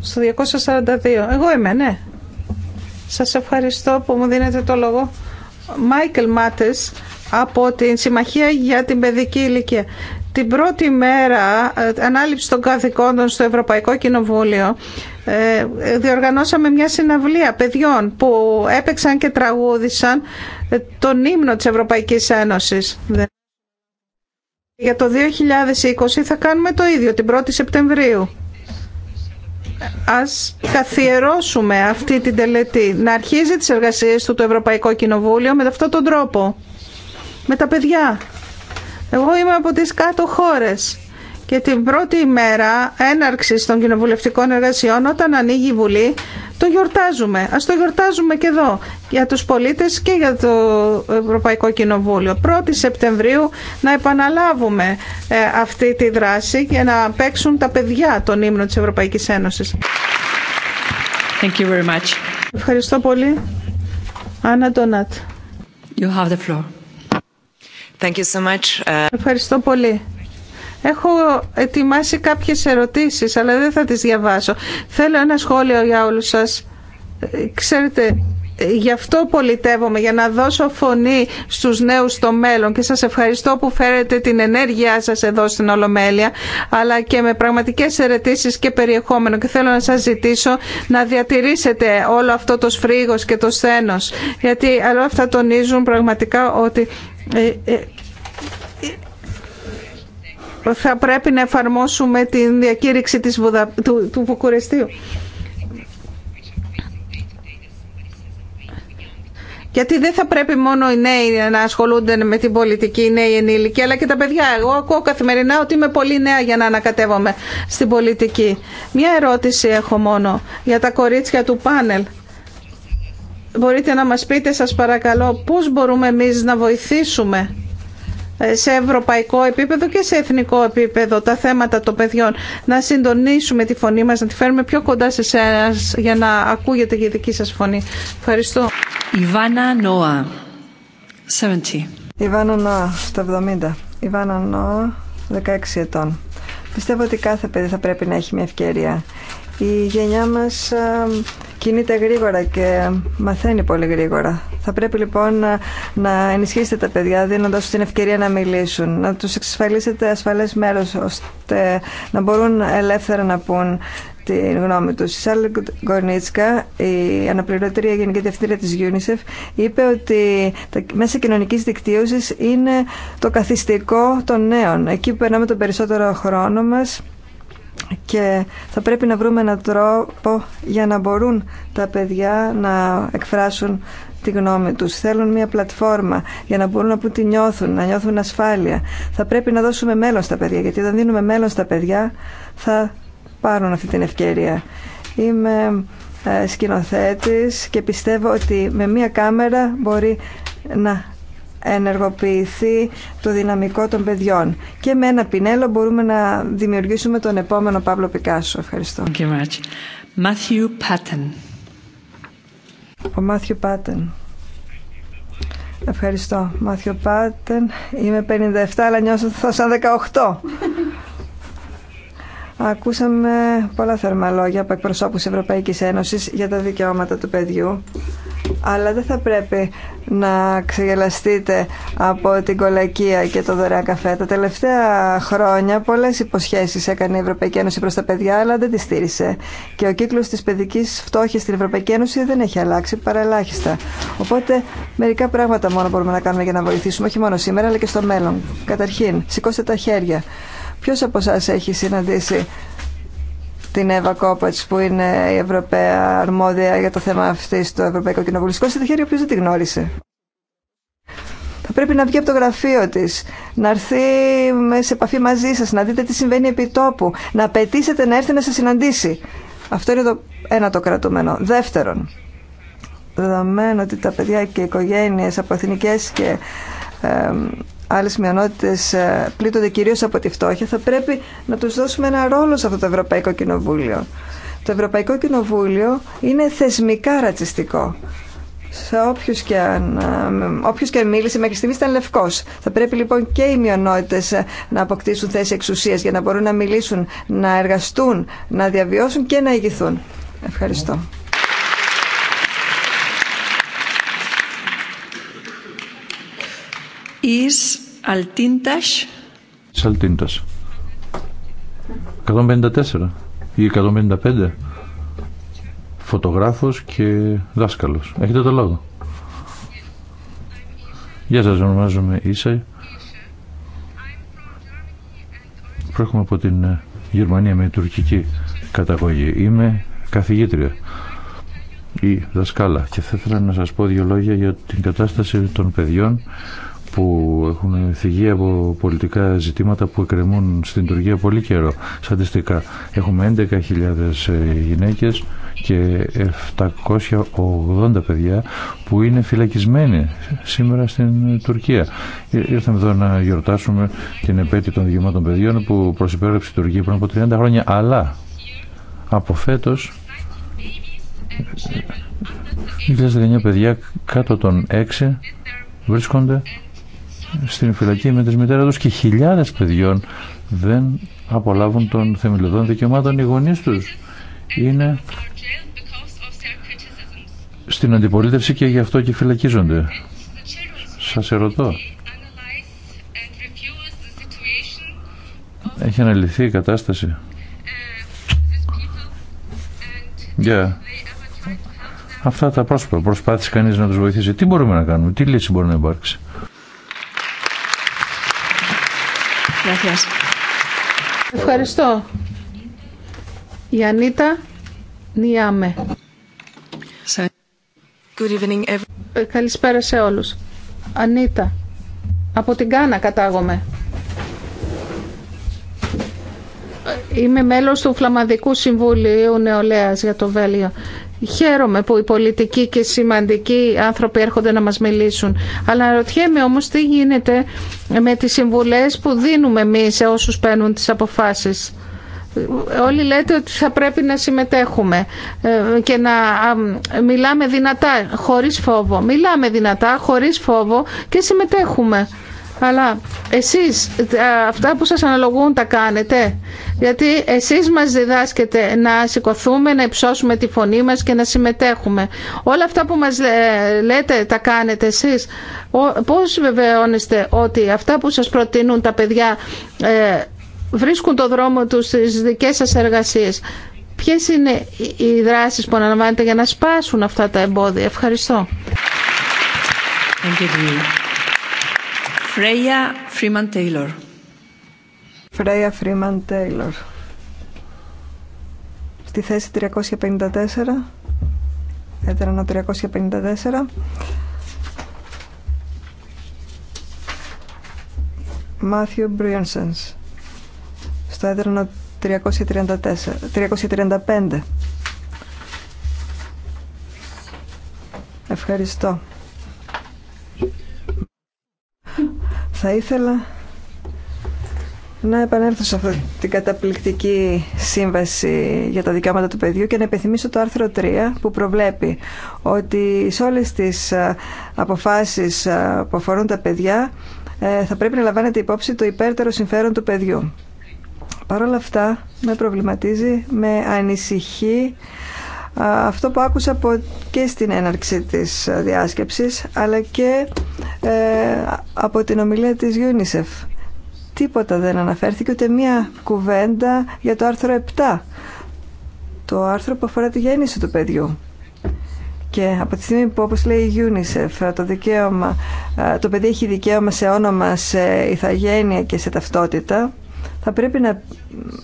A: Στο 242. Εγώ είμαι, ναι. Σας ευχαριστώ που μου δίνετε το λόγο. Μάικελ από την Συμμαχία για την Παιδική Ηλικία. Την πρώτη μέρα ε, ανάληψη των καθηκόντων στο Ευρωπαϊκό Κοινοβούλιο ε, διοργανώσαμε μια συναυλία παιδιών που έπαιξαν και τραγούδησαν ε, τον ύμνο της Ευρωπαϊκής Ένωσης. Για το 2020 θα κάνουμε το ίδιο την 1η Σεπτεμβρίου. Ας καθιερώσουμε αυτή την τελετή, να αρχίζει τις εργασίες του το Ευρωπαϊκό Κοινοβούλιο με αυτόν τον τρόπο με τα παιδιά. Εγώ είμαι από τις κάτω χώρες και την πρώτη ημέρα έναρξης των κοινοβουλευτικών εργασιών όταν ανοίγει η Βουλή το γιορτάζουμε. Ας το γιορτάζουμε και εδώ για τους πολίτες και για το Ευρωπαϊκό Κοινοβούλιο. 1η Σεπτεμβρίου να επαναλάβουμε ε, αυτή τη δράση και να παίξουν τα παιδιά τον ύμνο της Ευρωπαϊκής Ένωσης. Thank Ευχαριστώ πολύ. Άννα
D: You Thank you so much. Uh,
A: ευχαριστώ πολύ. Έχω ετοιμάσει κάποιες ερωτήσεις, αλλά δεν θα τις διαβάσω. Θέλω ένα σχόλιο για όλους σας. Ξέρετε, γι' αυτό πολιτεύομαι, για να δώσω φωνή στους νέους στο μέλλον και σας ευχαριστώ που φέρετε την ενέργειά σας εδώ στην Ολομέλεια αλλά και με πραγματικές ερετήσεις και περιεχόμενο και θέλω να σας ζητήσω να διατηρήσετε όλο αυτό το σφρίγος και το σθένος γιατί όλα αυτά τονίζουν πραγματικά ότι ε, ε, ε, θα πρέπει να εφαρμόσουμε την διακήρυξη της Βουδα... του, του Βουκουρεστίου. Γιατί δεν θα πρέπει μόνο οι νέοι να ασχολούνται με την πολιτική, οι νέοι ενήλικοι, αλλά και τα παιδιά. Εγώ ακούω καθημερινά ότι είμαι πολύ νέα για να ανακατεύομαι στην πολιτική. Μια ερώτηση έχω μόνο για τα κορίτσια του πάνελ μπορείτε να μας πείτε σας παρακαλώ πώς μπορούμε εμείς να βοηθήσουμε ε, σε ευρωπαϊκό επίπεδο και σε εθνικό επίπεδο τα θέματα των παιδιών να συντονίσουμε τη φωνή μας, να τη φέρουμε πιο κοντά σε εσένα για να ακούγεται και η δική σας φωνή. Ευχαριστώ.
E: Ιβάνα Νόα, 70.
D: Ιβάνα Νόα, στο 70. Ιβάνα Νόα, 16 ετών. Πιστεύω ότι κάθε παιδί θα πρέπει να έχει μια ευκαιρία η γενιά μας κινείται γρήγορα και μαθαίνει πολύ γρήγορα. Θα πρέπει λοιπόν να, ενισχύσετε τα παιδιά δίνοντας την ευκαιρία να μιλήσουν, να τους εξασφαλίσετε ασφαλές μέρος ώστε να μπορούν ελεύθερα να πούν την γνώμη τους. Η Σάλλη Γκορνίτσκα, η αναπληρωτήρια γενική διευθύντρια της UNICEF, είπε ότι τα μέσα κοινωνικής δικτύωσης είναι το καθιστικό των νέων. Εκεί που περνάμε τον περισσότερο χρόνο μας και θα πρέπει να βρούμε έναν τρόπο για να μπορούν τα παιδιά να εκφράσουν τη γνώμη τους. Θέλουν μια πλατφόρμα για να μπορούν να πούν τι νιώθουν, να νιώθουν ασφάλεια. Θα πρέπει να δώσουμε μέλλον στα παιδιά, γιατί όταν δίνουμε μέλλον στα παιδιά θα πάρουν αυτή την ευκαιρία. Είμαι ε, σκηνοθέτης και πιστεύω ότι με μια κάμερα μπορεί να ενεργοποιηθεί το δυναμικό των παιδιών. Και με ένα πινέλο μπορούμε να δημιουργήσουμε τον επόμενο Παύλο Πικάσο. Ευχαριστώ.
E: Thank you Ο Μάθιου Πάτεν.
D: Ευχαριστώ. Μάθιο Πάτεν. Είμαι 57, αλλά νιώσω θα σαν 18. Ακούσαμε πολλά θερμά από εκπροσώπους Ευρωπαϊκής Ένωσης για τα δικαιώματα του παιδιού αλλά δεν θα πρέπει να ξεγελαστείτε από την κολακία και το δωρεάν καφέ. Τα τελευταία χρόνια πολλές υποσχέσεις έκανε η Ευρωπαϊκή Ένωση προς τα παιδιά, αλλά δεν τη στήρισε. Και ο κύκλος της παιδικής φτώχειας στην Ευρωπαϊκή Ένωση δεν έχει αλλάξει παρά ελάχιστα. Οπότε μερικά πράγματα μόνο μπορούμε να κάνουμε για να βοηθήσουμε, όχι μόνο σήμερα, αλλά και στο μέλλον. Καταρχήν, σηκώστε τα χέρια. Ποιο από εσά έχει συναντήσει την Εύα Κόπατ που είναι η Ευρωπαία αρμόδια για το θέμα αυτή στο Ευρωπαϊκό Κοινοβούλιο. Σηκώστε το χέρι δεν τη γνώρισε. Θα πρέπει να βγει από το γραφείο της, να έρθει σε επαφή μαζί σας, να δείτε τι συμβαίνει επί τόπου, να απαιτήσετε να έρθει να σας συναντήσει. Αυτό είναι το ένα το κρατούμενο. Δεύτερον, δεδομένου ότι τα παιδιά και οι οικογένειες από εθνικέ και άλλες μειονότητες ε, πλήττονται κυρίως από τη φτώχεια, θα πρέπει να τους δώσουμε ένα ρόλο σε αυτό το Ευρωπαϊκό Κοινοβούλιο. Το Ευρωπαϊκό Κοινοβούλιο είναι θεσμικά ρατσιστικό. Σε όποιους και, αν, οποιους ε, και αν μίλησε μέχρι στιγμής ήταν λευκός. Θα πρέπει λοιπόν και οι μειονότητες ε, να αποκτήσουν θέση εξουσίας για να μπορούν να μιλήσουν, να εργαστούν, να διαβιώσουν και να ηγηθούν. Ευχαριστώ.
E: Εις αλτίντας.
B: αλτίντας. 154 ή 155. Φωτογράφος και δάσκαλος. Έχετε το λόγο. Γεια σας, ονομάζομαι Ίσα. Προέρχομαι από την ε, Γερμανία με τουρκική καταγωγή. Είμαι καθηγήτρια ή δασκάλα και θα ήθελα να σας πω δύο λόγια για την κατάσταση των παιδιών που έχουν θυγεί από πολιτικά ζητήματα που εκκρεμούν στην Τουρκία πολύ καιρό. Στατιστικά έχουμε 11.000 γυναίκες και 780 παιδιά που είναι φυλακισμένοι σήμερα στην Τουρκία. Ήρθαμε εδώ να γιορτάσουμε την επέτειο των δικαιωμάτων παιδιών που προσυπέρεψε η Τουρκία πριν από 30 χρόνια, αλλά από φέτος 2019 παιδιά κάτω των 6 βρίσκονται στην φυλακή με τις μητέρα τους και χιλιάδες παιδιών δεν απολάβουν των θεμελιωδών δικαιωμάτων οι γονεί του, Είναι στην αντιπολίτευση και γι' αυτό και φυλακίζονται. Σας ερωτώ. Έχει αναλυθεί η κατάσταση. Για yeah. αυτά τα πρόσωπα προσπάθησε κανείς να τους βοηθήσει. Τι μπορούμε να κάνουμε, τι λύση μπορεί να υπάρξει.
E: Ευχαριστώ.
A: Η Ανίτα Νιάμε. Ε, καλησπέρα σε όλους. Ανίτα, από την Κάνα κατάγομαι. Ε, είμαι μέλος του Φλαμαδικού Συμβουλίου Νεολαίας για το Βέλιο Χαίρομαι που οι πολιτικοί και σημαντικοί άνθρωποι έρχονται να μας μιλήσουν. Αλλά ρωτιέμαι όμως τι γίνεται με τις συμβουλές που δίνουμε εμείς σε όσους παίρνουν τις αποφάσεις. Όλοι λέτε ότι θα πρέπει να συμμετέχουμε ε, και να μιλάμε δυνατά, χωρίς φόβο. Μιλάμε δυνατά, χωρίς φόβο και συμμετέχουμε. Αλλά εσείς αυτά που σας αναλογούν τα κάνετε. Γιατί εσείς μας διδάσκετε να σηκωθούμε, να υψώσουμε τη φωνή μας και να συμμετέχουμε. Όλα αυτά που μας ε, λέτε τα κάνετε εσείς. Πώς βεβαιώνεστε ότι αυτά που σας προτείνουν τα παιδιά ε, βρίσκουν το δρόμο τους στις δικές σας εργασίες. Ποιες είναι οι δράσεις που αναλαμβάνετε για να σπάσουν αυτά τα εμπόδια. Ευχαριστώ.
D: Freya Freeman Taylor. Freya Freeman Taylor. Στη θέση 354. Έδρανα 354. Μάθιου Μπριένσενς Στο έδρανο 334, 335. Ευχαριστώ. Θα ήθελα να επανέλθω σε αυτή την καταπληκτική σύμβαση για τα δικαιώματα του παιδιού και να επιθυμίσω το άρθρο 3 που προβλέπει ότι σε όλες τις ε, αποφάσεις ε, που αφορούν τα παιδιά ε, θα πρέπει να λαμβάνεται υπόψη το υπέρτερο συμφέρον του παιδιού. Παρ' όλα αυτά με προβληματίζει, με ανησυχεί αυτό που άκουσα και στην έναρξη της διάσκεψης αλλά και ε, από την ομιλία της UNICEF. Τίποτα δεν αναφέρθηκε ούτε μία κουβέντα για το άρθρο 7 το άρθρο που αφορά τη γέννηση του παιδιού. Και από τη στιγμή που, όπως λέει η UNICEF, ε, το, δικαίωμα, ε, το παιδί έχει δικαίωμα σε όνομα, σε ηθαγένεια και σε ταυτότητα, θα πρέπει να,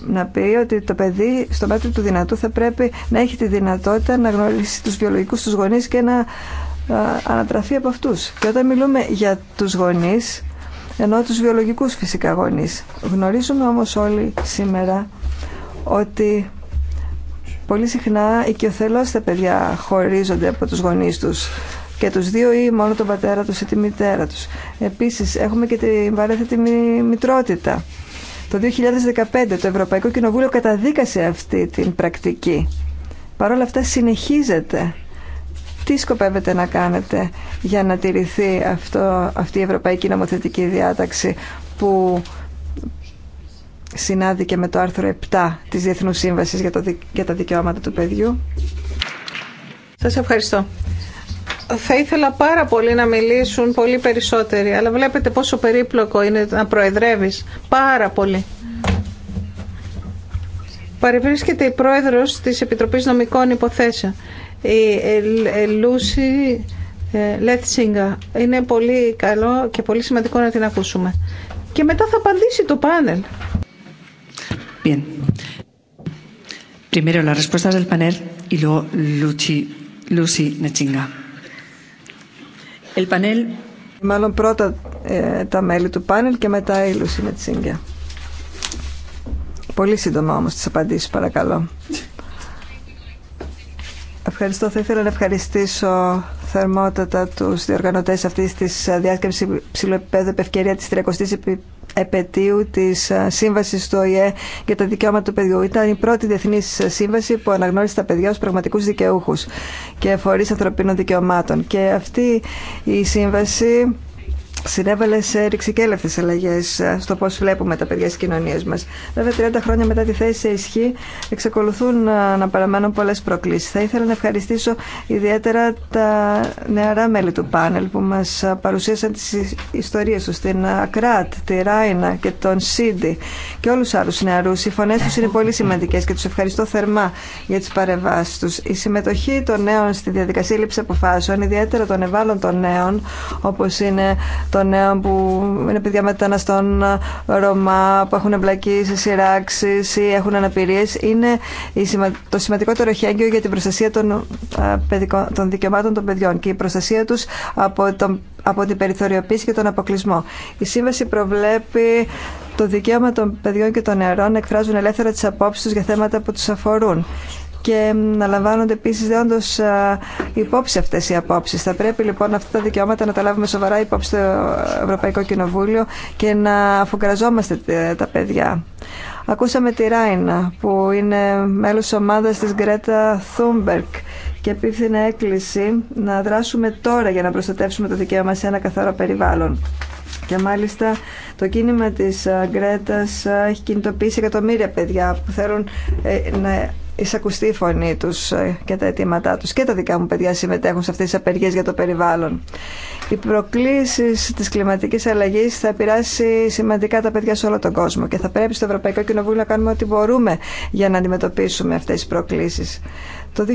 D: να πει ότι το παιδί στο μέτρο του δυνατού θα πρέπει να έχει τη δυνατότητα να γνωρίσει τους βιολογικούς τους γονείς και να ανατραφεί από αυτούς. Και όταν μιλούμε για τους γονείς, ενώ τους βιολογικούς φυσικά γονείς, γνωρίζουμε όμως όλοι σήμερα ότι πολύ συχνά οικειοθελώς τα παιδιά χωρίζονται από τους γονείς τους και τους δύο ή μόνο τον πατέρα τους ή τη μητέρα τους. Επίσης έχουμε και την βαρέθετη μητρότητα το 2015 το Ευρωπαϊκό Κοινοβούλιο καταδίκασε αυτή την πρακτική. Παρ' όλα αυτά συνεχίζεται. Τι σκοπεύετε να κάνετε για να τηρηθεί αυτό, αυτή η Ευρωπαϊκή Νομοθετική Διάταξη που συνάδηκε με το άρθρο 7 της Διεθνούς Σύμβασης για, το, για τα Δικαιώματα του Παιδιού. Σας ευχαριστώ θα ήθελα πάρα πολύ να μιλήσουν
A: πολύ περισσότεροι, αλλά βλέπετε πόσο περίπλοκο είναι να προεδρεύεις. Πάρα πολύ. Παρευρίσκεται η πρόεδρος της Επιτροπής Νομικών Υποθέσεων, η ε, ε, Λούση ε, Λετσινγκα. Είναι πολύ καλό και πολύ σημαντικό να την ακούσουμε. Και μετά θα απαντήσει το πάνελ.
D: Bien. Primero las respuestas del panel y luego
E: Lucy, Lucy
D: Μάλλον πρώτα ε, τα μέλη του πάνελ και μετά η Λούση Μετσίνγκια. Πολύ σύντομα όμως τις απαντήσεις παρακαλώ. Ευχαριστώ. Θα ήθελα να ευχαριστήσω θερμότατα τους διοργανωτές αυτής της διάσκεψης ψηλοεπέδου επευκαιρία της 30ης επαιτίου της ε, σύμβασης του ΟΗΕ για τα δικαιώματα του παιδιού. Ήταν η πρώτη διεθνή ε, σύμβαση που αναγνώρισε τα παιδιά ως πραγματικούς δικαιούχους και φορείς ανθρωπίνων δικαιωμάτων. Και αυτή η σύμβαση συνέβαλε σε ρηξικέλευτες αλλαγέ ε, στο πώ βλέπουμε τα παιδιά στι κοινωνίε μας. Βέβαια, 30 χρόνια μετά τη θέση σε ισχύ εξακολουθούν ε, να παραμένουν πολλέ προκλήσει. Θα ήθελα να ευχαριστήσω ιδιαίτερα τα νεαρά μέλη του πάνελ που μα παρουσίασαν τι ιστορίε του, την ε, Ακράτ, τη Ράινα και τον Σίντι και όλους άλλου νεαρούς. Οι φωνές τους είναι πολύ σημαντικέ και του ευχαριστώ θερμά για τι παρεμβάσει του. Η συμμετοχή των νέων στη διαδικασία λήψη αποφάσεων, ιδιαίτερα των ευάλων των νέων, όπω είναι των νέων που είναι παιδιά μεταναστών ε, Ρωμά, που έχουν εμπλακεί σε σειράξει ή έχουν αναπηρίε, είναι το σημαντικότερο χέγγιο για την προστασία των, ε, των δικαιωμάτων των παιδιών και η προστασία του από, από την περιθωριοποίηση και τον αποκλεισμό. Η σύμβαση προβλέπει το δικαίωμα των παιδιών και των νεαρών να εκφράζουν ελεύθερα τι απόψει του για θέματα που του αφορούν και να λαμβάνονται επίση δεόντω υπόψη αυτέ οι απόψει. Θα πρέπει λοιπόν αυτά τα δικαιώματα να τα λάβουμε σοβαρά υπόψη στο Ευρωπαϊκό Κοινοβούλιο και να αφουγκραζόμαστε ε, τα παιδιά. Ακούσαμε τη Ράινα που είναι μέλος ομάδας της Γκρέτα Θούμπερκ και να έκκληση να δράσουμε τώρα για να προστατεύσουμε το δικαίωμα σε ένα καθαρό περιβάλλον. Και μάλιστα το κίνημα της Γκρέτας ε, ε, έχει κινητοποιήσει εκατομμύρια παιδιά που θέλουν να εισακουστεί η φωνή του ε, και τα αιτήματά του και τα δικά μου παιδιά συμμετέχουν σε αυτές τις απεργίες για το περιβάλλον. Οι προκλήσει τη κλιματική αλλαγή θα επηρεάσει σημαντικά τα παιδιά σε όλο τον κόσμο και θα πρέπει στο Ευρωπαϊκό Κοινοβούλιο να κάνουμε ό,τι μπορούμε για να αντιμετωπίσουμε αυτές τις προκλήσει. Το 2019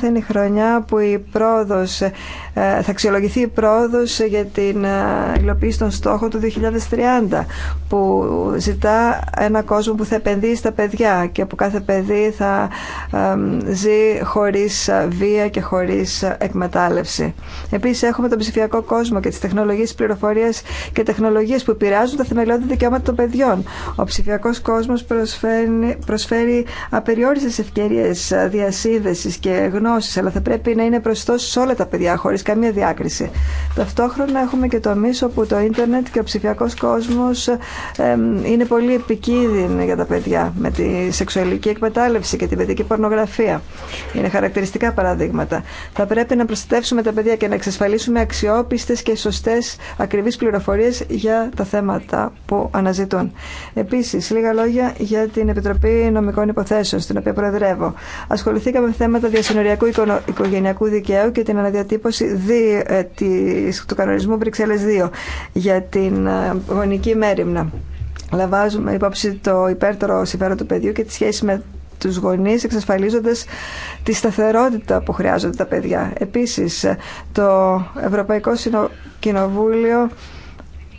D: θα είναι η χρονιά που η πρόοδος, ε, θα αξιολογηθεί η πρόοδος για την ε, υλοποίηση των στόχων του 2030 που ζητά ένα κόσμο που θα επενδύει στα παιδιά και που κάθε παιδί θα ζει χωρίς ε, βία και χωρίς εκμετάλλευση. Επίσης έχουμε τον ψηφιακό κόσμο και τις τεχνολογίες πληροφορίας και τεχνολογίες που επηρεάζουν τα θεμελιώδη δικαιώματα των παιδιών. Ο ψηφιακός κόσμος προσφέρει, προσφέρει απεριόριστες ευκαιρίες και γνώση, αλλά θα πρέπει να είναι προσιτό σε όλα τα παιδιά, χωρί καμία διάκριση. Ταυτόχρονα έχουμε και μίσο που το ίντερνετ και ο ψηφιακό κόσμο είναι πολύ επικίνδυνο για τα παιδιά, με τη σεξουαλική εκμετάλλευση και την παιδική πορνογραφία. Είναι χαρακτηριστικά παραδείγματα. Θα πρέπει να προστατεύσουμε τα παιδιά και να εξασφαλίσουμε αξιόπιστε και σωστέ ακριβεί πληροφορίε για τα θέματα που αναζητούν. Επίση, λίγα λόγια για την Επιτροπή Νομικών Υποθέσεων, στην οποία προεδρεύω. Ασχοληθήκαμε με θέματα διασυνοριακού οικογενειακού δικαίου και την αναδιατύπωση ε, του κανονισμού Βρυξέλλες 2 για την ε, γονική μέρημνα. Λαβάζουμε υπόψη το υπέρτερο συμφέρον του παιδιού και τη σχέση με τους γονείς εξασφαλίζοντας τη σταθερότητα που χρειάζονται τα παιδιά. Επίσης, ε, το Ευρωπαϊκό Κοινοβούλιο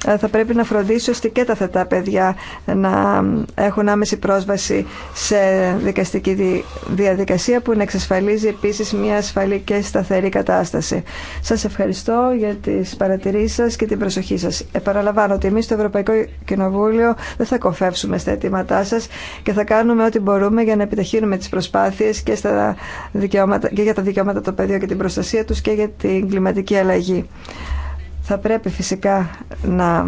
D: ε, θα πρέπει να φροντίσει ώστε και τα θετά παιδιά να έχουν άμεση πρόσβαση σε δικαστική διαδικασία που να εξασφαλίζει επίσης μια ασφαλή και σταθερή κατάσταση. Σας ευχαριστώ για τις παρατηρήσεις σας και την προσοχή σας. Επαναλαμβάνω ότι εμείς στο Ευρωπαϊκό Κοινοβούλιο δεν θα κοφεύσουμε στα αιτήματά σας και θα κάνουμε ό,τι μπορούμε για να επιταχύνουμε τις προσπάθειες και, στα για τα δικαιώματα των παιδιών και την προστασία τους και για την κλιματική αλλαγή. Θα πρέπει φυσικά να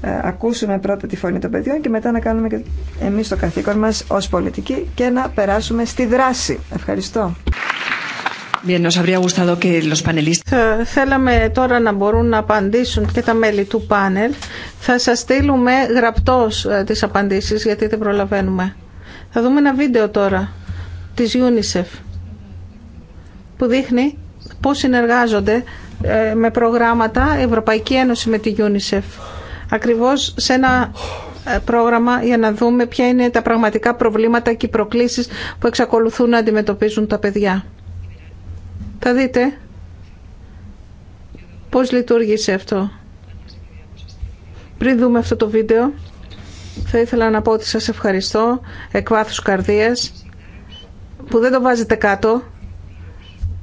D: ε, ακούσουμε πρώτα τη φωνή των παιδιών και μετά να κάνουμε και εμείς το καθήκον μας ως πολιτικοί και να περάσουμε στη δράση. Ευχαριστώ. θέλαμε τώρα να μπορούν να
A: απαντήσουν και τα μέλη του πάνελ. Θα σας στείλουμε γραπτός ε, τις απαντήσεις γιατί δεν προλαβαίνουμε. Θα δούμε ένα βίντεο τώρα της UNICEF που δείχνει πώς συνεργάζονται ε, με προγράμματα, Ευρωπαϊκή Ένωση με τη UNICEF. Ακριβώς σε ένα ε, πρόγραμμα για να δούμε ποια είναι τα πραγματικά προβλήματα και οι προκλήσεις που εξακολουθούν να αντιμετωπίζουν τα παιδιά. Θα δείτε πώς λειτουργήσε αυτό. Πριν δούμε αυτό το βίντεο, θα ήθελα να πω ότι σας ευχαριστώ εκ βάθους καρδίας που δεν το βάζετε κάτω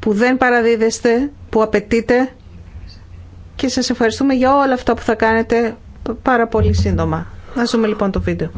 A: που δεν παραδίδεστε, που απαιτείτε και σας ευχαριστούμε για όλα αυτά που θα κάνετε πάρα πολύ σύντομα. Να δούμε λοιπόν το βίντεο.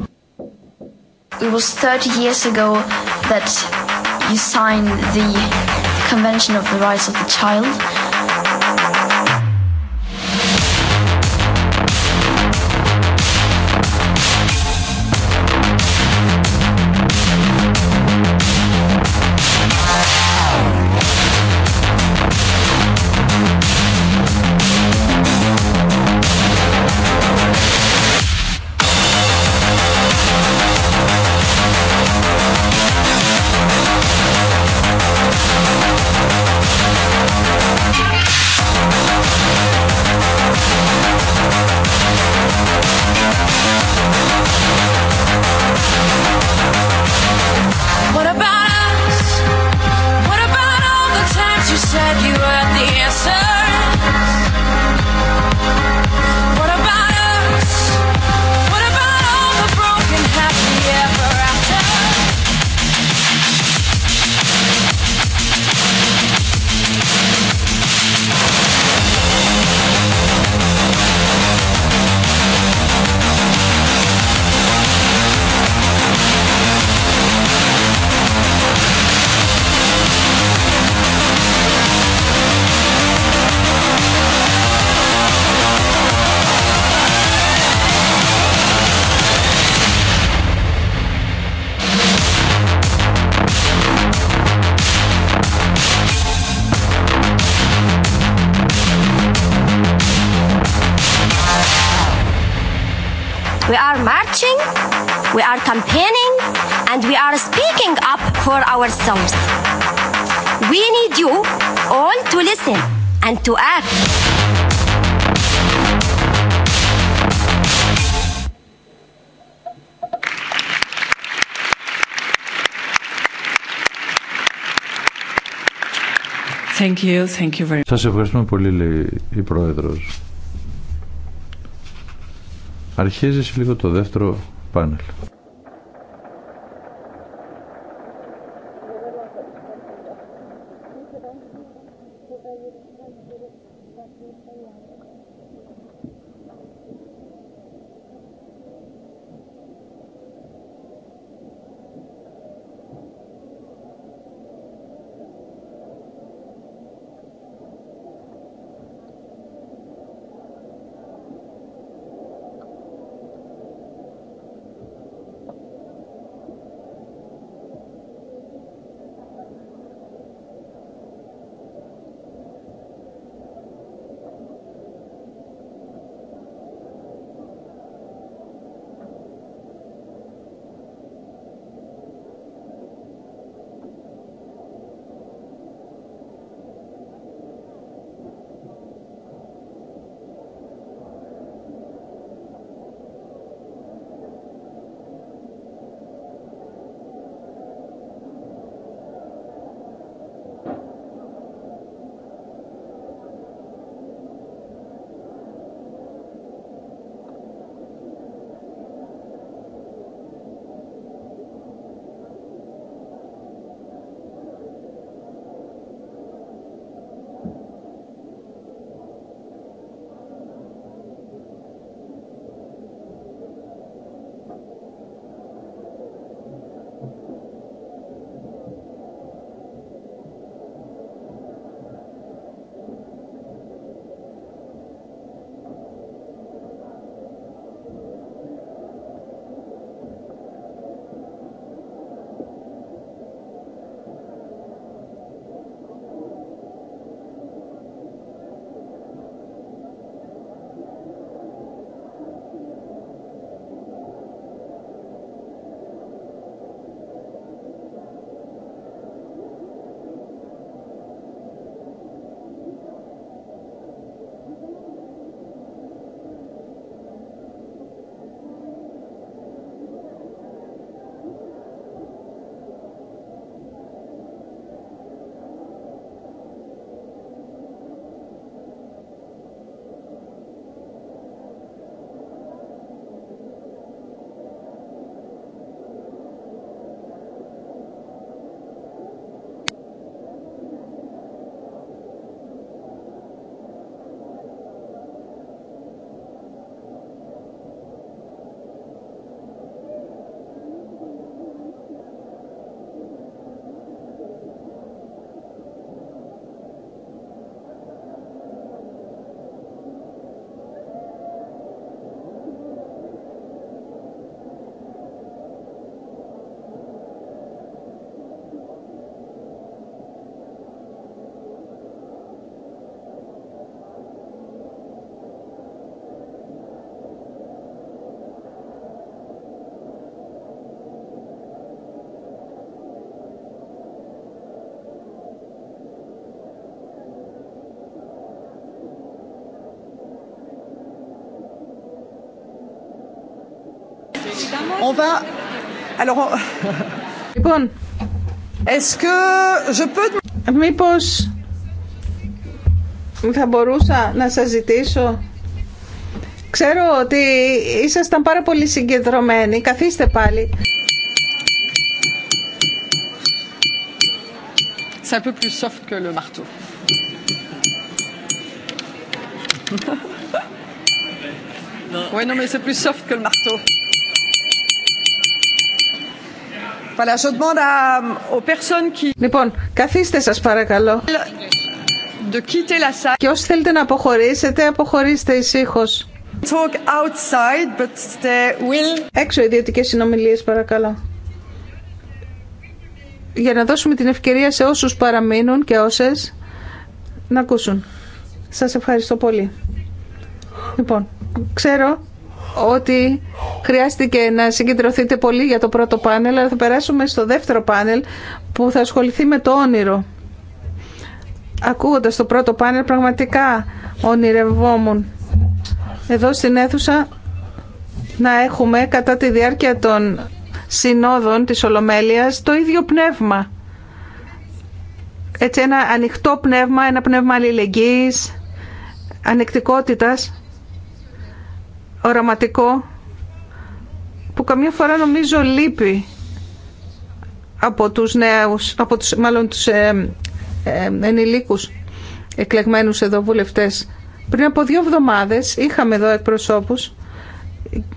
E: Thank
B: Σας ευχαριστούμε πολύ, λέει η Πρόεδρος. Αρχίζει λίγο το δεύτερο πάνελ.
C: on va...
A: Alors, on... Λοιπόν, est-ce que je peux... Μήπως θα μπορούσα να σας ζητήσω... Ξέρω ότι ήσασταν πάρα πολύ συγκεντρωμένοι. Καθίστε πάλι. C'est un peu plus soft que le marteau.
C: ouais, non, mais c'est plus soft que le
A: marteau. Λοιπόν, καθίστε σας παρακαλώ. Και όσοι θέλετε να αποχωρήσετε, αποχωρήστε ησύχως. Έξω ιδιωτικές συνομιλίες παρακαλώ. Για να δώσουμε την ευκαιρία σε όσους παραμείνουν και όσες να ακούσουν. Σας ευχαριστώ πολύ. Λοιπόν, ξέρω ότι χρειάστηκε να συγκεντρωθείτε πολύ για το πρώτο πάνελ, αλλά θα περάσουμε στο δεύτερο πάνελ που θα ασχοληθεί με το όνειρο. Ακούγοντας το πρώτο πάνελ πραγματικά ονειρευόμουν εδώ στην αίθουσα να έχουμε κατά τη διάρκεια των συνόδων της Ολομέλειας το ίδιο πνεύμα. Έτσι ένα ανοιχτό πνεύμα, ένα πνεύμα αλληλεγγύης, ανεκτικότητας οραματικό που καμιά φορά νομίζω λείπει από τους νέους, από τους, μάλλον τους ε, ε, ενηλίκους εκλεγμένους εδώ βουλευτές. Πριν από δύο εβδομάδες είχαμε εδώ εκπροσώπους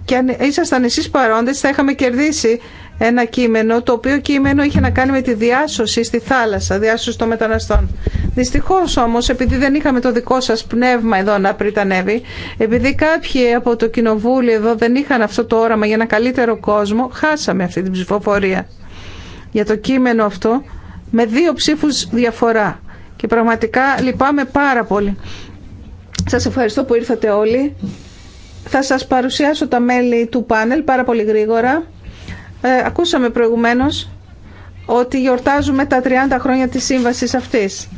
A: και αν ήσασταν εσείς παρόντες θα είχαμε κερδίσει ένα κείμενο το οποίο κείμενο είχε να κάνει με τη διάσωση στη θάλασσα, διάσωση των μεταναστών. Δυστυχώς όμως επειδή δεν είχαμε το δικό σας πνεύμα εδώ να πριτανεύει, επειδή κάποιοι από το κοινοβούλιο εδώ δεν είχαν αυτό το όραμα για ένα καλύτερο κόσμο, χάσαμε αυτή την ψηφοφορία για το κείμενο αυτό με δύο ψήφους διαφορά. Και πραγματικά λυπάμαι πάρα πολύ. Σας ευχαριστώ που ήρθατε όλοι. Θα σας παρουσιάσω τα μέλη του πάνελ πάρα πολύ γρήγορα. Ε, ακούσαμε προηγουμένως ότι γιορτάζουμε τα 30 χρόνια της σύμβασης αυτής.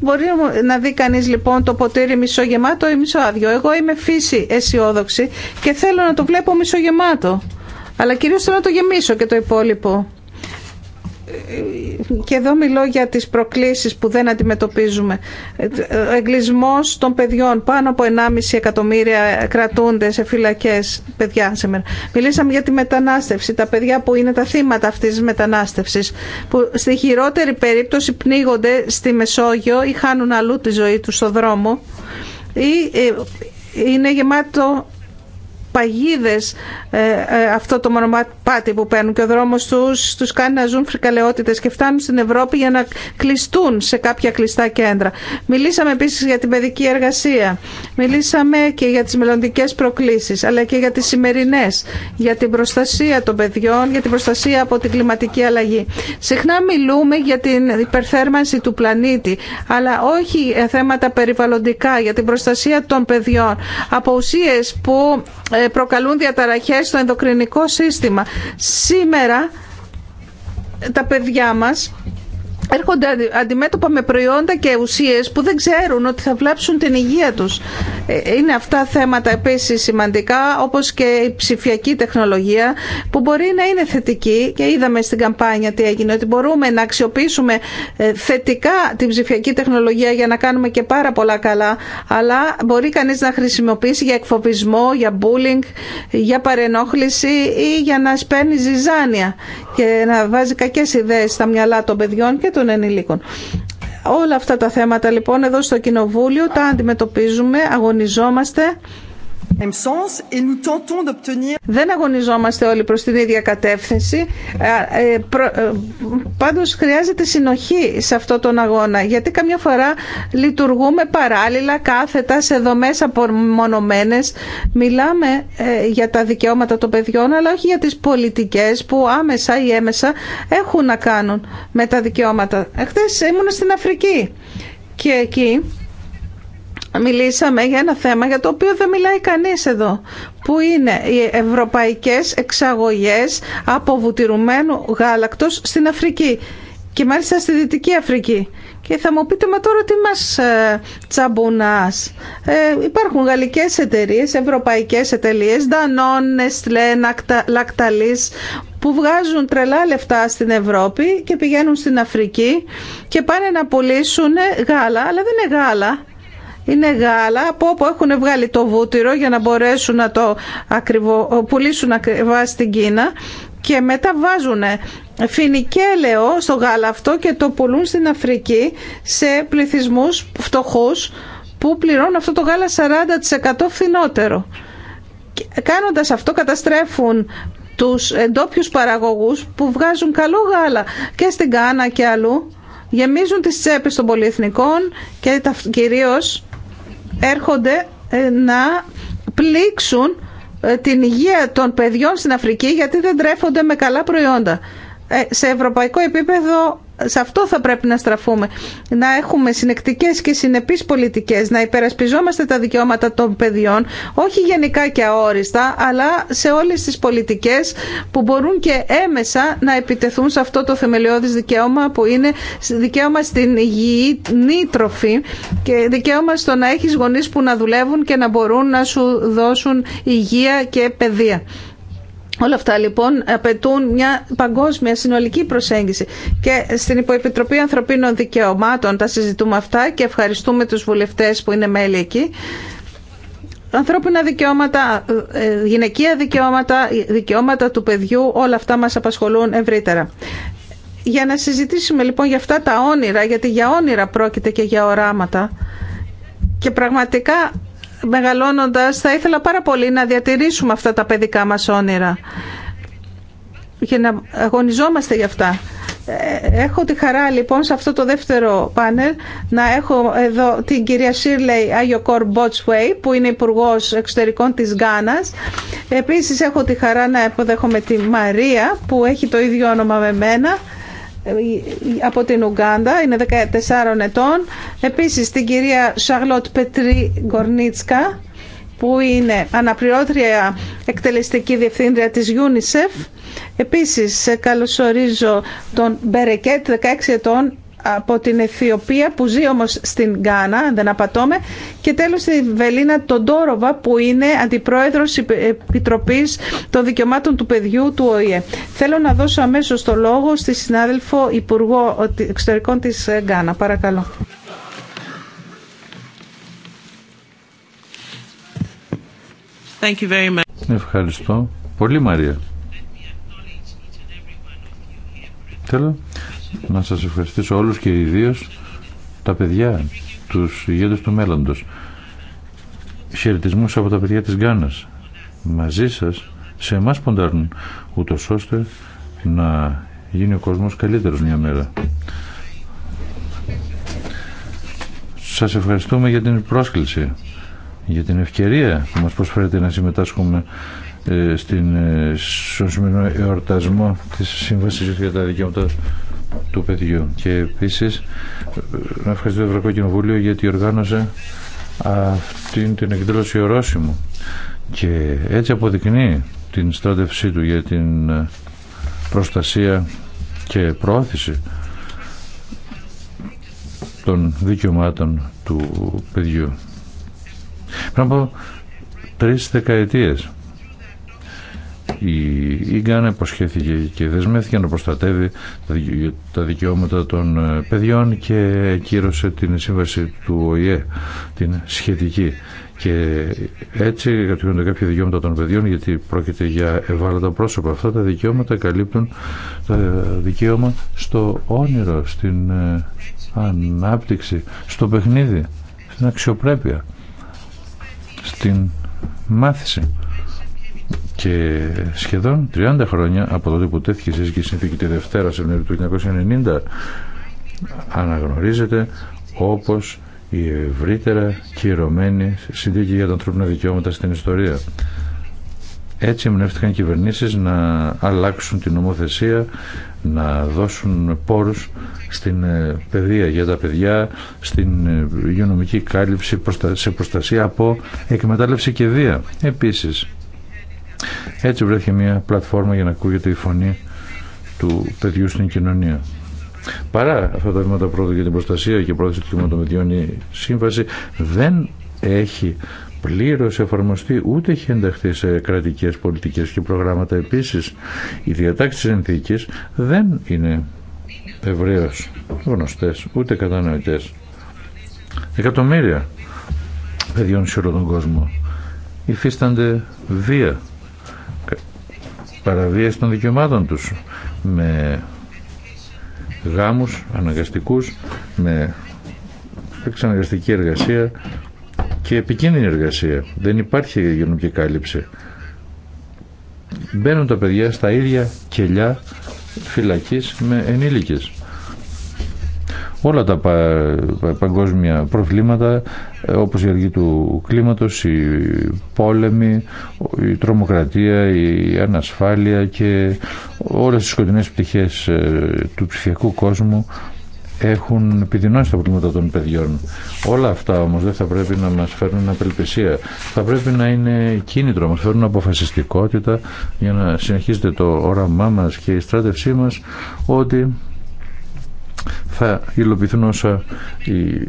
A: Μπορεί να δει κανεί λοιπόν το ποτήρι μισογεμάτο ή μισοάδιο. Εγώ είμαι φύση αισιόδοξη και θέλω να το βλέπω μισογεμάτο. Αλλά κυρίως θέλω να το γεμίσω και το υπόλοιπο και εδώ μιλώ για τις προκλήσεις που δεν αντιμετωπίζουμε. Εγκλισμός των παιδιών. Πάνω από 1,5 εκατομμύρια κρατούνται σε φυλακές παιδιά σήμερα. Μιλήσαμε για τη μετανάστευση. Τα παιδιά που είναι τα θύματα αυτής της μετανάστευσης. Που στη χειρότερη περίπτωση πνίγονται στη Μεσόγειο ή χάνουν αλλού τη ζωή τους στο δρόμο. Ή ε, είναι γεμάτο παγίδες ε, ε, αυτό το μονοπάτι που παίρνουν και ο δρόμος τους τους κάνει να ζουν φρικαλαιότητες και φτάνουν στην Ευρώπη για να κλειστούν σε κάποια κλειστά κέντρα. Μιλήσαμε επίσης για την παιδική εργασία, μιλήσαμε και για τις μελλοντικέ προκλήσεις αλλά και για τις σημερινές, για την προστασία των παιδιών, για την προστασία από την κλιματική αλλαγή. Συχνά μιλούμε για την υπερθέρμανση του πλανήτη αλλά όχι θέματα περιβαλλοντικά, για την προστασία των παιδιών από ουσίες που ε, ε, προκαλούν διαταραχές στο ενδοκρινικό σύστημα. Σήμερα τα παιδιά μας έρχονται αντιμέτωπα με προϊόντα και ουσίες που δεν ξέρουν ότι θα βλάψουν την υγεία τους. Ε, είναι αυτά θέματα επίσης σημαντικά όπως και η ψηφιακή τεχνολογία που μπορεί να είναι θετική και είδαμε στην καμπάνια τι έγινε ότι μπορούμε να αξιοποιήσουμε ε, θετικά την ψηφιακή τεχνολογία για να κάνουμε και πάρα πολλά καλά αλλά μπορεί κανείς να χρησιμοποιήσει για εκφοβισμό, για bullying, για παρενόχληση ή για να σπέρνει ζυζάνια και να βάζει κακές ιδέες στα μυαλά των παιδιών ενηλίκων. Όλα αυτά τα θέματα λοιπόν εδώ στο Κοινοβούλιο τα αντιμετωπίζουμε, αγωνιζόμαστε δεν αγωνιζόμαστε όλοι προς την ίδια κατεύθυνση. Ε, ε, πάντως χρειάζεται συνοχή σε αυτό τον αγώνα, γιατί καμιά φορά λειτουργούμε παράλληλα, κάθετα, σε δομές απομονωμένες. Μιλάμε ε, για τα δικαιώματα των παιδιών, αλλά όχι για τις πολιτικές που άμεσα ή έμεσα έχουν να κάνουν με τα δικαιώματα. Χθες ήμουν στην Αφρική και εκεί μιλήσαμε για ένα θέμα για το οποίο δεν μιλάει κανείς εδώ, που είναι οι ευρωπαϊκές εξαγωγές από βουτυρωμένου γάλακτος στην Αφρική και μάλιστα στη Δυτική Αφρική. Και θα μου πείτε, μα τώρα τι μας ε, τσαμπουνάς. Ε, υπάρχουν γαλλικές εταιρείες, ευρωπαϊκές εταιρείες, δανώνες, Nestlé, που βγάζουν τρελά λεφτά στην Ευρώπη και πηγαίνουν στην Αφρική και πάνε να πουλήσουν γάλα, αλλά δεν είναι γάλα, είναι γάλα από όπου έχουν βγάλει το βούτυρο για να μπορέσουν να το ακριβο... πουλήσουν ακριβά στην Κίνα και μετά βάζουν φινικέλαιο στο γάλα αυτό και το πουλούν στην Αφρική σε πληθυσμούς φτωχούς που πληρώνουν αυτό το γάλα 40% φθηνότερο. κάνοντας αυτό καταστρέφουν τους εντόπιους παραγωγούς που βγάζουν καλό γάλα και στην Κάνα και αλλού γεμίζουν τις τσέπες των πολυεθνικών και τα, κυρίως έρχονται ε, να πλήξουν ε, την υγεία των παιδιών στην Αφρική γιατί δεν τρέφονται με καλά προϊόντα. Ε, σε ευρωπαϊκό επίπεδο σε αυτό θα πρέπει να στραφούμε. Να έχουμε συνεκτικές και συνεπείς πολιτικές, να υπερασπιζόμαστε τα δικαιώματα των παιδιών, όχι γενικά και αόριστα, αλλά σε όλες τις πολιτικές που μπορούν και έμεσα να επιτεθούν σε αυτό το θεμελιώδη δικαίωμα που είναι δικαίωμα στην υγιεινή τροφή και δικαίωμα στο να έχεις γονεί που να δουλεύουν και να μπορούν να σου δώσουν υγεία και παιδεία. Όλα αυτά λοιπόν απαιτούν μια παγκόσμια συνολική προσέγγιση και στην Υποεπιτροπή Ανθρωπίνων Δικαιωμάτων τα συζητούμε αυτά και ευχαριστούμε τους βουλευτές που είναι μέλη εκεί. Ανθρώπινα δικαιώματα, ε, γυναικεία δικαιώματα, δικαιώματα του παιδιού, όλα αυτά μας απασχολούν ευρύτερα. Για να συζητήσουμε λοιπόν για αυτά τα όνειρα, γιατί για όνειρα πρόκειται και για οράματα και πραγματικά μεγαλώνοντας θα ήθελα πάρα πολύ να διατηρήσουμε αυτά τα παιδικά μας όνειρα και να αγωνιζόμαστε για αυτά. Ε, έχω τη χαρά λοιπόν σε αυτό το δεύτερο πάνελ να έχω εδώ την κυρία Σίρλεϊ Αγιοκόρ Μποτσουέι που είναι υπουργό Εξωτερικών της Γκάνας. Επίσης έχω τη χαρά να υποδέχομαι τη Μαρία που έχει το ίδιο όνομα με μένα ε, από την Ουγγάντα. είναι 14 ετών. Επίσης την κυρία Σαρλότ Πετρί Γκορνίτσκα, που είναι αναπληρώτρια εκτελεστική διευθύντρια της UNICEF. Επίσης καλωσορίζω τον Μπερεκέτ, 16 ετών, από την Αιθιοπία που ζει όμως στην Γκάνα, αν δεν απατώμε, και τέλος τη Βελίνα Τοντόροβα που είναι Αντιπρόεδρος Επιτροπής των Δικαιωμάτων του Παιδιού του ΟΗΕ. Θέλω να δώσω αμέσως το λόγο στη συνάδελφο Υπουργό Εξωτερικών της Γκάνα. Παρακαλώ. Thank you very much.
B: Ευχαριστώ. Πολύ Μαρία. Θέλω να σας ευχαριστήσω όλους και ιδίω τα παιδιά, τους ηγέτες του μέλλοντος. Χαιρετισμούς από τα παιδιά της Γκάνας. Μαζί σας, σε εμάς ποντάρουν, ούτω ώστε να γίνει ο κόσμος καλύτερος μια μέρα. Σας ευχαριστούμε για την πρόσκληση, για την ευκαιρία που μας προσφέρετε να συμμετάσχουμε ε, στην, ε, στο σημερινό εορτασμό της Σύμβαση για τα δικαιώματα του παιδιού. Και επίση ε, να ευχαριστώ το Ευρωπαϊκό Κοινοβούλιο γιατί οργάνωσε αυτή την εκδήλωση ορόσημου και έτσι αποδεικνύει την στράτευσή του για την προστασία και προώθηση των δικαιωμάτων του παιδιού. Πριν από τρεις δεκαετίες η Γκάνα υποσχέθηκε και δεσμεύθηκε να προστατεύει τα δικαιώματα των ε, παιδιών και κύρωσε την σύμβαση του ΟΗΕ, την σχετική. Και έτσι κατηγορούνται κάποια δικαιώματα των παιδιών γιατί πρόκειται για ευάλωτα πρόσωπα. Αυτά τα δικαιώματα καλύπτουν το δικαίωμα στο όνειρο, στην ε, ανάπτυξη, στο παιχνίδι, στην αξιοπρέπεια, στην μάθηση. Και σχεδόν 30 χρόνια από τότε που τέθηκε σε και συνθήκη τη Δευτέρα Σεπτεμβρίου του 1990 αναγνωρίζεται όπως η ευρύτερα κυρωμένη συνθήκη για τα ανθρώπινα δικαιώματα στην ιστορία. Έτσι εμπνεύτηκαν οι κυβερνήσεις να αλλάξουν την νομοθεσία, να δώσουν πόρους στην ε, παιδεία για τα παιδιά, στην ε, υγειονομική κάλυψη, σε προστασία από εκμετάλλευση και βία. Επίσης, έτσι βρέθηκε μια πλατφόρμα για να ακούγεται η φωνή του παιδιού στην κοινωνία. Παρά αυτά τα βήματα πρώτα για την προστασία και πρόθεση του παιδιών η σύμβαση δεν έχει πλήρως εφαρμοστεί ούτε έχει ενταχθεί σε κρατικές πολιτικές και προγράμματα επίσης. Οι διατάξεις τη συνθήκη δεν είναι ευρέως γνωστέ, ούτε κατανοητέ. Εκατομμύρια παιδιών σε όλο τον κόσμο υφίστανται βία παραβίαση των δικαιωμάτων τους με γάμους αναγκαστικούς με εξαναγκαστική εργασία και επικίνδυνη εργασία δεν υπάρχει και κάλυψη μπαίνουν τα παιδιά στα ίδια κελιά φυλακής με ενήλικες όλα τα παγκόσμια προβλήματα ε, όπως η αργή του κλίματος, η πόλεμη, η τρομοκρατία, η ανασφάλεια και όλες τις σκοτεινές πτυχές ε, του ψηφιακού κόσμου έχουν επιδεινώσει τα προβλήματα των παιδιών. Όλα αυτά όμως δεν θα πρέπει να μας φέρνουν απελπισία. Θα πρέπει να είναι κίνητρο, μας φέρνουν αποφασιστικότητα για να συνεχίζεται το όραμά μας και η στράτευσή μας ότι θα υλοποιηθούν όσα οι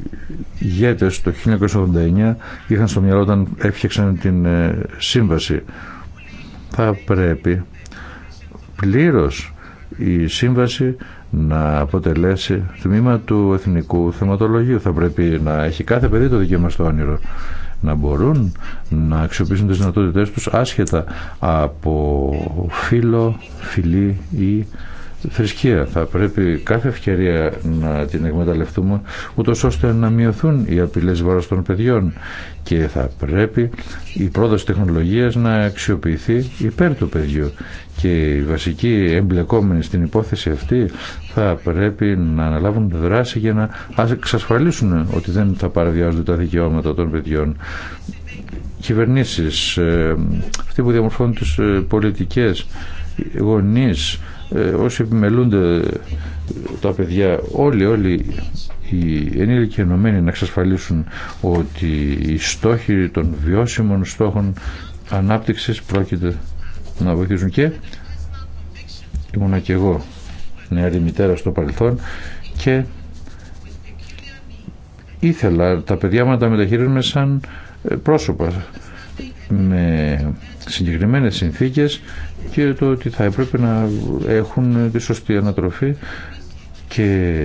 B: ηγέτες το 1989 είχαν στο μυαλό όταν έφτιαξαν την ε, σύμβαση. Θα πρέπει πλήρως η σύμβαση να αποτελέσει τμήμα του εθνικού θεματολογίου. Θα πρέπει να έχει κάθε παιδί το δικαίωμα στο όνειρο να μπορούν να αξιοποιήσουν τις δυνατότητές τους άσχετα από φίλο, φιλή ή θρησκεία. Θα πρέπει κάθε ευκαιρία να την εκμεταλλευτούμε ούτω ώστε να μειωθούν οι απειλέ βάρο των παιδιών και θα πρέπει η πρόδοση τεχνολογίας να αξιοποιηθεί υπέρ του παιδιού και οι βασικοί εμπλεκόμενοι στην υπόθεση αυτή θα πρέπει να αναλάβουν δράση για να εξασφαλίσουν ότι δεν θα παραβιάζονται τα δικαιώματα των παιδιών κυβερνήσεις, ε, αυτοί που διαμορφώνουν τους ε, πολιτικές, γονείς, ε, όσοι επιμελούνται ε, τα παιδιά όλοι όλοι οι ενήλικοι ενωμένοι να εξασφαλίσουν ότι οι στόχοι των βιώσιμων στόχων ανάπτυξης πρόκειται να βοηθήσουν και ήμουνα και εγώ νεαρή μητέρα στο παρελθόν και ήθελα τα παιδιά μου να τα μεταχειρίζουμε σαν ε, πρόσωπα με συγκεκριμένες συνθήκες και το ότι θα έπρεπε να έχουν τη σωστή ανατροφή και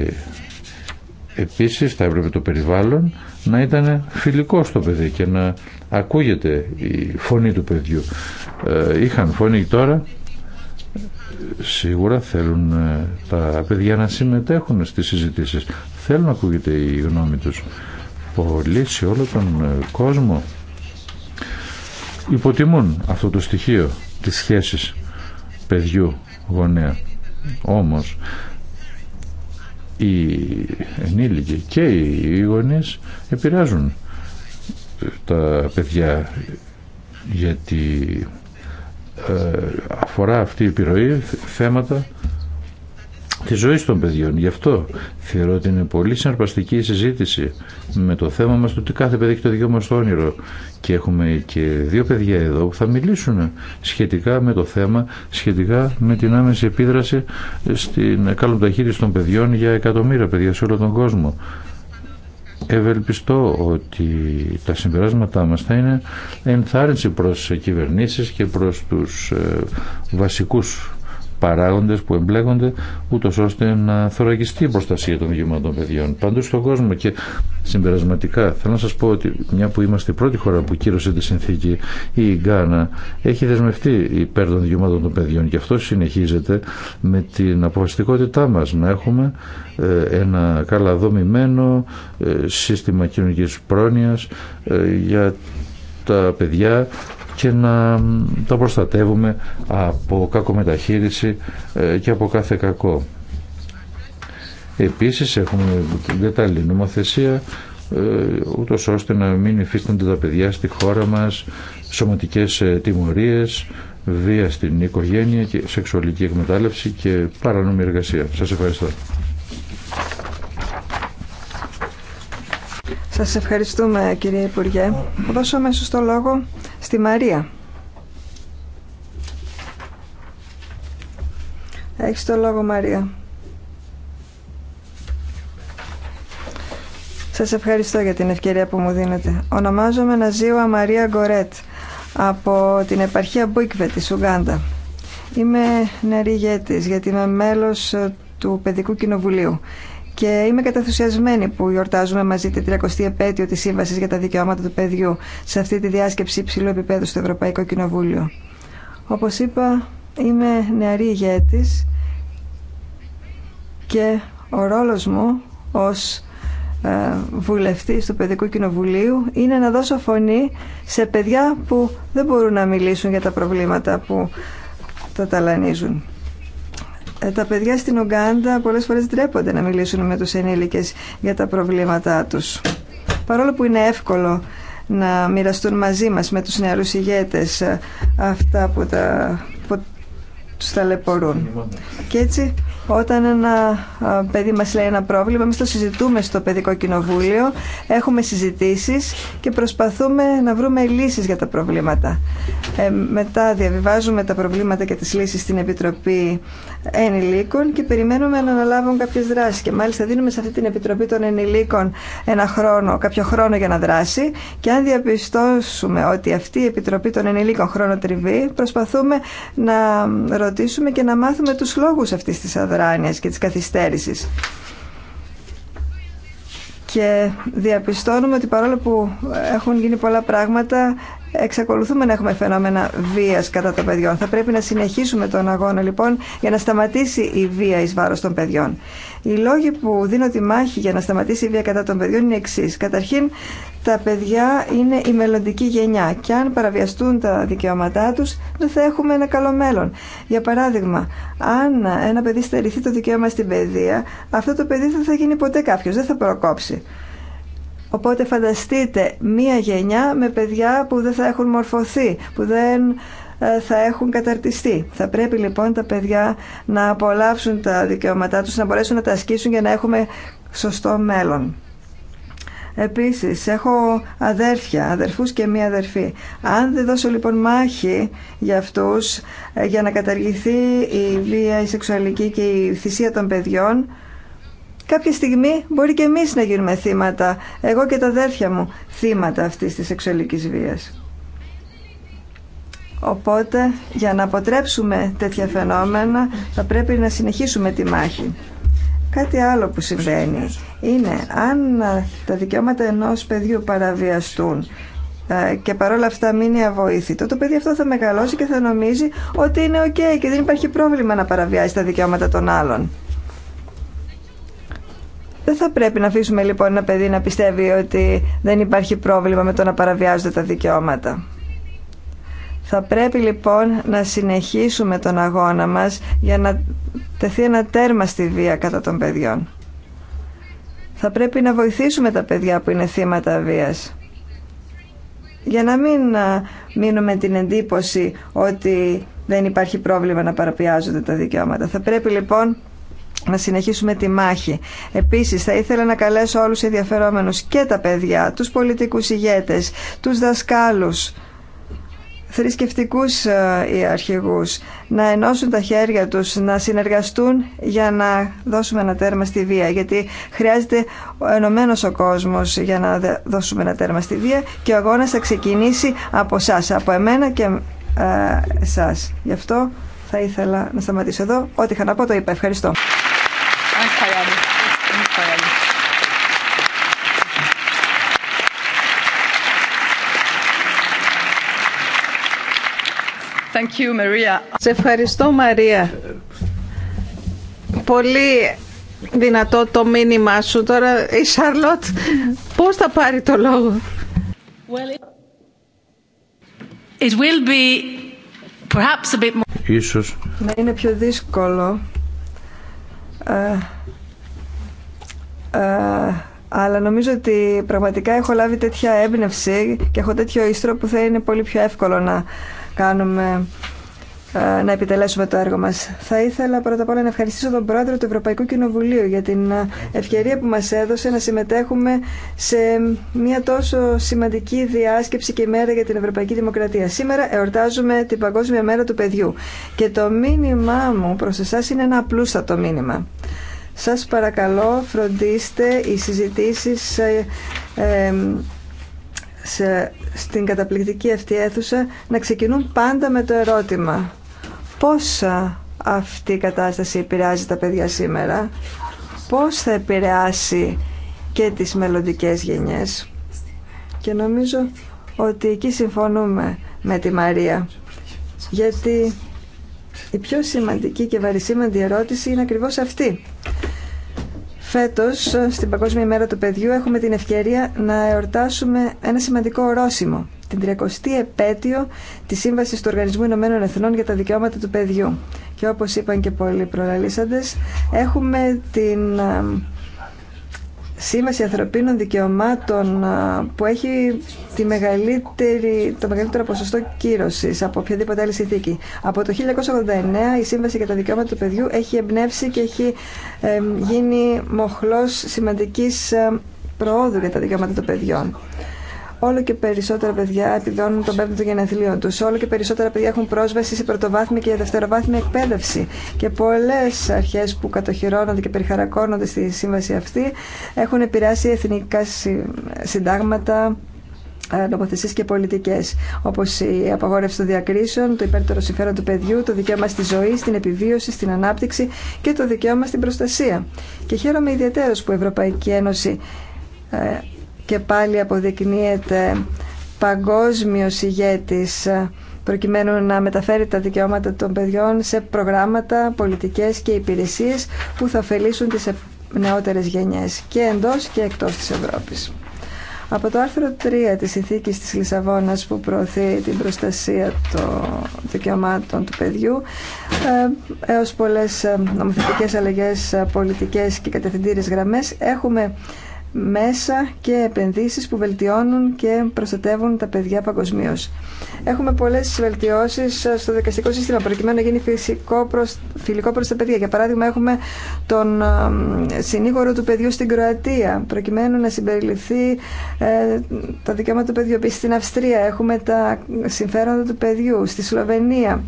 B: επίσης θα έπρεπε το περιβάλλον να ήταν φιλικό στο παιδί και να ακούγεται η φωνή του παιδιού. Ε, είχαν φωνή τώρα, σίγουρα θέλουν ε, τα παιδιά να συμμετέχουν στις συζητήσεις. Θέλουν να ακούγεται η γνώμη τους. πολύ σε όλο τον ε, κόσμο υποτιμούν αυτό το στοιχείο της σχέσης παιδιού γονέα. Όμως οι ενήλικοι και οι γονείς επηρεάζουν ε, τα παιδιά γιατί ε, αφορά αυτή η επιρροή θέματα τη ζωή των παιδιών. Γι' αυτό θεωρώ ότι είναι πολύ συναρπαστική η συζήτηση με το θέμα μα του ότι κάθε παιδί έχει το δικό το όνειρο. Και έχουμε και δύο παιδιά εδώ που θα μιλήσουν σχετικά με το θέμα, σχετικά με την άμεση επίδραση στην καλοπταχείριση των παιδιών για εκατομμύρια παιδιά σε όλο τον κόσμο. Ευελπιστώ ότι τα συμπεράσματά μας θα είναι ενθάρρυνση προς κυβερνήσεις και προς τους ε, βασικούς παράγοντες που εμπλέκονται ούτω ώστε να θωρακιστεί η προστασία των δικαιωμάτων των παιδιών παντού στον κόσμο και συμπερασματικά θέλω να σα πω ότι μια που είμαστε η πρώτη χώρα που κύρωσε τη συνθήκη η Γκάνα έχει δεσμευτεί υπέρ των δικαιωμάτων των παιδιών και αυτό συνεχίζεται με την αποφασιστικότητά μα να έχουμε ε, ένα καλά δομημένο ε, σύστημα κοινωνική πρόνοια ε, τα παιδιά και να τα προστατεύουμε από κακομεταχείριση ε, και από κάθε κακό. Επίσης έχουμε κατάλληλη νομοθεσία ε, ούτως ώστε να μην υφίστανται τα παιδιά στη χώρα μας σωματικές ε, τιμωρίες, βία στην οικογένεια και σεξουαλική εκμετάλλευση και παρανομή εργασία. Σας ευχαριστώ.
D: Σας ευχαριστούμε κύριε Υπουργέ. Θα δώσω αμέσως το λόγο στη Μαρία. Έχεις το λόγο Μαρία. Σας ευχαριστώ για την ευκαιρία που μου δίνετε. Ονομάζομαι Ναζίουα Μαρία Γκορέτ από την επαρχία Μπουίκβε της Ουγγάντα. Είμαι νεαρή γιατί είμαι μέλος του Παιδικού Κοινοβουλίου και είμαι καταθουσιασμένη που γιορτάζουμε μαζί την 30η επέτειο της Σύμβασης για τα Δικαιώματα του Παιδιού σε αυτή τη διάσκεψη υψηλού επίπεδου στο Ευρωπαϊκό Κοινοβούλιο. Όπως είπα, είμαι νεαρή ηγέτης και ο ρόλος μου ως ε, βουλευτής του Παιδικού Κοινοβουλίου είναι να δώσω φωνή σε παιδιά που δεν μπορούν να μιλήσουν για τα προβλήματα που τα ταλανίζουν. Ε, τα παιδιά στην Ουγγάντα πολλές φορές ντρέπονται να μιλήσουν με τους ενήλικες για τα προβλήματά τους. Παρόλο που είναι εύκολο να μοιραστούν μαζί μας με τους νεαρούς ηγέτες ε, αυτά που, τα, που τους ταλαιπωρούν. Και έτσι όταν ένα ε, παιδί μας λέει ένα πρόβλημα, εμείς το συζητούμε στο παιδικό κοινοβούλιο, έχουμε συζητήσεις και προσπαθούμε να βρούμε λύσεις για τα προβλήματα. Ε, μετά διαβιβάζουμε τα προβλήματα και τις λύσεις στην Επιτροπή ενηλίκων και περιμένουμε να αναλάβουν κάποιες δράσεις. Και μάλιστα δίνουμε σε αυτή την Επιτροπή των Ενηλίκων ένα χρόνο, κάποιο χρόνο για να δράσει και αν διαπιστώσουμε ότι αυτή η Επιτροπή των Ενηλίκων χρόνο τριβεί, προσπαθούμε να ρωτήσουμε και να μάθουμε τους λόγους αυτής της αδράνειας και της καθυστέρησης και διαπιστώνουμε ότι παρόλο που έχουν γίνει πολλά πράγματα εξακολουθούμε να έχουμε φαινόμενα βίας κατά των παιδιών. Θα πρέπει να συνεχίσουμε τον αγώνα λοιπόν για να σταματήσει η βία εις βάρος των παιδιών. Οι λόγοι που δίνω τη μάχη για να σταματήσει η βία κατά των παιδιών είναι εξή. Καταρχήν, τα παιδιά είναι η μελλοντική γενιά και αν παραβιαστούν τα δικαιώματά τους δεν θα έχουμε ένα καλό μέλλον. Για παράδειγμα, αν ένα παιδί στερηθεί το δικαίωμα στην παιδεία, αυτό το παιδί δεν θα γίνει ποτέ κάποιος, δεν θα προκόψει. Οπότε φανταστείτε μία γενιά με παιδιά που δεν θα έχουν μορφωθεί, που δεν ε, θα έχουν καταρτιστεί. Θα πρέπει λοιπόν τα παιδιά να απολαύσουν τα δικαιώματά τους, να μπορέσουν να τα ασκήσουν για να έχουμε σωστό μέλλον. Επίσης, έχω αδέρφια, αδερφούς και μία αδερφή. Αν δεν δώσω λοιπόν μάχη για αυτούς, ε, για να καταργηθεί η βία, η σεξουαλική και η θυσία των παιδιών, κάποια στιγμή μπορεί και εμείς να γίνουμε θύματα, εγώ και τα αδέρφια μου, θύματα αυτής της σεξουαλικής βίας. Οπότε, για να αποτρέψουμε τέτοια φαινόμενα, θα πρέπει να συνεχίσουμε τη μάχη. Κάτι άλλο που συμβαίνει είναι αν τα δικαιώματα ενός παιδιού παραβιαστούν ε, και παρόλα αυτά μείνει αβοήθητο, το παιδί αυτό θα μεγαλώσει και θα νομίζει ότι είναι ok και δεν υπάρχει πρόβλημα να παραβιάσει τα δικαιώματα των άλλων. Δεν θα πρέπει να αφήσουμε λοιπόν ένα παιδί να πιστεύει ότι δεν υπάρχει πρόβλημα με το να παραβιάζονται τα δικαιώματα. Θα πρέπει λοιπόν να συνεχίσουμε τον αγώνα μας για να τεθεί ένα τέρμα στη βία κατά των παιδιών. Θα πρέπει να βοηθήσουμε τα παιδιά που είναι θύματα βίας για να μην μείνουμε την εντύπωση ότι δεν υπάρχει πρόβλημα να παραπιάζονται τα δικαιώματα. Θα πρέπει λοιπόν να συνεχίσουμε τη μάχη. Επίσης θα ήθελα να καλέσω όλους οι ενδιαφερόμενους και τα παιδιά, τους πολιτικούς ηγέτες, τους δασκάλους, θρησκευτικούς ε, οι αρχηγούς να ενώσουν τα χέρια τους, να συνεργαστούν για να δώσουμε ένα τέρμα στη βία γιατί χρειάζεται ο ενωμένο ο κόσμος για να δώσουμε ένα τέρμα στη βία και ο αγώνας θα ξεκινήσει από εσά, από εμένα και ε, εσάς. Γι' αυτό θα ήθελα να σταματήσω εδώ. Ό,τι είχα να πω το είπα. Ευχαριστώ.
A: Σε ευχαριστώ Μαρία. Πολύ δυνατό το μήνυμά σου τώρα. Η Σαρλότ πώς θα πάρει το λόγο.
E: Well, it will be perhaps a bit more... Ίσως. Να είναι πιο
D: δύσκολο. Ε, ε, αλλά νομίζω ότι πραγματικά έχω λάβει τέτοια έμπνευση και έχω τέτοιο ίστρο που θα είναι πολύ πιο εύκολο να κάνουμε ε, να επιτελέσουμε το έργο μας. Θα ήθελα πρώτα απ' όλα να ευχαριστήσω τον Πρόεδρο του Ευρωπαϊκού Κοινοβουλίου για την ε, ευκαιρία που μας έδωσε να συμμετέχουμε σε μια τόσο σημαντική διάσκεψη και μέρα για την Ευρωπαϊκή Δημοκρατία. Σήμερα εορτάζουμε την Παγκόσμια Μέρα του Παιδιού και το μήνυμά μου προς εσάς είναι ένα απλούστατο μήνυμα. Σας παρακαλώ φροντίστε οι συζητήσεις ε, σε, στην καταπληκτική αυτή αίθουσα να ξεκινούν πάντα με το ερώτημα πώς αυτή η κατάσταση επηρεάζει τα παιδιά σήμερα, πώς θα επηρεάσει και τις μελλοντικέ γενιές. Και νομίζω ότι εκεί συμφωνούμε με τη Μαρία, γιατί η πιο σημαντική και βαρισίμαντη ερώτηση είναι ακριβώς αυτή. Φέτος, στην Παγκόσμια ημέρα του παιδιού, έχουμε την ευκαιρία να εορτάσουμε ένα σημαντικό ορόσημο, την 30η επέτειο της Σύμβασης του Οργανισμού Ηνωμένων Εθνών για τα Δικαιώματα του Παιδιού. Και όπως είπαν και πολλοί προλαλήσαντες, έχουμε την Σύμβαση Ανθρωπίνων Δικαιωμάτων που έχει τη μεγαλύτερη, το μεγαλύτερο ποσοστό κύρωσης από οποιαδήποτε άλλη συνθήκη. Από το 1989 η Σύμβαση για τα Δικαιώματα του Παιδιού έχει εμπνεύσει και έχει γίνει μοχλός σημαντικής προόδου για τα δικαιώματα των παιδιών. Όλο και περισσότερα παιδιά επιδώνουν τον πέμπτο γενεθλίο του. Όλο και περισσότερα παιδιά έχουν πρόσβαση σε πρωτοβάθμια και δευτεροβάθμια εκπαίδευση. Και πολλέ αρχέ που κατοχυρώνονται και περιχαρακώνονται στη σύμβαση αυτή έχουν επηρεάσει εθνικά συντάγματα, ε, νομοθεσίε και πολιτικέ. Όπω η απαγόρευση των διακρίσεων, το υπέρτερο συμφέρον του παιδιού, το δικαίωμα στη ζωή, στην επιβίωση, στην ανάπτυξη και το δικαίωμα στην προστασία. Και χαίρομαι ιδιαίτερω που η Ευρωπαϊκή Ένωση ε, και πάλι αποδεικνύεται παγκόσμιος ηγέτης ε, προκειμένου να μεταφέρει τα δικαιώματα των παιδιών σε προγράμματα, πολιτικές και υπηρεσίες που θα ωφελήσουν τις νεότερες γενιές και εντός και εκτός της Ευρώπης. Από το άρθρο 3 της Συνθήκης της Λισαβόνας που προωθεί την προστασία των δικαιωμάτων του παιδιού ε, έως πολλές ε, νομοθετικές αλλαγές, πολιτικές και κατευθυντήρες γραμμές έχουμε μέσα και επενδύσεις που βελτιώνουν και προστατεύουν τα παιδιά παγκοσμίω. Έχουμε πολλές βελτιώσεις στο δικαστικό σύστημα προκειμένου να γίνει φυσικό προς, φιλικό προς τα παιδιά. Για παράδειγμα έχουμε τον συνήγορο του παιδιού στην Κροατία προκειμένου να συμπεριληφθεί ε, τα δικαιώματα του παιδιού. Επίσης στην Αυστρία έχουμε τα συμφέροντα του παιδιού, στη Σλοβενία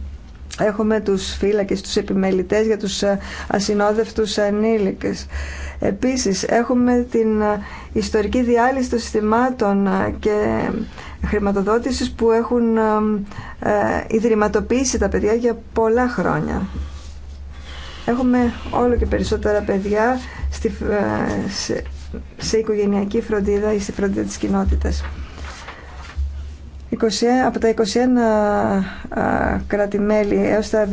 D: Έχουμε τους φύλακες, τους επιμελητές για τους ε, ασυνόδευτους ανήλικες. Επίσης, έχουμε την ε, ιστορική διάλυση των συστημάτων ε, και χρηματοδότησης που έχουν ιδρυματοποιήσει τα παιδιά για πολλά χρόνια. Έχουμε όλο και περισσότερα παιδιά στη, σε, σε οικογενειακή φροντίδα ή στη φροντίδα της κοινότητας. 20 από τα 21 κράτη-μέλη έως τα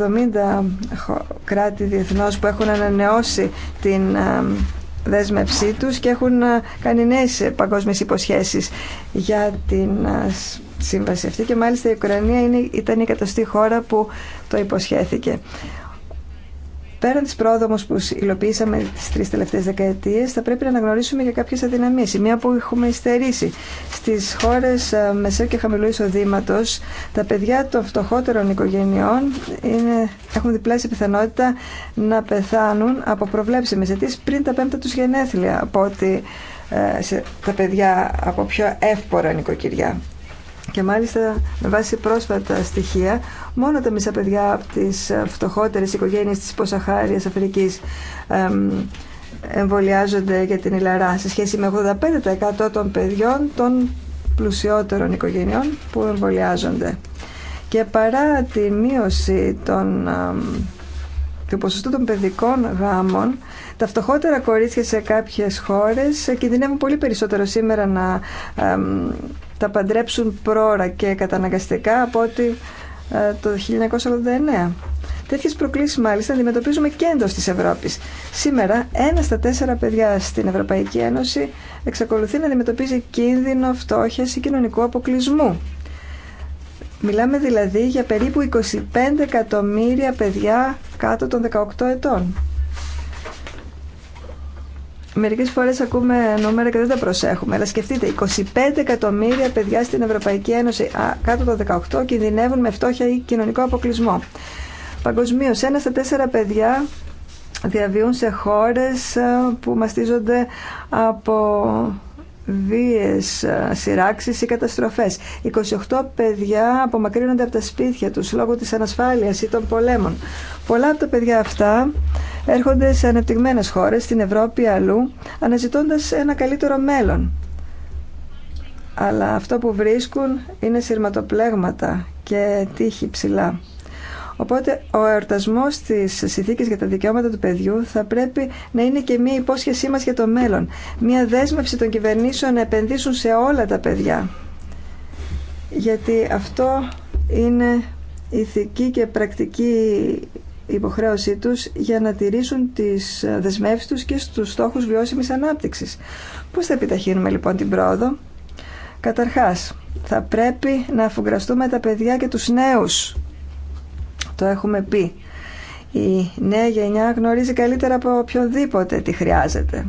D: 70 κράτη διεθνώς που έχουν ανανεώσει την δέσμευσή τους και έχουν κάνει νέες παγκόσμιες υποσχέσεις για την σύμβαση αυτή και μάλιστα η Ουκρανία ήταν η εκατοστή χώρα που το υποσχέθηκε. Πέραν τη πρόοδο που υλοποιήσαμε τι τρει τελευταίε δεκαετίε, θα πρέπει να αναγνωρίσουμε και κάποιε αδυναμίε. Η μία που έχουμε υστερήσει. Στι χώρε ε, μεσαίου και χαμηλού εισοδήματο, τα παιδιά των φτωχότερων οικογενειών είναι, έχουν διπλάσια πιθανότητα να πεθάνουν από προβλέψιμε αιτίε πριν τα πέμπτα του γενέθλια από ότι ε, σε, τα παιδιά από πιο εύπορα νοικοκυριά. Και μάλιστα με βάση πρόσφατα στοιχεία, μόνο τα μισά παιδιά από τις φτωχότερες οικογένειες της Ποσαχάριας Αφρικής εμβολιάζονται για την ηλαρά σε σχέση με 85% των παιδιών των πλουσιότερων οικογενειών που εμβολιάζονται. Και παρά τη μείωση των, του ποσοστού των παιδικών γάμων, τα φτωχότερα κορίτσια σε κάποιες χώρες κινδυνεύουν πολύ περισσότερο σήμερα να τα παντρέψουν πρόωρα και καταναγκαστικά από ότι ε, το 1989. Τέτοιες προκλήσεις μάλιστα αντιμετωπίζουμε και εντός της Ευρώπης. Σήμερα ένα στα τέσσερα παιδιά στην Ευρωπαϊκή Ένωση εξακολουθεί να αντιμετωπίζει κίνδυνο φτώχειας ή κοινωνικού αποκλεισμού. Μιλάμε δηλαδή για περίπου 25 εκατομμύρια παιδιά κάτω των 18 ετών. Μερικέ φορές ακούμε νούμερα και δεν τα προσέχουμε, αλλά σκεφτείτε, 25 εκατομμύρια παιδιά στην Ευρωπαϊκή Ένωση κάτω το 18 κινδυνεύουν με φτώχεια ή κοινωνικό αποκλεισμό. Παγκοσμίω, ένα στα τέσσερα παιδιά διαβιούν σε χώρες ε, που μαστίζονται από βίες ε, σειράξεις ή καταστροφές. 28 παιδιά απομακρύνονται από τα σπίτια τους λόγω της ανασφάλειας ή των πολέμων. Πολλά από τα παιδιά αυτά έρχονται σε ανεπτυγμένες χώρες, στην Ευρώπη αλλού, αναζητώντας ένα καλύτερο μέλλον. Αλλά αυτό που βρίσκουν είναι σειρματοπλέγματα και τείχη ψηλά. Οπότε ο εορτασμό τη συνθήκη για τα δικαιώματα του παιδιού θα πρέπει να είναι και μια υπόσχεσή μα για το μέλλον. Μια δέσμευση των κυβερνήσεων να επενδύσουν σε όλα τα παιδιά. Γιατί αυτό είναι ηθική και πρακτική υποχρέωσή τους για να τηρήσουν τις δεσμεύσεις τους και στους στόχους βιώσιμης ανάπτυξης. Πώς θα επιταχύνουμε λοιπόν την πρόοδο. Καταρχάς, θα πρέπει να αφουγκραστούμε τα παιδιά και τους νέους το έχουμε πει. Η νέα γενιά γνωρίζει καλύτερα από οποιονδήποτε τι χρειάζεται.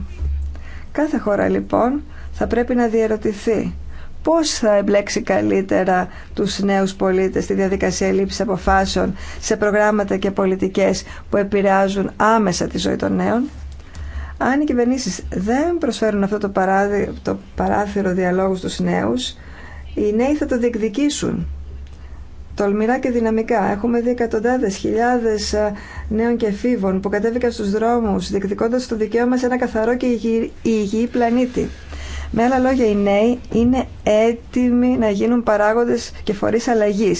D: Κάθε χώρα λοιπόν θα πρέπει να διερωτηθεί πώς θα εμπλέξει καλύτερα τους νέους πολίτες στη διαδικασία λήψης αποφάσεων σε προγράμματα και πολιτικές που επηρεάζουν άμεσα τη ζωή των νέων. Αν οι κυβερνήσεις δεν προσφέρουν αυτό το, το παράθυρο διαλόγου στους νέους, οι νέοι θα το διεκδικήσουν τολμηρά και δυναμικά. Έχουμε δει εκατοντάδε χιλιάδε ε, νέων και εφήβων που κατέβηκαν στου δρόμου, διεκδικώντα το δικαίωμα σε ένα καθαρό και υγιή πλανήτη. Με άλλα λόγια, οι νέοι είναι έτοιμοι να γίνουν παράγοντε και φορεί αλλαγή.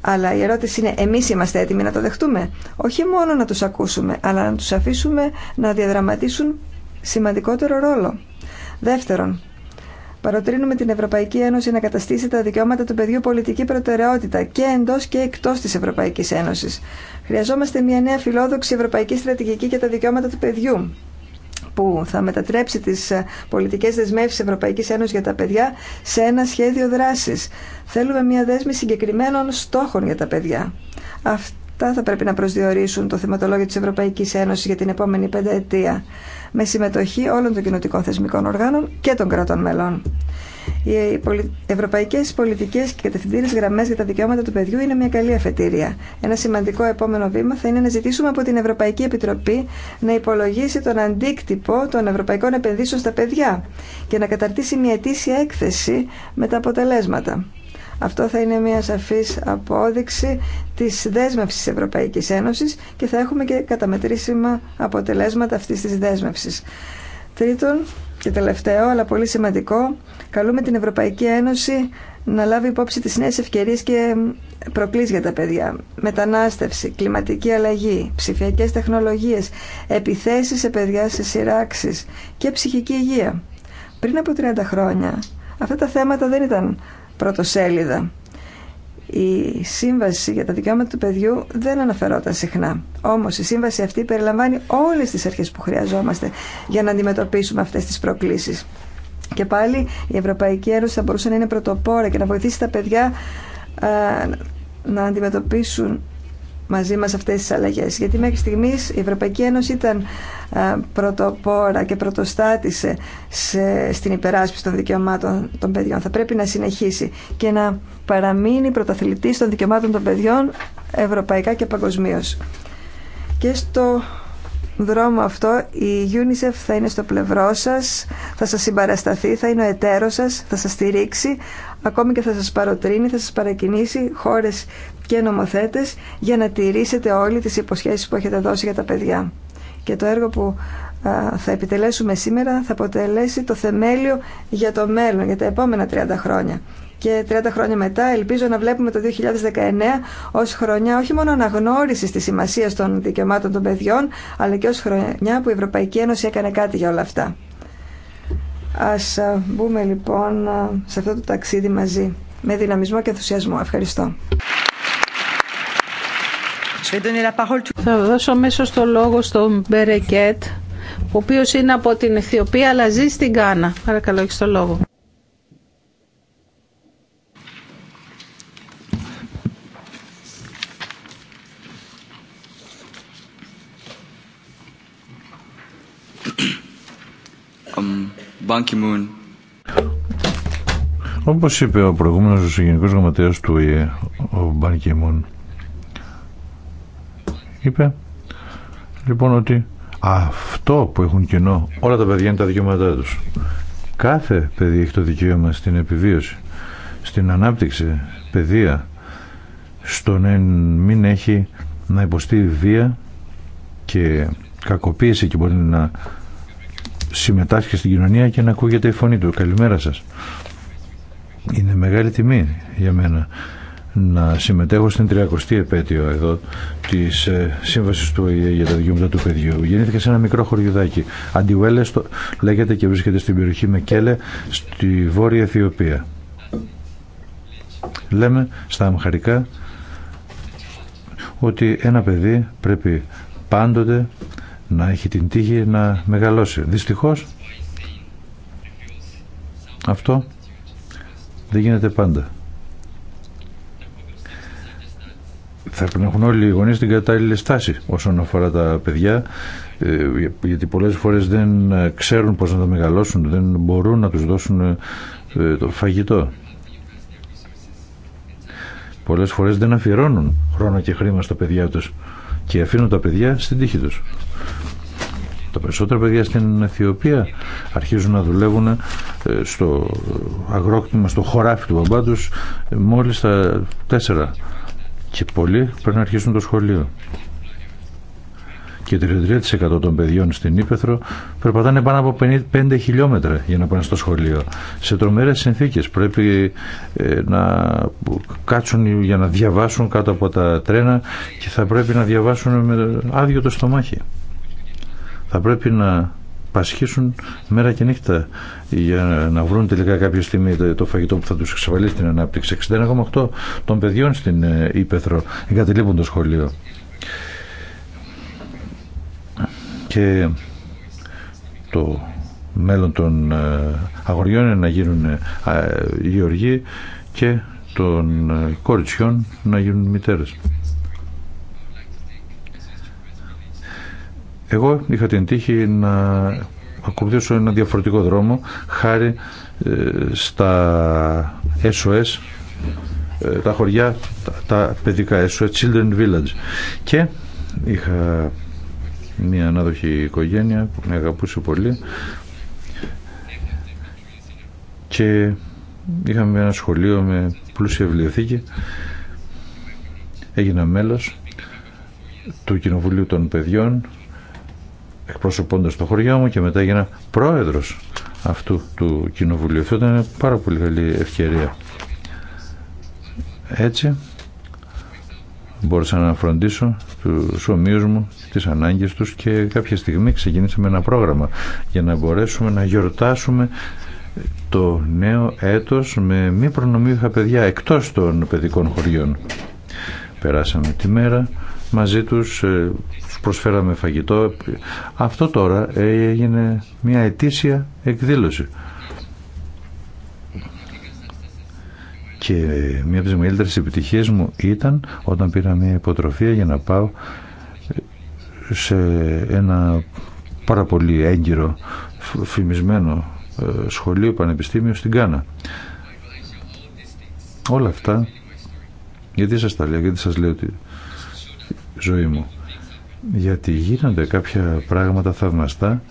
D: Αλλά η ερώτηση είναι, εμείς είμαστε έτοιμοι να το δεχτούμε. Όχι μόνο να τους ακούσουμε, αλλά να τους αφήσουμε να διαδραματίσουν σημαντικότερο ρόλο. Δεύτερον, Παροτρύνουμε την Ευρωπαϊκή Ένωση να καταστήσει τα δικαιώματα του παιδιού πολιτική προτεραιότητα και εντό και εκτό τη Ευρωπαϊκή Ένωση. Χρειαζόμαστε μια νέα φιλόδοξη ευρωπαϊκή στρατηγική για τα δικαιώματα του παιδιού που θα μετατρέψει τις ε, πολιτικές δεσμεύσεις Ευρωπαϊκής Ένωσης για τα παιδιά σε ένα σχέδιο δράσης. Θέλουμε μια δέσμη συγκεκριμένων στόχων για τα παιδιά. Αυτά θα πρέπει να προσδιορίσουν το θεματολόγιο της Ευρωπαϊκής Ένωσης για την επόμενη πενταετία με συμμετοχή όλων των κοινοτικών θεσμικών οργάνων και των κρατών μελών. Οι ευρωπαϊκέ πολιτικέ και κατευθυντήρε γραμμέ για τα δικαιώματα του παιδιού είναι μια καλή αφετηρία. Ένα σημαντικό επόμενο βήμα θα είναι να ζητήσουμε από την Ευρωπαϊκή Επιτροπή να υπολογίσει τον αντίκτυπο των ευρωπαϊκών επενδύσεων στα παιδιά και να καταρτήσει μια ετήσια έκθεση με τα αποτελέσματα. Αυτό θα είναι μια σαφής απόδειξη της δέσμευσης της Ευρωπαϊκής Ένωσης και θα έχουμε και καταμετρήσιμα αποτελέσματα αυτής της δέσμευσης. Τρίτον και τελευταίο, αλλά πολύ σημαντικό, καλούμε την Ευρωπαϊκή Ένωση να λάβει υπόψη τις νέες ευκαιρίες και προκλήσεις για τα παιδιά. Μετανάστευση, κλιματική αλλαγή, ψηφιακές τεχνολογίες, επιθέσεις σε παιδιά σε σειράξεις και ψυχική υγεία. Πριν από 30 χρόνια αυτά τα θέματα δεν ήταν πρωτοσέλιδα. Η σύμβαση για τα δικαιώματα του παιδιού δεν αναφερόταν συχνά. Όμω η σύμβαση αυτή περιλαμβάνει όλε τι αρχέ που χρειαζόμαστε για να αντιμετωπίσουμε αυτέ τι προκλήσει. Και πάλι η Ευρωπαϊκή Ένωση θα μπορούσε να είναι πρωτοπόρα και να βοηθήσει τα παιδιά ε, να αντιμετωπίσουν μαζί μας αυτές τις αλλαγές. Γιατί μέχρι στιγμής η Ευρωπαϊκή Ένωση ήταν ε, πρωτοπόρα και πρωτοστάτησε σε, στην υπεράσπιση των δικαιωμάτων των παιδιών. Θα πρέπει να συνεχίσει και να παραμείνει πρωταθλητής των δικαιωμάτων των παιδιών ευρωπαϊκά και παγκοσμίω. Και στο δρόμο αυτό η UNICEF θα είναι στο πλευρό σας, θα σας συμπαρασταθεί, θα είναι ο εταίρος σας, θα σας στηρίξει, ακόμη και θα σας παροτρύνει, θα σας παρακινήσει χώρες και νομοθέτες για να τηρήσετε όλοι τις υποσχέσεις που έχετε δώσει για τα παιδιά. Και το έργο που θα επιτελέσουμε σήμερα θα αποτελέσει το θεμέλιο για το μέλλον, για τα επόμενα 30 χρόνια. Και 30 χρόνια μετά ελπίζω να βλέπουμε το 2019 ως χρονιά όχι μόνο αναγνώρισης της σημασίας των δικαιωμάτων των παιδιών, αλλά και ως χρονιά που η Ευρωπαϊκή Ένωση έκανε κάτι για όλα αυτά. Ας μπούμε λοιπόν σε αυτό το ταξίδι μαζί με δυναμισμό και ενθουσιασμό. Ευχαριστώ. Θα δώσω μέσω στο
A: λόγο στον Μπερεκέτ, ο οποίος είναι από την Αιθιοπία αλλά ζει στην Κάνα. Παρακαλώ, έχεις το λόγο.
C: Όπω
B: Όπως είπε ο προηγούμενος γενικός γραμματέας του ΙΕ, ο Μπάνκι μούν είπε λοιπόν ότι αυτό που έχουν κοινό όλα τα παιδιά είναι τα δικαιώματά τους. Κάθε παιδί έχει το δικαίωμα στην επιβίωση, στην ανάπτυξη, παιδεία, στο να μην έχει να υποστεί βία και κακοποίηση και μπορεί να συμμετάσχει στην κοινωνία και να ακούγεται η φωνή του. Καλημέρα σας. Είναι μεγάλη τιμή για μένα να συμμετέχω στην 30η επέτειο εδώ τη ε, σύμβαση του ΟΗΕ για τα δικαιώματα του παιδιού. γεννήθηκα σε ένα μικρό χωριουδάκι. Αντιουέλε λέγεται και βρίσκεται στην περιοχή Μεκέλε στη Βόρεια Αιθιοπία. Λέμε στα αμχαρικά ότι ένα παιδί πρέπει πάντοτε να έχει την τύχη να μεγαλώσει. Δυστυχώς αυτό δεν γίνεται πάντα. θα πρέπει να έχουν όλοι οι γονείς την κατάλληλη στάση όσον αφορά τα παιδιά ε, γιατί πολλές φορές δεν ξέρουν πώς να τα μεγαλώσουν, δεν μπορούν να τους δώσουν ε, το φαγητό. Πολλές φορές δεν αφιερώνουν χρόνο και χρήμα στα παιδιά τους και αφήνουν τα παιδιά στην τύχη τους. Τα περισσότερα παιδιά στην Αιθιοπία αρχίζουν να δουλεύουν ε, στο αγρόκτημα, στο χωράφι του μπαμπά τους μόλις τα τέσσερα και πολλοί πρέπει να αρχίσουν το σχολείο. Και 33% των παιδιών στην Ήπεθρο περπατάνε πάνω από 5 χιλιόμετρα για να πάνε στο σχολείο. Σε τρομερές συνθήκες πρέπει ε, να κάτσουν για να διαβάσουν κάτω από τα τρένα και θα πρέπει να διαβάσουν με άδειο το στομάχι. Θα πρέπει να πασχίσουν μέρα και νύχτα για να βρουν τελικά κάποια στιγμή το φαγητό που θα τους εξασφαλίσει την ανάπτυξη. 61,8 των παιδιών στην ε, Ήπεθρο εγκατελείπουν το σχολείο. Και το μέλλον των ε, αγοριών είναι να γίνουν ε, γεωργοί και των κοριτσιών να γίνουν μητέρες. Εγώ είχα την τύχη να ακολουθήσω ένα διαφορετικό δρόμο χάρη ε, στα SOS, ε, τα χωριά, τα παιδικά SOS, Children Village. Και είχα μια ανάδοχη οικογένεια που με αγαπούσε πολύ και είχαμε ένα σχολείο με πλούσια βιβλιοθήκη έγινα μέλος του Κοινοβουλίου των Παιδιών εκπροσωπώντα το χωριό μου και μετά έγινα πρόεδρο αυτού του κοινοβουλίου. Αυτό ήταν πάρα πολύ καλή ευκαιρία. Έτσι μπόρεσα να φροντίσω του ομοίου μου, τι ανάγκε τους και κάποια στιγμή ξεκινήσαμε ένα πρόγραμμα για να μπορέσουμε να γιορτάσουμε το νέο έτος με μη προνομίουχα παιδιά εκτός των παιδικών χωριών. Περάσαμε τη μέρα μαζί ε, τους, προσφέραμε φαγητό. Αυτό τώρα έγινε μια ετήσια εκδήλωση. Και μία από τις μεγαλύτερες επιτυχίες μου ήταν όταν πήρα μια υποτροφία για να πάω ε, σε ένα πάρα πολύ έγκυρο φημισμένο ε, σχολείο πανεπιστήμιο στην Κάνα. Όλα αυτά γιατί σας τα λέω, γιατί σας λέω ότι ζωή μου. Γιατί γίνονται κάποια πράγματα θαυμαστά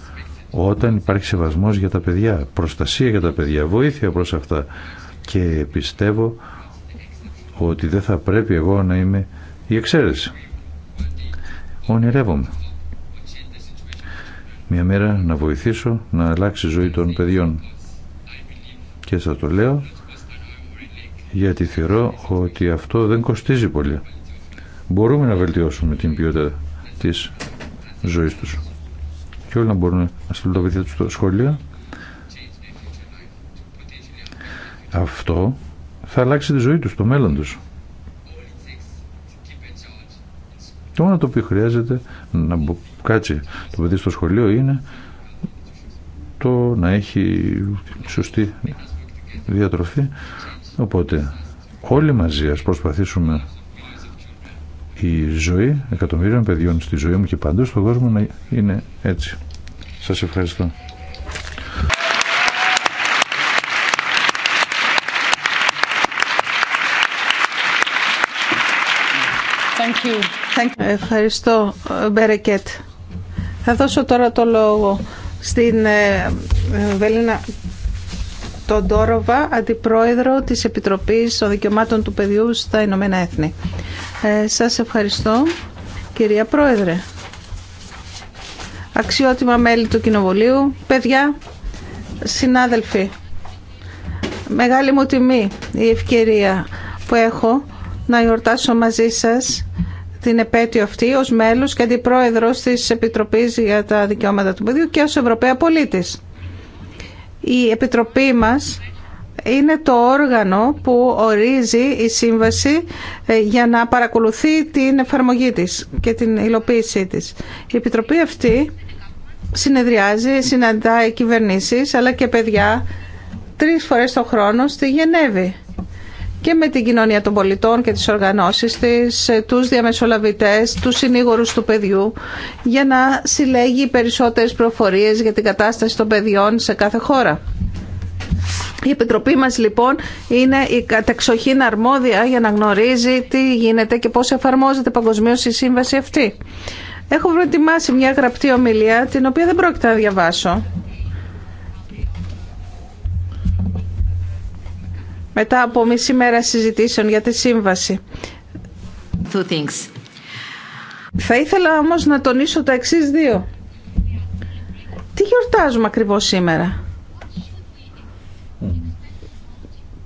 B: όταν υπάρχει σεβασμός για τα παιδιά, προστασία για τα παιδιά, βοήθεια προς αυτά. Και πιστεύω ότι δεν θα πρέπει εγώ να είμαι η εξαίρεση. Ονειρεύομαι. Μια μέρα να βοηθήσω να αλλάξει η ζωή των παιδιών. Και θα το λέω γιατί θεωρώ ότι αυτό δεν κοστίζει πολύ μπορούμε να βελτιώσουμε την ποιότητα της ζωής τους και όλοι να μπορούν να στείλουν τα παιδιά τους στο σχολείο αυτό θα αλλάξει τη ζωή τους, το μέλλον τους το μόνο το οποίο χρειάζεται να κάτσει το παιδί στο σχολείο είναι το να έχει σωστή διατροφή οπότε όλοι μαζί ας προσπαθήσουμε η ζωή εκατομμύριων παιδιών στη ζωή μου και παντού στον κόσμο να είναι έτσι. Σας ευχαριστώ.
A: Ευχαριστώ, Μπερεκέτ. Θα δώσω τώρα το λόγο στην ε, ε, Βελίνα τον αντιπρόεδρο της Επιτροπής των Δικαιωμάτων του Παιδιού στα Ηνωμένα Έθνη. Ε, σας ευχαριστώ, κυρία Πρόεδρε. Αξιότιμα μέλη του Κοινοβουλίου, παιδιά, συνάδελφοι, μεγάλη μου τιμή η ευκαιρία που έχω να γιορτάσω μαζί σας την επέτειο αυτή ως μέλος και αντιπρόεδρος της Επιτροπής για τα Δικαιώματα του Παιδιού και ως Ευρωπαία Πολίτης. Η Επιτροπή μας είναι το όργανο που ορίζει η σύμβαση ε, για να παρακολουθεί την εφαρμογή της και την υλοποίησή της. Η Επιτροπή αυτή συνεδριάζει, συναντάει κυβερνήσεις αλλά και παιδιά τρεις φορές το χρόνο στη Γενέβη και με την κοινωνία των πολιτών και τις οργανώσεις της, ε, τους διαμεσολαβητές, τους συνήγορους του παιδιού, για να συλλέγει περισσότερες προφορίες για την κατάσταση των παιδιών σε κάθε χώρα. Η Επιτροπή μας λοιπόν είναι η κατεξοχήν αρμόδια για να γνωρίζει τι γίνεται και πώς εφαρμόζεται παγκοσμίω η σύμβαση αυτή. Έχω προετοιμάσει μια γραπτή ομιλία την οποία δεν πρόκειται να διαβάσω μετά από μισή μέρα συζητήσεων για τη σύμβαση. Θα ήθελα όμως να τονίσω τα εξή δύο. Τι γιορτάζουμε ακριβώς σήμερα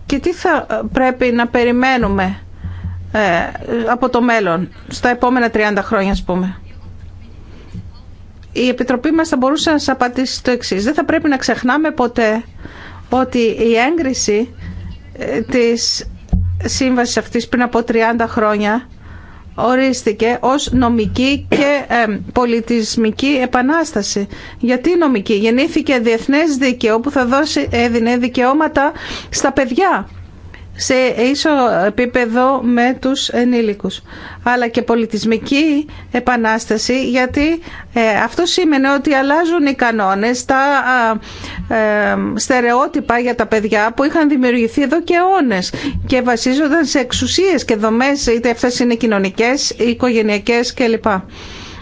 A: και τι θα ε, πρέπει να περιμένουμε ε, από το μέλλον, στα επόμενα 30 χρόνια ας πούμε. Η Επιτροπή μας θα μπορούσε να σας απαντήσει το εξής. Δεν θα πρέπει να ξεχνάμε ποτέ ότι η έγκριση της σύμβασης αυτής πριν από 30 χρόνια ορίστηκε ως νομική και ε, πολιτισμική επανάσταση. Γιατί νομική. Γεννήθηκε διεθνές δίκαιο που θα δώσει, έδινε δικαιώματα στα παιδιά σε ίσο επίπεδο με τους ενήλικους. Αλλά και πολιτισμική επανάσταση γιατί ε, αυτό σήμαινε ότι αλλάζουν οι κανόνες, τα ε, στερεότυπα για τα παιδιά που είχαν δημιουργηθεί εδώ και αιώνες και βασίζονταν σε εξουσίες και δομές, είτε αυτές είναι κοινωνικές, οικογενειακές κλπ.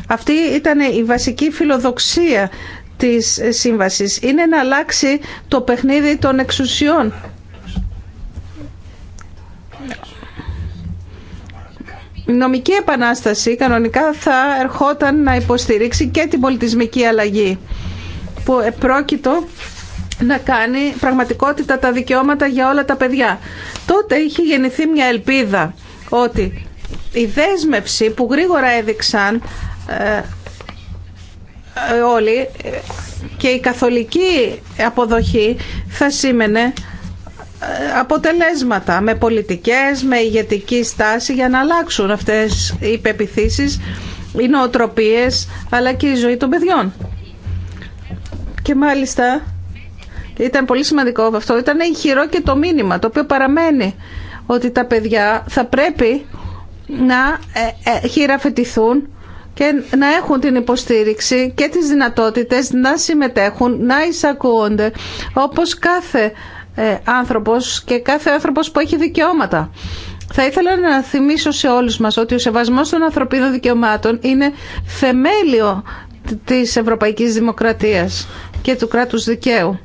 A: Αυτή ήταν η βασική φιλοδοξία της σύμβασης. Είναι να αλλάξει το παιχνίδι των εξουσιών νομική επανάσταση κανονικά θα ερχόταν να υποστηρίξει και την πολιτισμική αλλαγή που επρόκειτο να κάνει πραγματικότητα τα δικαιώματα για όλα τα παιδιά. Τότε είχε γεννηθεί μια ελπίδα ότι η δέσμευση που γρήγορα έδειξαν ε, ε, όλοι ε, και η καθολική αποδοχή θα σήμαινε αποτελέσματα, με πολιτικές, με ηγετική στάση για να αλλάξουν αυτές οι πεπιθήσεις, οι νοοτροπίες αλλά και η ζωή των παιδιών. Και μάλιστα ήταν πολύ σημαντικό αυτό, ήταν χειρό και το μήνυμα το οποίο παραμένει ότι τα παιδιά θα πρέπει να ε, ε, χειραφετηθούν και να έχουν την υποστήριξη και τις δυνατότητες να συμμετέχουν, να εισακούονται όπως κάθε ε, άνθρωπος και κάθε άνθρωπος που έχει δικαιώματα. Θα ήθελα να θυμίσω σε όλους μας ότι ο σεβασμός των ανθρωπίνων δικαιωμάτων είναι θεμέλιο της ευρωπαϊκής δημοκρατίας και του κράτους δικαίου.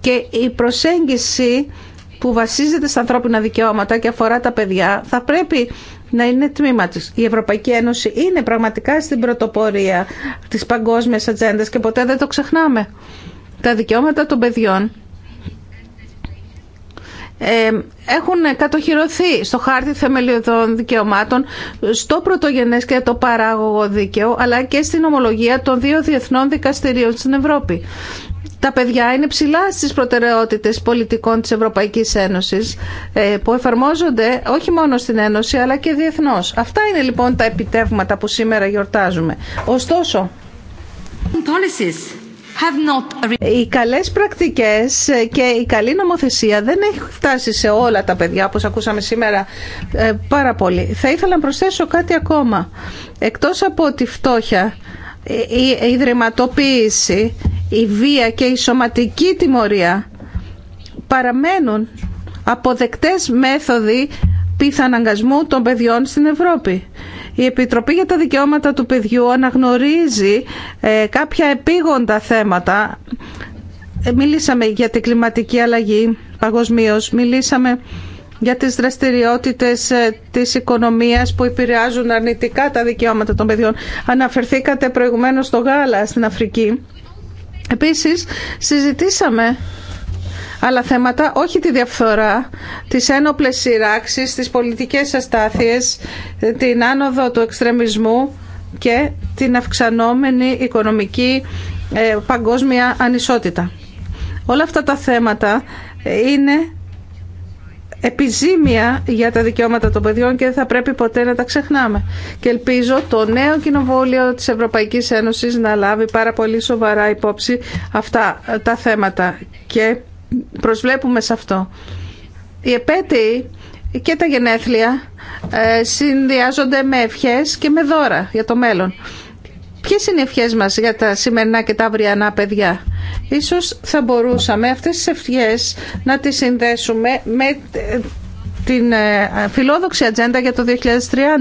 A: Και η προσέγγιση που βασίζεται στα ανθρώπινα δικαιώματα και αφορά τα παιδιά θα πρέπει να είναι τμήμα τη. Η Ευρωπαϊκή Ένωση είναι πραγματικά στην πρωτοπορία της παγκόσμιας ατζέντα και ποτέ δεν το ξεχνάμε. Τα δικαιώματα των παιδιών ε, έχουν κατοχυρωθεί στο χάρτη θεμελιωδών δικαιωμάτων, στο πρωτογενές και το παράγωγο δίκαιο, αλλά και στην ομολογία των δύο διεθνών δικαστηρίων στην Ευρώπη. Τα παιδιά είναι ψηλά στις προτεραιότητες πολιτικών της Ευρωπαϊκής Ένωσης ε, που εφαρμόζονται όχι μόνο στην Ένωση αλλά και διεθνώς. Αυτά είναι λοιπόν τα επιτεύγματα που σήμερα γιορτάζουμε. Ωστόσο... Οι καλές πρακτικές και η καλή νομοθεσία δεν έχει φτάσει σε όλα τα παιδιά όπως ακούσαμε σήμερα ε, πάρα πολύ. Θα ήθελα να προσθέσω κάτι ακόμα. Εκτός από τη φτώχεια, η ιδρυματοποίηση, η βία και η σωματική τιμωρία παραμένουν αποδεκτές μέθοδοι πιθαναγκασμού των παιδιών στην Ευρώπη. Η Επιτροπή για τα Δικαιώματα του Παιδιού αναγνωρίζει ε, κάποια επίγοντα θέματα. Ε, μιλήσαμε για την κλιματική αλλαγή παγκοσμίω, μιλήσαμε για τις δραστηριότητες ε, της οικονομίας που επηρεάζουν αρνητικά τα δικαιώματα των παιδιών. Αναφερθήκατε προηγουμένως στο γάλα στην Αφρική. Επίσης, συζητήσαμε άλλα θέματα, όχι τη διαφθορά, τις ένοπλες σειράξεις, τις πολιτικές αστάθειες, την άνοδο του εξτρεμισμού και την αυξανόμενη οικονομική ε, παγκόσμια ανισότητα. Όλα αυτά τα θέματα είναι επιζήμια για τα δικαιώματα των παιδιών και δεν θα πρέπει ποτέ να τα ξεχνάμε. Και ελπίζω το νέο κοινοβούλιο της Ευρωπαϊκής Ένωσης να λάβει πάρα πολύ σοβαρά υπόψη αυτά τα θέματα και προσβλέπουμε σε αυτό. Οι επέτειοι και τα γενέθλια ε, συνδυάζονται με ευχές και με δώρα για το μέλλον. Ποιες είναι οι ευχές μας για τα σημερινά και τα αυριανά παιδιά. Ίσως θα μπορούσαμε αυτές τις ευχές να τις συνδέσουμε με ε, την ε, φιλόδοξη ατζέντα για το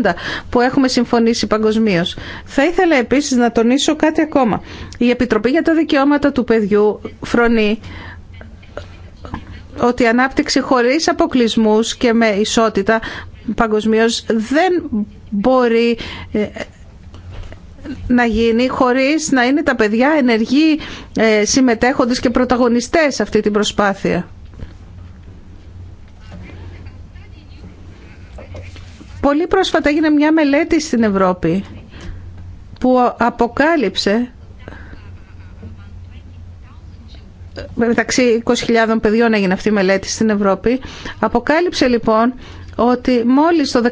A: 2030 που έχουμε συμφωνήσει παγκοσμίω. Θα ήθελα επίσης να τονίσω κάτι ακόμα. Η Επιτροπή για τα Δικαιώματα του Παιδιού φρονεί ότι η ανάπτυξη χωρίς αποκλεισμούς και με ισότητα παγκοσμίω δεν μπορεί ε, να γίνει χωρίς να είναι τα παιδιά ενεργοί ε, συμμετέχοντες και πρωταγωνιστές σε αυτή την προσπάθεια. Πολύ πρόσφατα έγινε μια μελέτη στην Ευρώπη που αποκάλυψε μεταξύ 20.000 παιδιών έγινε αυτή η μελέτη στην Ευρώπη. Αποκάλυψε λοιπόν ότι μόλις το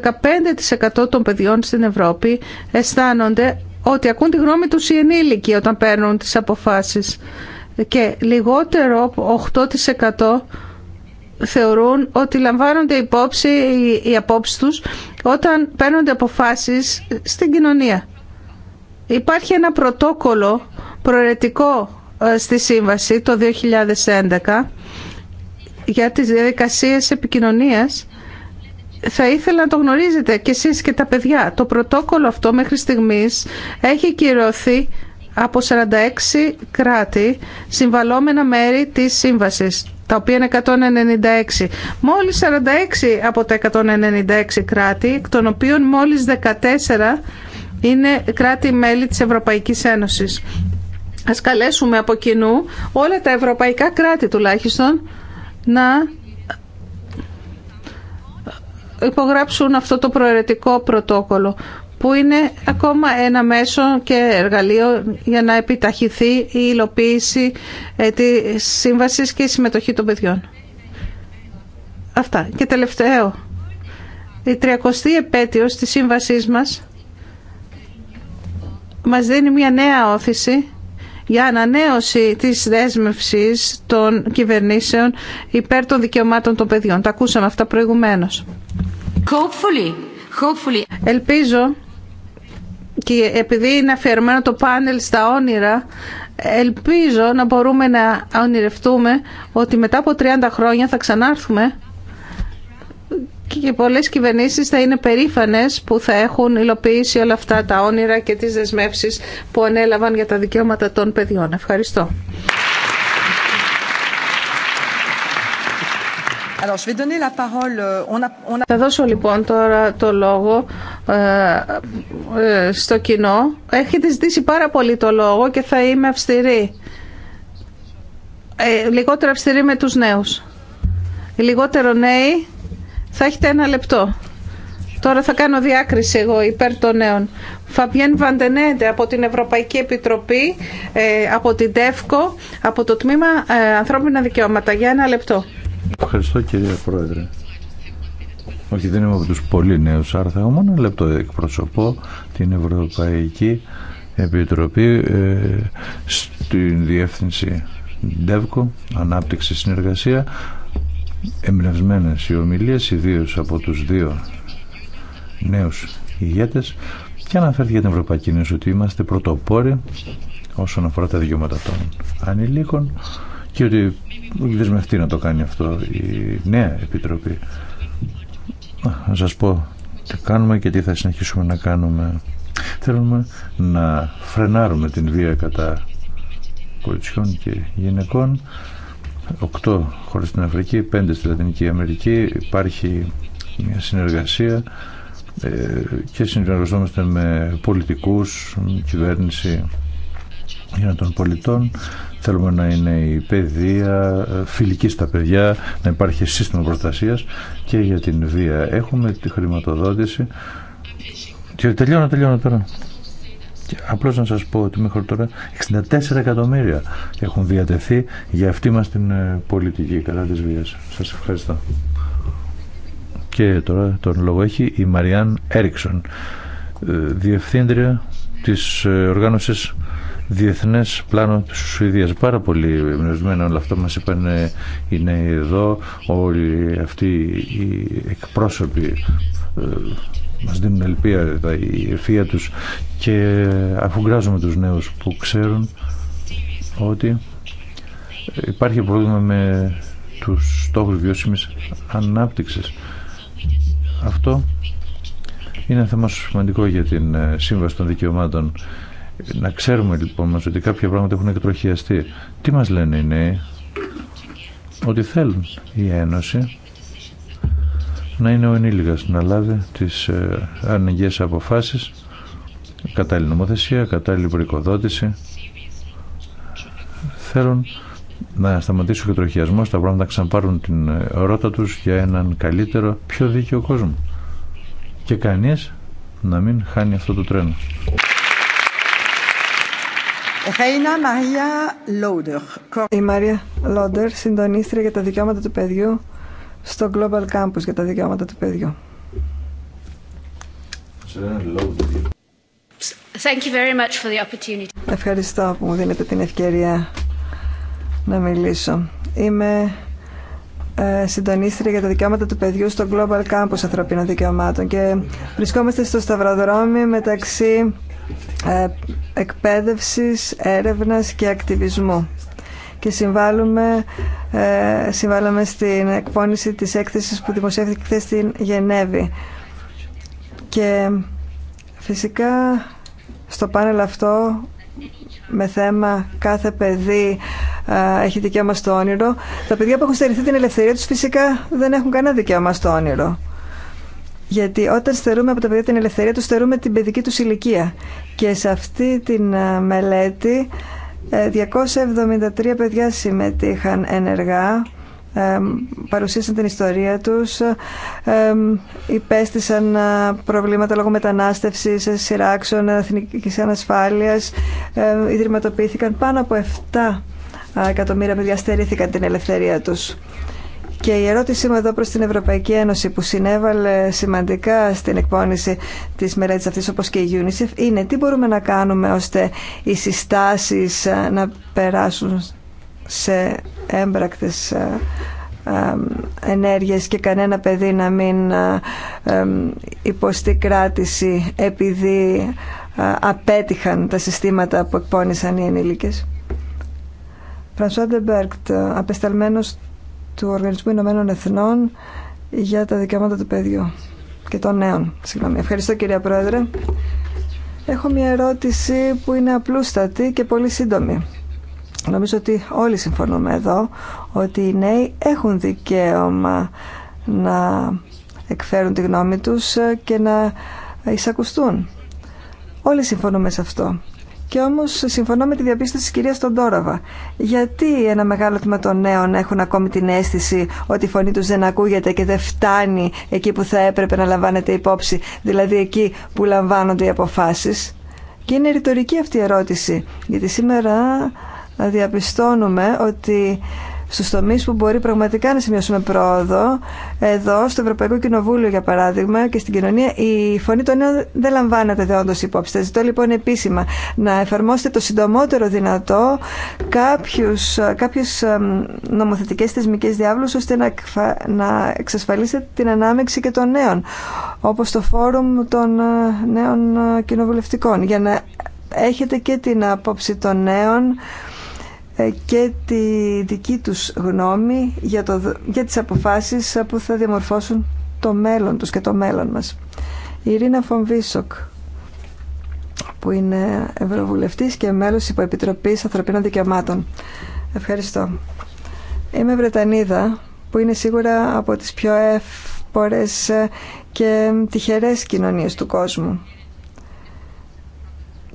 A: 15% των παιδιών στην Ευρώπη αισθάνονται ότι ακούν τη γνώμη τους οι ενήλικοι όταν παίρνουν τις αποφάσεις και λιγότερο 8% θεωρούν ότι λαμβάνονται υπόψη οι απόψεις τους όταν παίρνονται αποφάσεις στην κοινωνία. Υπάρχει ένα πρωτόκολλο προαιρετικό ε, στη Σύμβαση το 2011 για τις διαδικασίες επικοινωνίας θα ήθελα να το γνωρίζετε και εσείς και τα παιδιά. Το πρωτόκολλο αυτό μέχρι στιγμής έχει κυρωθεί από 46 κράτη συμβαλόμενα μέρη της σύμβασης τα οποία είναι 196. Μόλις 46 από τα 196 κράτη, εκ των οποίων μόλις 14 είναι κράτη-μέλη της Ευρωπαϊκής Ένωσης ας καλέσουμε από κοινού όλα τα ευρωπαϊκά κράτη τουλάχιστον να υπογράψουν αυτό το προαιρετικό πρωτόκολλο που είναι ακόμα ένα μέσο και εργαλείο για να επιταχυθεί η υλοποίηση ε, της σύμβασης και η συμμετοχή των παιδιών. Αυτά. Και τελευταίο, η 30η επέτειος της σύμβασής μας μας δίνει μια νέα όθηση για ανανέωση της δέσμευσης των κυβερνήσεων υπέρ των δικαιωμάτων των παιδιών. Τα ακούσαμε αυτά προηγουμένως. Hopefully. Hopefully. Ελπίζω και επειδή είναι αφιερωμένο το πάνελ στα όνειρα, ελπίζω να μπορούμε να ονειρευτούμε ότι μετά από 30 χρόνια θα ξανάρθουμε και πολλές κυβερνήσεις θα είναι περήφανες που θα έχουν υλοποιήσει όλα αυτά τα όνειρα και τις δεσμεύσεις που ανέλαβαν για τα δικαιώματα των παιδιών. Ευχαριστώ. Θα δώσω λοιπόν τώρα το λόγο ε, ε, στο κοινό. Έχετε ζητήσει πάρα πολύ το λόγο και θα είμαι αυστηρή. Ε, λιγότερο αυστηρή με τους νέους. Λιγότερο νέοι θα έχετε ένα λεπτό. Τώρα θα κάνω διάκριση εγώ υπέρ των νέων. Φαμπιέν Βαντενέντε από την Ευρωπαϊκή Επιτροπή, ε, από την ΤΕΦΚΟ, από το Τμήμα ε, Ανθρώπινα Δικαιώματα. Για ένα λεπτό.
B: Ευχαριστώ κυρία Πρόεδρε. Όχι, δεν είμαι από τους πολύ νέους, άρα θα έχω μόνο ένα λεπτό εκπροσωπώ την Ευρωπαϊκή Επιτροπή ε, στην Διεύθυνση ΤΕΦΚΟ, Ανάπτυξη Συνεργασία, εμπνευσμένες οι ομιλίες ιδίως από τους δύο νέους ηγέτες και αναφέρθηκε την Ευρωπαϊκή Ένωση ότι είμαστε πρωτοπόροι όσον αφορά τα δικαιώματα των ανηλίκων και ότι δεσμευτεί να το κάνει αυτό η νέα Επιτροπή. Να σας πω τι κάνουμε και τι θα συνεχίσουμε να κάνουμε. Θέλουμε να φρενάρουμε την βία κατά κοριτσιών και γυναικών Οκτώ χώρες στην Αφρική, πέντε στη Λατινική Αμερική. Υπάρχει μια συνεργασία ε, και συνεργαζόμαστε με πολιτικούς, κυβέρνηση για των πολιτών. Θέλουμε να είναι η παιδεία ε, φιλική στα παιδιά, να υπάρχει σύστημα προστασίας και για την βία. Έχουμε τη χρηματοδότηση. Και τελειώνω, τελειώνω τώρα. Απλώς να σας πω ότι μέχρι τώρα 64 εκατομμύρια έχουν διατεθεί για αυτή μας την ε, πολιτική κατά της βίας. Σας ευχαριστώ. Και τώρα τον λόγο έχει η Μαριάν Έριξον, ε, διευθύντρια της ε, οργάνωσης Διεθνέ πλάνο τη Σουηδίας. Πάρα πολύ εμπνευσμένα όλα αυτά μας είπαν είναι εδώ όλοι αυτοί οι εκπρόσωποι μας δίνουν ελπία η ευφία τους και αφού γκράζουμε τους νέους που ξέρουν ότι υπάρχει πρόβλημα με τους στόχους βιώσιμης ανάπτυξης. Αυτό είναι θέμα σημαντικό για την ε, σύμβαση των δικαιωμάτων. Να ξέρουμε λοιπόν μας ότι κάποια πράγματα έχουν εκτροχιαστεί. Τι μας λένε οι νέοι, ότι θέλουν η Ένωση να είναι ο ενήλικας να λάβει τις ε, αποφάσεις κατάλληλη νομοθεσία, κατάλληλη προοικοδότηση θέλουν να σταματήσουν και τροχιασμό τα πράγματα να ξαναπάρουν την ε, ρότα τους για έναν καλύτερο, πιο δίκαιο κόσμο. Και κανείς να μην χάνει αυτό το τρένο.
D: Η Μαρία Λόντερ, συντονίστρια για τα δικαιώματα του παιδιού στο Global Campus για τα δικαιώματα του παιδιού.
C: Thank you very much for the opportunity.
D: Ευχαριστώ που μου δίνετε την ευκαιρία να μιλήσω. Είμαι ε, συντονίστρια για τα δικαιώματα του παιδιού στο Global Campus Ανθρωπίνων Δικαιωμάτων και βρισκόμαστε στο σταυροδρόμι μεταξύ ε, εκπαίδευσης, έρευνας και ακτιβισμού και συμβάλλουμε, ε, στην εκπόνηση της έκθεσης που δημοσιεύθηκε χθε στην Γενέβη. Και φυσικά στο πάνελ αυτό με θέμα κάθε παιδί ε, έχει δικαίωμα στο όνειρο. Τα παιδιά που έχουν στερηθεί την ελευθερία τους φυσικά δεν έχουν κανένα δικαίωμα στο όνειρο. Γιατί όταν στερούμε από τα παιδιά την ελευθερία τους, στερούμε την παιδική τους ηλικία. Και σε αυτή την ε, μελέτη 273 ε, παιδιά συμμετείχαν ενεργά, ε, παρουσίασαν την ιστορία τους, ε, υπέστησαν προβλήματα λόγω μετανάστευσης, σειράξεων, εθνικής ανασφάλειας, ιδρυματοποιήθηκαν πάνω από 7 εκατομμύρια παιδιά στερήθηκαν την ελευθερία τους. Και η ερώτησή μου εδώ προς την Ευρωπαϊκή Ένωση που συνέβαλε σημαντικά στην εκπόνηση της μελέτης αυτής όπως και η UNICEF είναι τι μπορούμε να κάνουμε ώστε οι συστάσεις ε, να περάσουν σε έμπρακτες ε, ε, ενέργειες και κανένα παιδί να μην υποστεί κράτηση επειδή απέτυχαν τα συστήματα που εκπώνησαν οι ενήλικες. Φρανσουά Ντεμπέρκτ, απεσταλμένος του Οργανισμού Ηνωμένων Εθνών για τα δικαιώματα του παιδιού και των νέων. Συγγνώμη. Ευχαριστώ κυρία Πρόεδρε. Έχω μια ερώτηση που είναι απλούστατη και πολύ σύντομη. Νομίζω ότι όλοι συμφωνούμε εδώ ότι οι νέοι έχουν δικαίωμα να εκφέρουν τη γνώμη τους και να εισακουστούν. Όλοι συμφωνούμε σε αυτό. Και όμω, συμφωνώ με τη διαπίστωση τη κυρία Τοντόραβα. Γιατί ένα μεγάλο τμήμα των νέων έχουν ακόμη την αίσθηση ότι η φωνή τους δεν ακούγεται και δεν φτάνει εκεί που θα έπρεπε να λαμβάνεται υπόψη, δηλαδή εκεί που λαμβάνονται οι αποφάσεις. Και είναι ρητορική αυτή η ερώτηση, γιατί σήμερα διαπιστώνουμε ότι στους τομείς που μπορεί πραγματικά να σημειώσουμε πρόοδο. Εδώ, στο Ευρωπαϊκό Κοινοβούλιο, για παράδειγμα, και στην κοινωνία, η φωνή των νέων δεν λαμβάνεται δεόντως υπόψη. Θα ζητώ λοιπόν επίσημα να εφαρμόσετε το συντομότερο δυνατό κάποιους, κάποιους νομοθετικές θεσμικές διάβλους, ώστε να, να εξασφαλίσετε την ανάμεξη και των νέων, όπως το Φόρουμ των ε, Νέων Κοινοβουλευτικών, για να έχετε και την άποψη των νέων ε, και τη δική τους γνώμη για, το, για τις αποφάσεις ε, που θα διαμορφώσουν το μέλλον τους και το μέλλον μας. Η Ειρήνα Φομβίσοκ που είναι Ευρωβουλευτής και μέλος Υποεπιτροπής Ανθρωπίνων Δικαιωμάτων. Ευχαριστώ. Είμαι Βρετανίδα που είναι σίγουρα από τις πιο εύπορες ε, και τυχερές κοινωνίες του κόσμου.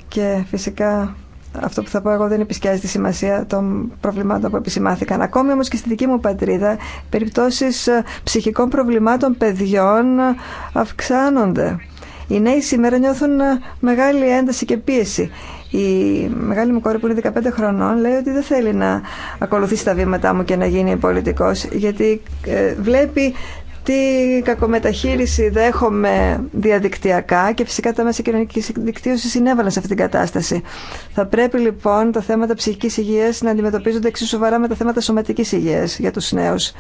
D: Και φυσικά αυτό που θα πω εγώ δεν επισκιάζει τη σημασία των προβλημάτων που επισημάθηκαν. Ακόμη όμως και στη δική μου πατρίδα, περιπτώσεις ε, ψυχικών προβλημάτων παιδιών ε, αυξάνονται. Οι νέοι σήμερα νιώθουν ε, μεγάλη ένταση και πίεση. Η μεγάλη μου κόρη που είναι 15 χρονών λέει ότι δεν θέλει να ακολουθήσει τα βήματά μου και να γίνει πολιτικός γιατί βλέπει τι κακομεταχείριση δέχομαι διαδικτυακά και φυσικά τα μέσα κοινωνικής δικτύωσης συνέβαλαν σε αυτήν την κατάσταση. Θα πρέπει λοιπόν τα θέματα ψυχικής υγείας να αντιμετωπίζονται εξίσου σοβαρά με τα θέματα σωματικής υγείας για τους νέους.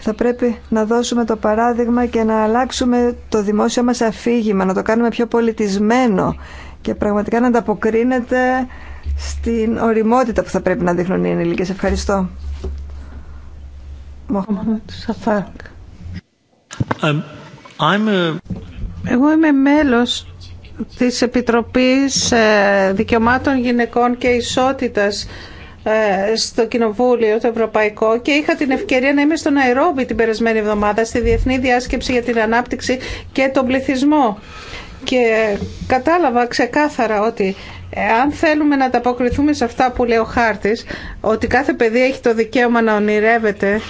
D: Θα πρέπει να δώσουμε το παράδειγμα και να αλλάξουμε το δημόσιο μας αφήγημα, να το κάνουμε πιο πολιτισμένο και πραγματικά να ανταποκρίνεται στην οριμότητα που θα πρέπει να δείχνουν οι ενήλικες. Ευχαριστώ.
E: Um,
A: Εγώ είμαι μέλος της Επιτροπής ε, Δικαιωμάτων Γυναικών και Ισότητας ε, στο Κοινοβούλιο το Ευρωπαϊκό και είχα την ευκαιρία να είμαι στον Ναϊρόμπι την περασμένη εβδομάδα στη Διεθνή Διάσκεψη για την Ανάπτυξη και τον Πληθυσμό και κατάλαβα ξεκάθαρα ότι ε, αν θέλουμε να ανταποκριθούμε σε αυτά που λέει ο χάρτης ότι κάθε παιδί έχει το δικαίωμα να ονειρεύεται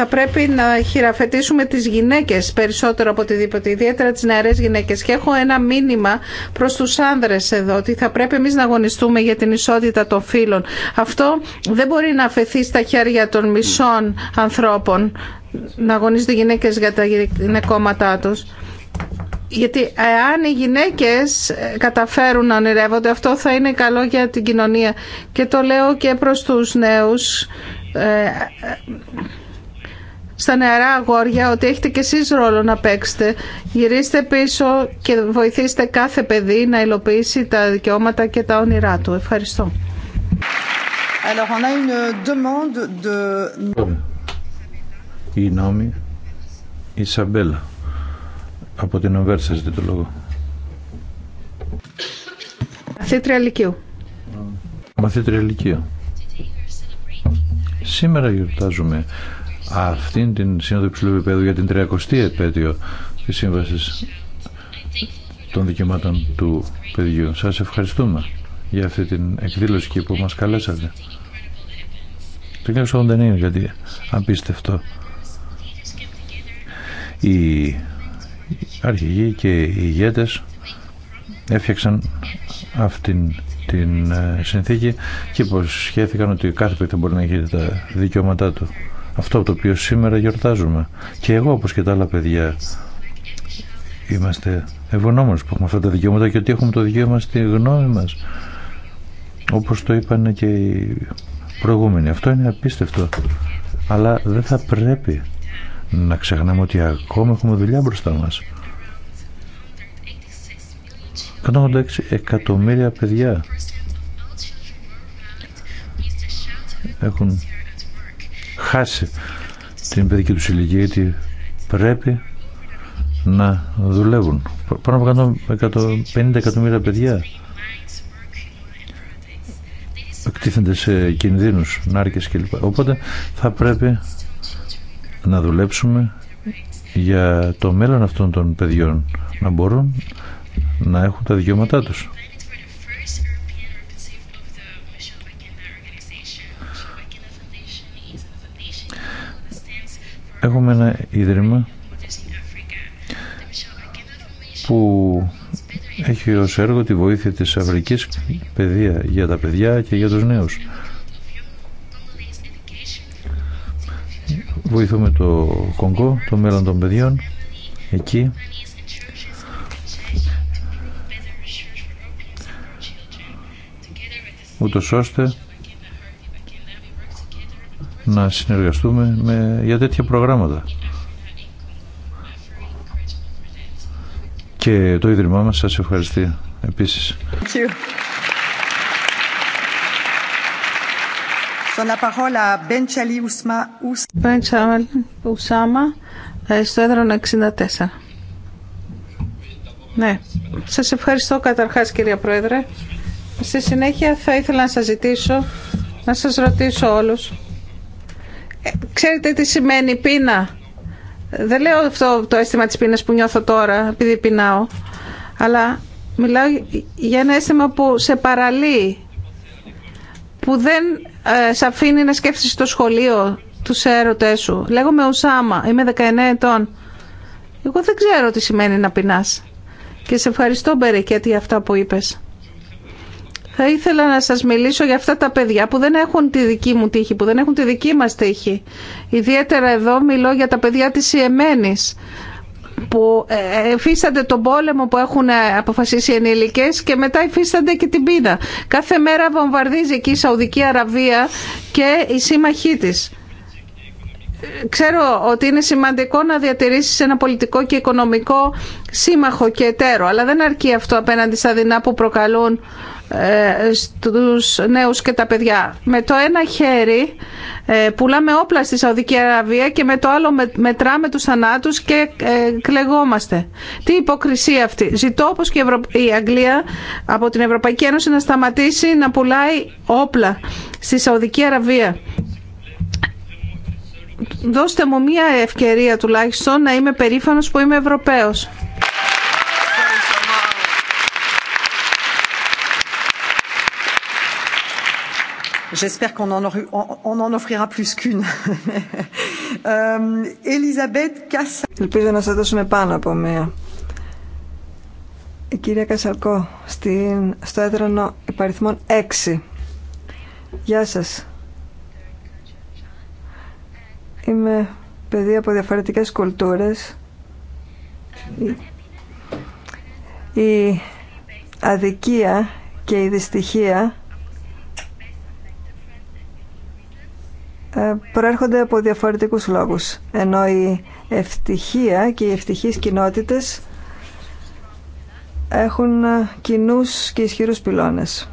A: θα πρέπει να χειραφετήσουμε τις γυναίκες περισσότερο από οτιδήποτε, ιδιαίτερα τις νεαρές γυναίκες. Και έχω ένα μήνυμα προς τους άνδρες εδώ, ότι θα πρέπει εμείς να αγωνιστούμε για την ισότητα των φύλων. Αυτό δεν μπορεί να αφαιθεί στα χέρια των μισών ανθρώπων, να αγωνίζονται γυναίκες για τα γυναικόματά τους. Γιατί αν οι γυναίκες καταφέρουν να ονειρεύονται, αυτό θα είναι καλό για την κοινωνία. Και το λέω και προς τους νέους. Ε, ε, στα νεαρά αγόρια ότι έχετε κι εσείς ρόλο να παίξετε. Γυρίστε πίσω και βοηθήστε κάθε παιδί να υλοποιήσει τα δικαιώματα και τα όνειρά του. Ευχαριστώ. Alors, on a une demande de...
B: Η νόμη Ισαμπέλα από την Ομβέρσα ζητεί το λόγο.
A: Μαθήτρια Λυκείου.
B: Μαθήτρια Λυκείου. Σήμερα γιορτάζουμε αυτήν την Σύνοδο Υψηλού Επίπεδου για την 30η επέτειο της Σύμβασης των Δικαιωμάτων του Παιδιού. Σας ευχαριστούμε για αυτή την εκδήλωση και που μας καλέσατε. Το 1989 είναι γιατί απίστευτο. Οι αρχηγοί και οι ηγέτες έφτιαξαν αυτήν την ε, συνθήκη και υποσχέθηκαν ότι κάθε παιδί θα μπορεί να έχει τα δικαιώματά του αυτό το οποίο σήμερα γιορτάζουμε. Και εγώ όπως και τα άλλα παιδιά είμαστε ευγνώμονες που έχουμε αυτά τα δικαιώματα και ότι έχουμε το δικαίωμα στη γνώμη μας. Όπως το είπαν και οι προηγούμενοι. Αυτό είναι απίστευτο. Αλλά δεν θα πρέπει να ξεχνάμε ότι ακόμα έχουμε δουλειά μπροστά μας. 186 εκατομμύρια παιδιά έχουν χάσει την παιδική του ηλικία γιατί πρέπει να δουλεύουν. Πάνω από 150 εκατομμύρια παιδιά εκτίθενται σε κινδύνους, νάρκες κλπ. Οπότε θα πρέπει να δουλέψουμε για το μέλλον αυτών των παιδιών να μπορούν να έχουν τα δικαιώματά τους. έχουμε ένα ίδρυμα που έχει ως έργο τη βοήθεια της Αφρικής παιδεία για τα παιδιά και για τους νέους. Βοηθούμε το Κονγκό, το μέλλον των παιδιών, εκεί. Ούτως ώστε να συνεργαστούμε με, για τέτοια προγράμματα. Και το Ίδρυμά μας σας ευχαριστεί επίσης.
D: Μπεντσαλή
A: ε, στο έδρο 64. Ναι. Σας ευχαριστώ καταρχάς κυρία Πρόεδρε. Στη συνέχεια θα ήθελα να σας ζητήσω, να σας ρωτήσω όλους ε, ξέρετε τι σημαίνει πείνα. Δεν λέω αυτό το αίσθημα της πείνας που νιώθω τώρα, επειδή πεινάω, αλλά μιλάω για ένα αίσθημα που σε παραλύει, που δεν ε, σε αφήνει να σκέφτεσαι το σχολείο, του ερωτέ σου. Λέγομαι Ουσάμα, είμαι 19 ετών. Εγώ δεν ξέρω τι σημαίνει να πεινάς. Και σε ευχαριστώ, Μπερικέτη, για αυτά που είπες. Θα ήθελα να σας μιλήσω για αυτά τα παιδιά που δεν έχουν τη δική μου τύχη, που δεν έχουν τη δική μας τύχη. Ιδιαίτερα εδώ μιλώ για τα παιδιά της Ιεμένης που ε, εφίστανται τον πόλεμο που έχουν ε, αποφασίσει οι ενήλικες και μετά εφίστανται και την πείνα. Κάθε μέρα βομβαρδίζει εκεί η Σαουδική Αραβία και οι σύμμαχοί της. Ξέρω ότι είναι σημαντικό να διατηρήσεις ένα πολιτικό και οικονομικό σύμμαχο και εταίρο, αλλά δεν αρκεί αυτό απέναντι στα δεινά που προκαλούν ε, στους νέους και τα παιδιά. Με το ένα χέρι ε, πουλάμε όπλα στη Σαουδική Αραβία και με το άλλο μετράμε τους θανάτους και ε, κλεγόμαστε. Τι υποκρισία αυτή. Ζητώ όπως και η Αγγλία από την Ευρωπαϊκή Ένωση να σταματήσει να πουλάει όπλα στη Σαουδική Αραβία. Δώστε μου μία ευκαιρία τουλάχιστον να είμαι περήφανος που είμαι Ευρωπαίος.
D: J'espère qu'on en offrira plus qu'une. Euh, Ελπίζω να σας δώσουμε πάνω από μία. Η κυρία Κασαλκό, στην, στο έδρανο υπαριθμών 6. Γεια σας. Είμαι παιδί από διαφορετικές κουλτούρες. Η αδικία και η δυστυχία Ε, προέρχονται από διαφορετικούς λόγους. Ενώ η ευτυχία και οι ευτυχείς κοινότητες έχουν ε, κοινούς και ισχυρούς πυλώνες.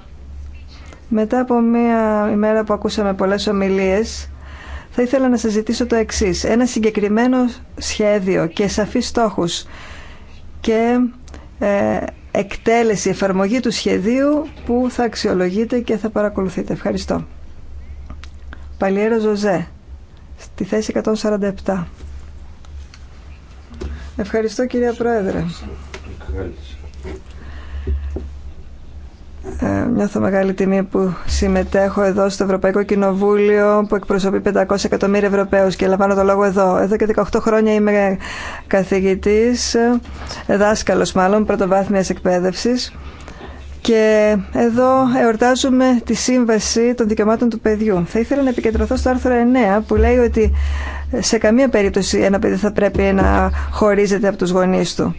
D: Μετά από μία ημέρα που ακούσαμε πολλές ομιλίες, θα ήθελα να σας ζητήσω το εξής. Ένα συγκεκριμένο σχέδιο και σαφείς στόχους και ε, εκτέλεση, εφαρμογή του σχεδίου που θα αξιολογείτε και θα παρακολουθείτε. Ευχαριστώ. Παλιέρο Ζωζέ, στη θέση 147. Ευχαριστώ κυρία Πρόεδρε. Ε, νιώθω μεγάλη τιμή που συμμετέχω εδώ στο Ευρωπαϊκό Κοινοβούλιο που εκπροσωπεί 500 εκατομμύρια Ευρωπαίους και λαμβάνω το λόγο εδώ. Εδώ και 18 χρόνια είμαι καθηγητής, ε, δάσκαλος μάλλον πρωτοβάθμιας εκπαίδευσης και εδώ εορτάζουμε τη σύμβαση των δικαιωμάτων του παιδιού. Θα ήθελα να επικεντρωθώ στο άρθρο 9 που λέει ότι σε καμία περίπτωση ένα παιδί θα πρέπει να χωρίζεται από τους γονείς του.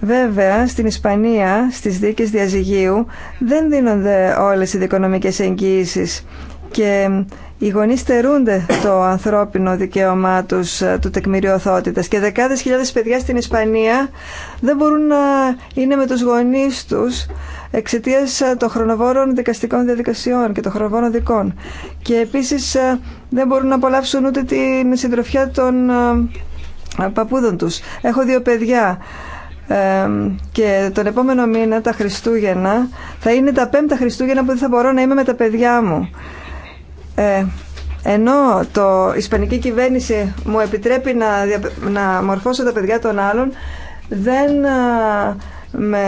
D: Βέβαια, στην Ισπανία, στις δίκες διαζυγίου, δεν δίνονται όλες οι δικονομικές εγγύησεις και οι γονείς στερούνται το ανθρώπινο δικαίωμά τους ε, του τεκμηριωθότητας και δεκάδες χιλιάδες παιδιά στην Ισπανία δεν μπορούν να είναι με τους γονείς τους εξαιτίας ε, των χρονοβόρων δικαστικών διαδικασιών και των χρονοβόρων δικών. Και επίσης ε, δεν μπορούν να απολαύσουν ούτε την συντροφιά των παππούδων τους. Έχω δύο παιδιά και τον επόμενο μήνα, τα Χριστούγεννα, θα είναι τα πέμπτα Χριστούγεννα που δεν θα μπορώ να είμαι με τα παιδιά μου. Ε, ενώ το ισπανική κυβέρνηση μου επιτρέπει να, να μορφώσω τα παιδιά των άλλων, δεν ε, με,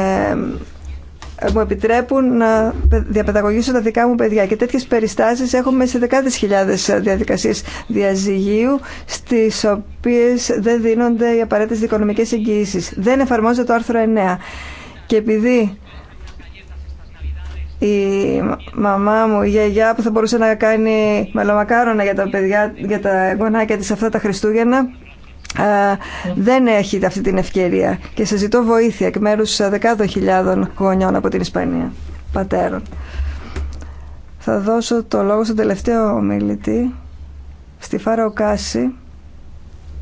D: μου επιτρέπουν να διαπαιδαγωγήσω τα δικά μου παιδιά. Και τέτοιες περιστάσεις έχουμε σε δεκάδες χιλιάδες διαδικασίες διαζυγίου, στις οποίες δεν δίνονται οι απαραίτητες δικονομικές εγγυήσεις. Δεν εφαρμόζεται το άρθρο 9. Και επειδή η μαμά μου, η γιαγιά που θα μπορούσε να κάνει μελομακάρονα για τα παιδιά, για τα γονάκια της αυτά τα Χριστούγεννα, δεν έχει αυτή την ευκαιρία και σε ζητώ βοήθεια εκ μέρους δεκάδων χιλιάδων γονιών από την Ισπανία, πατέρων. Θα δώσω το λόγο στον τελευταίο ομιλητή, στη Φάραο Κάση,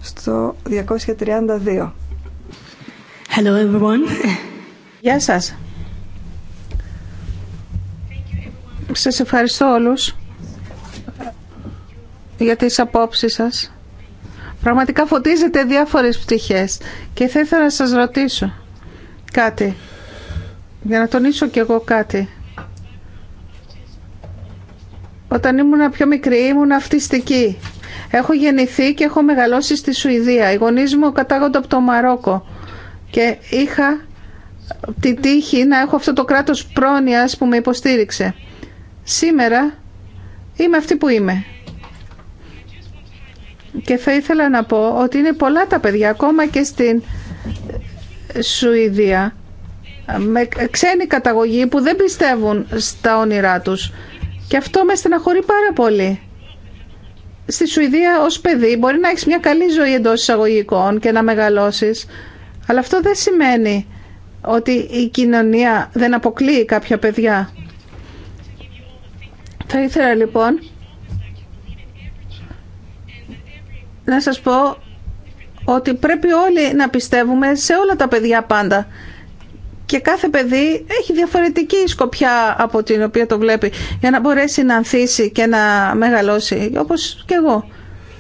D: στο 232. Hello everyone. Γεια σας.
A: Σας ευχαριστώ όλους για τις απόψεις σας. Πραγματικά φωτίζετε διάφορες πτυχές και θα ήθελα να σας ρωτήσω κάτι, για να τονίσω κι εγώ κάτι. Όταν ήμουν πιο μικρή ήμουν αυτιστική. Έχω γεννηθεί και έχω μεγαλώσει στη Σουηδία. Οι γονείς μου κατάγονται από το Μαρόκο και είχα την τύχη να έχω αυτό το κράτος πρόνοιας που με υποστήριξε. Σήμερα είμαι αυτή που είμαι. Και θα ήθελα να πω ότι είναι πολλά τα παιδιά, ακόμα και στην Σουηδία, με ξένη καταγωγή που δεν πιστεύουν στα όνειρά τους. Και αυτό με στεναχωρεί πάρα πολύ. Στη Σουηδία ως παιδί μπορεί να έχεις μια καλή ζωή εντός εισαγωγικών και να μεγαλώσεις, αλλά αυτό δεν σημαίνει ότι η κοινωνία δεν αποκλείει κάποια παιδιά. Θα ήθελα λοιπόν να σας πω ότι πρέπει όλοι να πιστεύουμε σε όλα τα παιδιά πάντα. Και κάθε παιδί έχει διαφορετική σκοπιά από την οποία το βλέπει για να μπορέσει να ανθίσει και να μεγαλώσει, όπως και εγώ.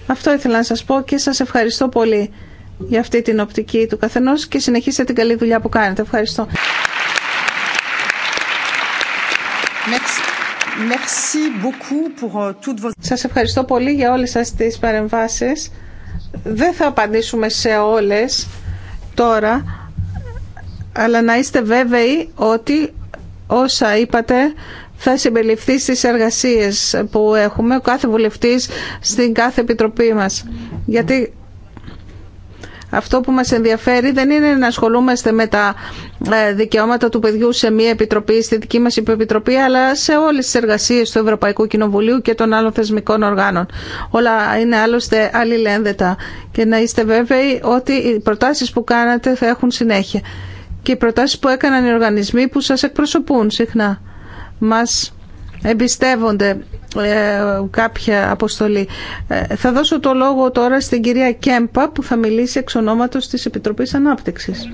A: Αυτό ήθελα να σας πω και σας ευχαριστώ πολύ για αυτή την οπτική του καθενός και συνεχίστε την καλή δουλειά που κάνετε. Ευχαριστώ. Euh, σας ευχαριστώ πολύ για όλες σας τις παρεμβάσεις. Δεν θα απαντήσουμε σε όλες τώρα, αλλά να είστε βέβαιοι ότι όσα είπατε θα συμπεριληφθεί στις εργασίες που έχουμε ο κάθε βουλευτής στην κάθε επιτροπή μας. Γιατί αυτό που μας ενδιαφέρει δεν είναι να ασχολούμαστε με τα ε, δικαιώματα του παιδιού σε μία επιτροπή, στη δική μας υποεπιτροπή, αλλά σε όλες τις εργασίες του Ευρωπαϊκού Κοινοβουλίου και των άλλων θεσμικών οργάνων. Όλα είναι άλλωστε αλληλένδετα και να είστε βέβαιοι ότι οι προτάσεις που κάνατε θα έχουν συνέχεια και οι προτάσεις που έκαναν οι οργανισμοί που σας εκπροσωπούν συχνά. Μας εμπιστεύονται ε, κάποια αποστολή. Ε, θα δώσω το λόγο τώρα στην κυρία Κέμπα που θα μιλήσει εξ ονόματος της Επιτροπής Ανάπτυξης.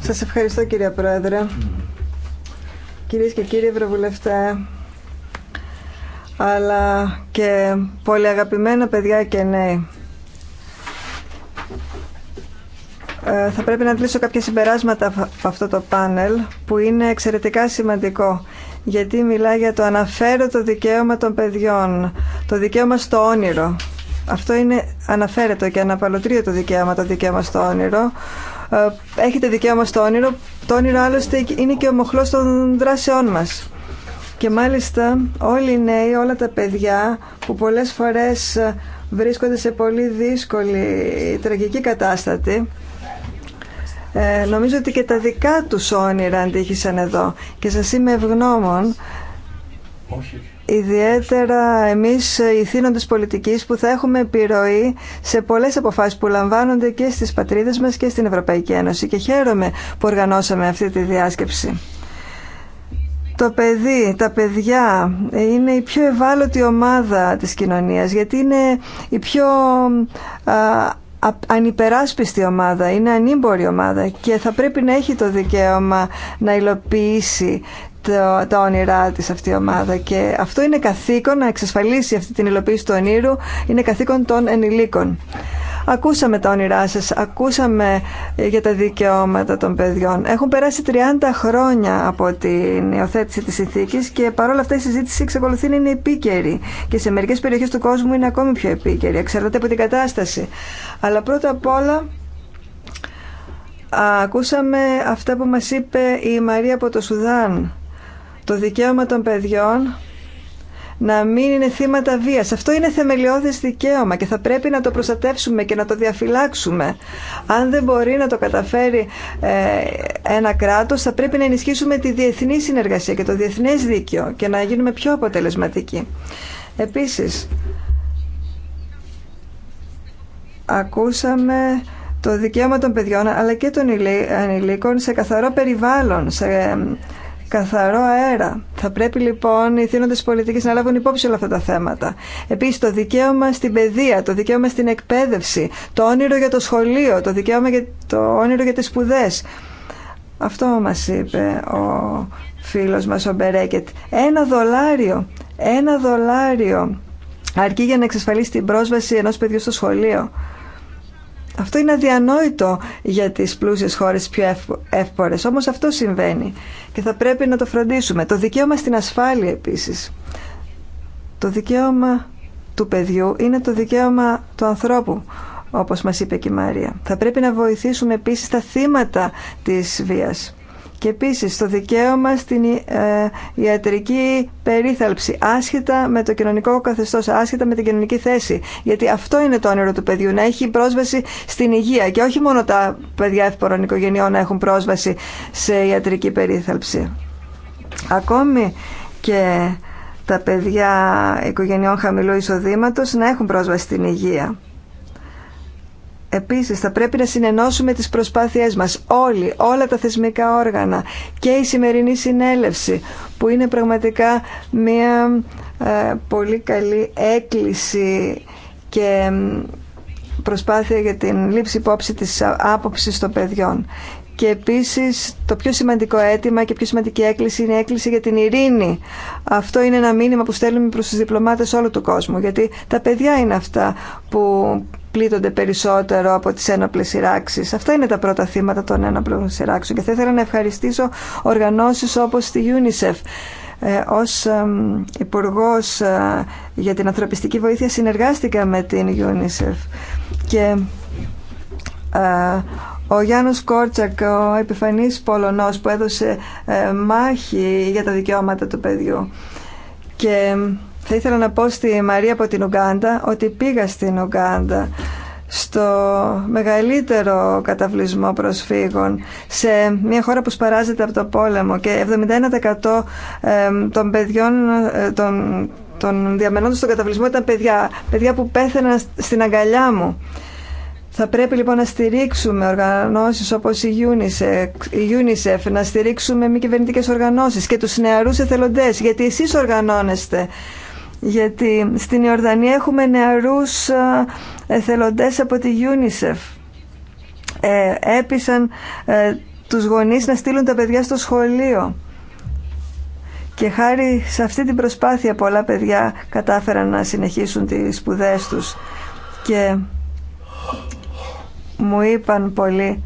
D: Σας ευχαριστώ κυρία Πρόεδρε. Κυρίες και κύριοι Ευρωβουλευτέ, αλλά και πολύ αγαπημένα παιδιά και νέοι. Ε, θα πρέπει να κλείσω κάποια συμπεράσματα από αυτό το πάνελ που είναι εξαιρετικά σημαντικό γιατί μιλά για το το δικαίωμα των παιδιών, το δικαίωμα στο όνειρο. Αυτό είναι αναφέρετο και αναπαλωτρίο το δικαίωμα, το δικαίωμα στο όνειρο. Ε, έχετε δικαίωμα στο όνειρο, το όνειρο άλλωστε είναι και ο μοχλός των δράσεών μας. Και μάλιστα όλοι οι νέοι, όλα τα παιδιά που πολλές φορές βρίσκονται σε πολύ δύσκολη τραγική κατάσταση ε, νομίζω ότι και τα δικά του όνειρα αντίχησαν εδώ και σας είμαι ευγνώμων ιδιαίτερα εμείς ε, οι θύνοντες πολιτικής που θα έχουμε επιρροή σε πολλές αποφάσεις που λαμβάνονται και στις πατρίδες μας και στην Ευρωπαϊκή Ένωση και χαίρομαι που οργανώσαμε αυτή τη διάσκεψη. Το παιδί, τα παιδιά ε, είναι η πιο ευάλωτη ομάδα της κοινωνίας γιατί είναι η πιο ανυπεράσπιστη ομάδα, είναι ανήμπορη ομάδα και θα πρέπει να έχει το δικαίωμα να υλοποιήσει το, τα όνειρά τη αυτή η ομάδα και αυτό είναι καθήκον να εξασφαλίσει αυτή την υλοποίηση του ονείρου είναι καθήκον των ενηλίκων. Ακούσαμε τα όνειρά σα, ακούσαμε ε, για τα δικαιώματα των παιδιών. Έχουν περάσει 30 χρόνια από την υιοθέτηση τη συνθήκη και παρόλα αυτά η συζήτηση εξακολουθεί να είναι επίκαιρη και σε μερικέ περιοχές του κόσμου είναι ακόμη πιο επίκαιρη, εξαρτάται από την κατάσταση. Αλλά πρώτα απ' όλα ακούσαμε αυτά που μας είπε η Μαρία από το Σουδάν, το δικαίωμα των παιδιών να μην είναι θύματα βίας. Αυτό είναι θεμελιώδες δικαίωμα και θα πρέπει να το προστατεύσουμε και να το διαφυλάξουμε. Αν δεν μπορεί να το καταφέρει ε, ένα κράτος, θα πρέπει να ενισχύσουμε τη διεθνή συνεργασία και το διεθνές δίκαιο και να γίνουμε πιο αποτελεσματικοί. Επίσης, ακούσαμε το δικαίωμα των παιδιών αλλά και των ανηλίκων σε καθαρό περιβάλλον, σε καθαρό αέρα. Θα πρέπει λοιπόν οι θύνοντες πολιτικές να λάβουν υπόψη όλα αυτά τα θέματα. Επίσης το δικαίωμα στην παιδεία, το δικαίωμα στην εκπαίδευση, το όνειρο για το σχολείο, το δικαίωμα για το όνειρο για τις σπουδές. Αυτό μας είπε ο φίλος μας ο Μπερέκετ. Ένα δολάριο, ένα δολάριο αρκεί για να εξασφαλίσει την πρόσβαση ενός παιδιού στο σχολείο. Αυτό είναι αδιανόητο για τις πλούσιες χώρες πιο εύπορες, όμως αυτό συμβαίνει και θα πρέπει να το φροντίσουμε. Το δικαίωμα στην ασφάλεια επίσης. Το δικαίωμα του παιδιού είναι το δικαίωμα του ανθρώπου, όπως μας είπε και η Μαρία. Θα πρέπει να βοηθήσουμε επίσης τα θύματα της βίας. Και επίσης το δικαίωμα στην ε, ιατρική περίθαλψη, άσχετα με το κοινωνικό καθεστώς, άσχετα με την κοινωνική θέση. Γιατί αυτό είναι το όνειρο του παιδιού, να έχει πρόσβαση στην υγεία και όχι μόνο τα παιδιά εύπορων οικογενειών να έχουν πρόσβαση σε ιατρική περίθαλψη. Ακόμη και τα παιδιά οικογενειών χαμηλού εισοδήματος να έχουν πρόσβαση στην υγεία. Επίσης θα πρέπει να συνενώσουμε τις προσπάθειές μας όλοι, όλα τα θεσμικά όργανα και η σημερινή συνέλευση που είναι πραγματικά μια ε, πολύ καλή έκκληση και προσπάθεια για την λήψη υπόψη της ε, άποψης των παιδιών. Και επίση το πιο σημαντικό αίτημα και πιο σημαντική έκκληση είναι η έκκληση για την ειρήνη. Αυτό είναι ένα μήνυμα που στέλνουμε προ του διπλωμάτε όλου του κόσμου, γιατί τα παιδιά είναι αυτά που πλήττονται περισσότερο από τις ένοπλες σειράξεις. Αυτά είναι τα πρώτα θύματα των ένοπλων σειράξεων και θα ήθελα να ευχαριστήσω οργανώσεις όπως τη UNICEF. Ε, ως υπουργό ε, για την ανθρωπιστική βοήθεια συνεργάστηκα με την UNICEF και ε, ο Γιάννος Κόρτσακ, ο επιφανής Πολωνός που έδωσε ε, μάχη για τα δικαιώματα του παιδιού. Και θα ήθελα να πω στη Μαρία από την Ουγκάντα ότι πήγα στην Ουγκάντα στο μεγαλύτερο καταβλισμό προσφύγων σε μια χώρα που σπαράζεται από το πόλεμο και 71% ε, των παιδιών ε, των, των διαμενόντων στον καταβλισμό ήταν παιδιά, παιδιά που πέθαιναν στην αγκαλιά μου. Θα πρέπει λοιπόν να στηρίξουμε οργανώσεις όπως η UNICEF, η UNICEF να στηρίξουμε μη κυβερνητικέ οργανώσεις και τους νεαρούς εθελοντές, γιατί εσείς οργανώνεστε. Γιατί στην Ιορδανία έχουμε νεαρούς ε, εθελοντές από τη UNICEF. Ε, έπεισαν ε, τους γονείς να στείλουν τα παιδιά στο σχολείο. Και χάρη σε αυτή την προσπάθεια πολλά παιδιά κατάφεραν να συνεχίσουν τις σπουδές τους. Και μου είπαν πολύ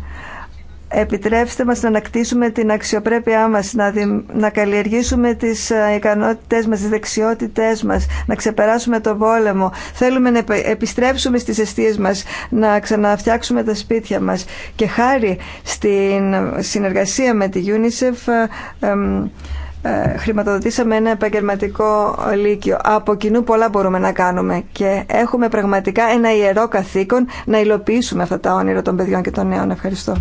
D: επιτρέψτε μας να ανακτήσουμε την αξιοπρέπειά μας, να, να καλλιεργήσουμε τις ε, ικανότητές μας, τις δεξιότητές μας, να ξεπεράσουμε το πόλεμο. Θέλουμε να επιστρέψουμε στις αιστείες μας, να ξαναφτιάξουμε τα σπίτια μας. Και χάρη στην συνεργασία με τη UNICEF ε, ε, χρηματοδοτήσαμε ένα επαγγελματικό λύκειο. Από κοινού πολλά μπορούμε να κάνουμε και έχουμε πραγματικά ένα ιερό καθήκον να υλοποιήσουμε αυτά τα όνειρα των παιδιών και των νέων. Ευχαριστώ.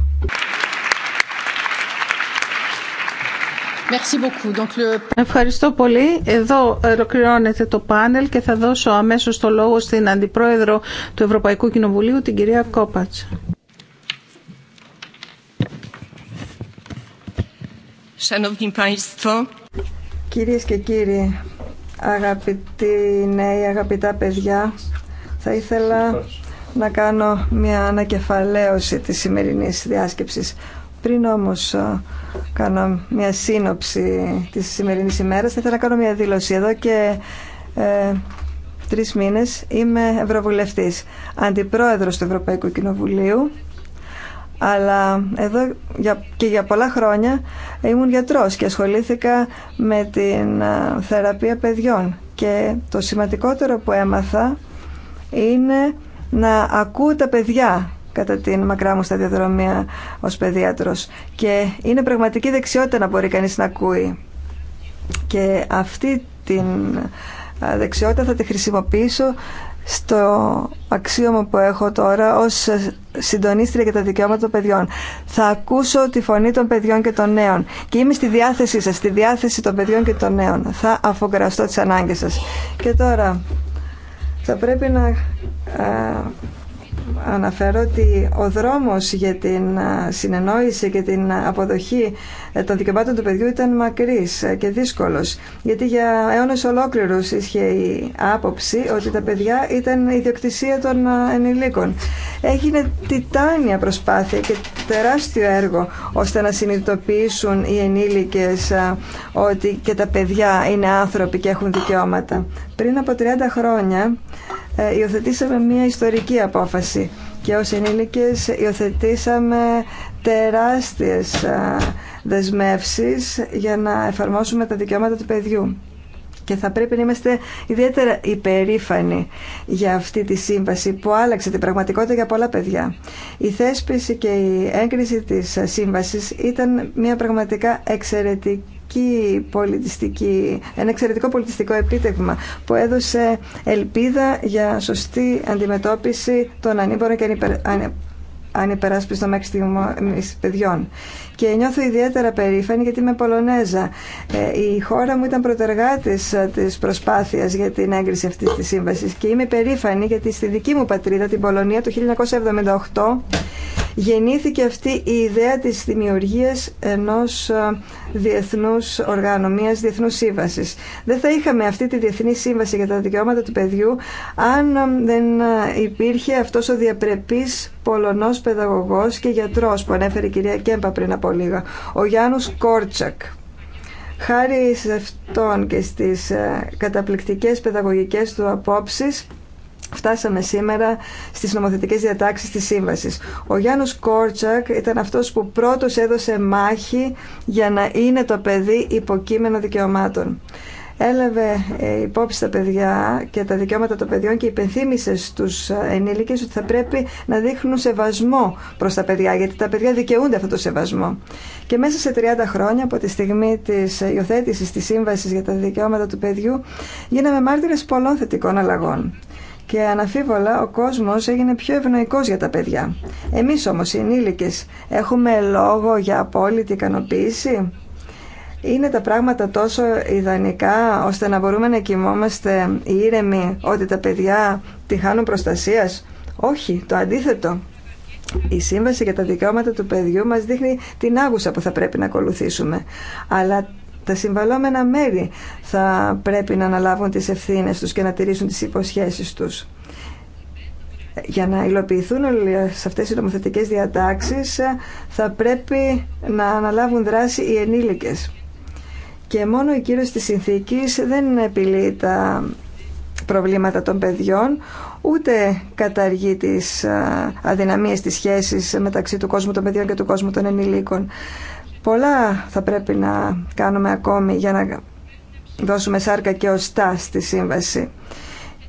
D: Ευχαριστώ
A: πολύ. Εδώ ολοκληρώνεται το πάνελ και θα δώσω αμέσως το λόγο στην Αντιπρόεδρο του Ευρωπαϊκού Κοινοβουλίου, την κυρία Κόπατς.
D: Κυρίες και κύριοι, αγαπητοί νέοι, αγαπητά παιδιά, θα ήθελα να κάνω μια ανακεφαλαίωση της σημερινής διάσκεψης. Πριν όμως ε, κάνω μια σύνοψη της σημερινής ημέρας, θα ήθελα να κάνω μια δήλωση. Εδώ και ε, τρεις μήνες είμαι Ευρωβουλευτής, Αντιπρόεδρος του Ευρωπαϊκού Κοινοβουλίου αλλά εδώ και για πολλά χρόνια ήμουν γιατρός και ασχολήθηκα με την θεραπεία παιδιών και το σημαντικότερο που έμαθα είναι να ακούω τα παιδιά κατά την μακρά μου σταδιοδρομία ως παιδίατρος και είναι πραγματική δεξιότητα να μπορεί κανείς να ακούει και αυτή την δεξιότητα θα τη χρησιμοποιήσω στο αξίωμα που έχω τώρα ως συντονίστρια για τα δικαιώματα των παιδιών. Θα ακούσω τη φωνή των παιδιών και των νέων και είμαι στη διάθεσή σας, στη διάθεση των παιδιών και των νέων. Θα αφογκραστώ τις ανάγκες σας. Και τώρα θα πρέπει να ε, αναφέρω ότι ο δρόμος για την συνεννόηση και την αποδοχή ε, των δικαιωμάτων του παιδιού ήταν μακρύς και δύσκολος. Γιατί για αιώνες ολόκληρους είχε η άποψη ότι τα παιδιά ήταν ιδιοκτησία των ενηλίκων. Έγινε τιτάνια προσπάθεια και τεράστιο έργο ώστε να συνειδητοποιήσουν οι ενήλικες ότι και τα παιδιά είναι άνθρωποι και έχουν δικαιώματα. Πριν από 30 χρόνια ε, υιοθετήσαμε μια ιστορική απόφαση και ως ενήλικες υιοθετήσαμε τεράστιες ε, δεσμεύσεις για να εφαρμόσουμε τα δικαιώματα του παιδιού. Και θα πρέπει να είμαστε ιδιαίτερα υπερήφανοι για αυτή τη σύμβαση που άλλαξε την πραγματικότητα για πολλά παιδιά. Η θέσπιση και η έγκριση της σύμβασης ήταν μια πραγματικά εξαιρετική εξαιρετική πολιτιστική, ένα εξαιρετικό πολιτιστικό επίτευγμα που έδωσε ελπίδα για σωστή αντιμετώπιση των ανήμπορων και ανυπεράσπιστων μέχρι στιγμής παιδιών και νιώθω ιδιαίτερα περήφανη γιατί είμαι Πολωνέζα. Ε, η χώρα μου ήταν πρωτεργάτη ε, τη προσπάθεια για την έγκριση αυτή τη σύμβαση. και είμαι περήφανη γιατί στη δική μου πατρίδα, την Πολωνία, το 1978 γεννήθηκε αυτή η ιδέα τη δημιουργία ενό ε, διεθνού οργάνου, μια διεθνού σύμβαση. Δεν θα είχαμε αυτή τη διεθνή σύμβαση για τα δικαιώματα του παιδιού αν δεν υπήρχε αυτό ο διαπρεπή Πολωνός Παιδαγωγό και γιατρό που ανέφερε η κυρία Κέμπα πριν από ο Γιάννους Κόρτσακ. Χάρη σε αυτόν και στις ε, καταπληκτικές παιδαγωγικές του απόψεις, Φτάσαμε σήμερα στις νομοθετικές διατάξεις της Σύμβασης. Ο Γιάννος Κόρτσακ ήταν αυτός που πρώτος έδωσε μάχη για να είναι το παιδί υποκείμενο δικαιωμάτων έλαβε ε, υπόψη τα παιδιά και τα δικαιώματα των παιδιών και υπενθύμησε στους ε, ενήλικες ότι θα πρέπει να δείχνουν σεβασμό προς τα παιδιά γιατί τα παιδιά δικαιούνται αυτό το σεβασμό. Και μέσα σε 30 χρόνια από τη στιγμή της υιοθέτηση της Σύμβασης για τα Δικαιώματα του Παιδιού γίναμε μάρτυρες πολλών θετικών αλλαγών. Και αναφίβολα ο κόσμος έγινε πιο ευνοϊκός για τα παιδιά. Εμείς όμως οι ενήλικες έχουμε λόγο για απόλυτη ικανοποίηση είναι τα πράγματα τόσο ιδανικά ώστε να μπορούμε να κοιμόμαστε ήρεμοι ότι τα παιδιά τη χάνουν προστασίας. Όχι, το αντίθετο. Η Σύμβαση για τα Δικαιώματα του Παιδιού μας δείχνει την άγουσα που θα πρέπει να ακολουθήσουμε. Αλλά τα συμβαλόμενα μέρη θα πρέπει να αναλάβουν τις ευθύνες τους και να τηρήσουν τις υποσχέσεις τους. Για να υλοποιηθούν όλες αυτές οι νομοθετικές διατάξεις θα πρέπει να αναλάβουν δράση οι ενήλικες και μόνο η κύρωση της συνθήκης δεν επιλύει τα προβλήματα των παιδιών ούτε καταργεί τις αδυναμίες της σχέσης μεταξύ του κόσμου των παιδιών και του κόσμου των ενηλίκων. Πολλά θα πρέπει να κάνουμε ακόμη για να δώσουμε σάρκα και οστά στη σύμβαση.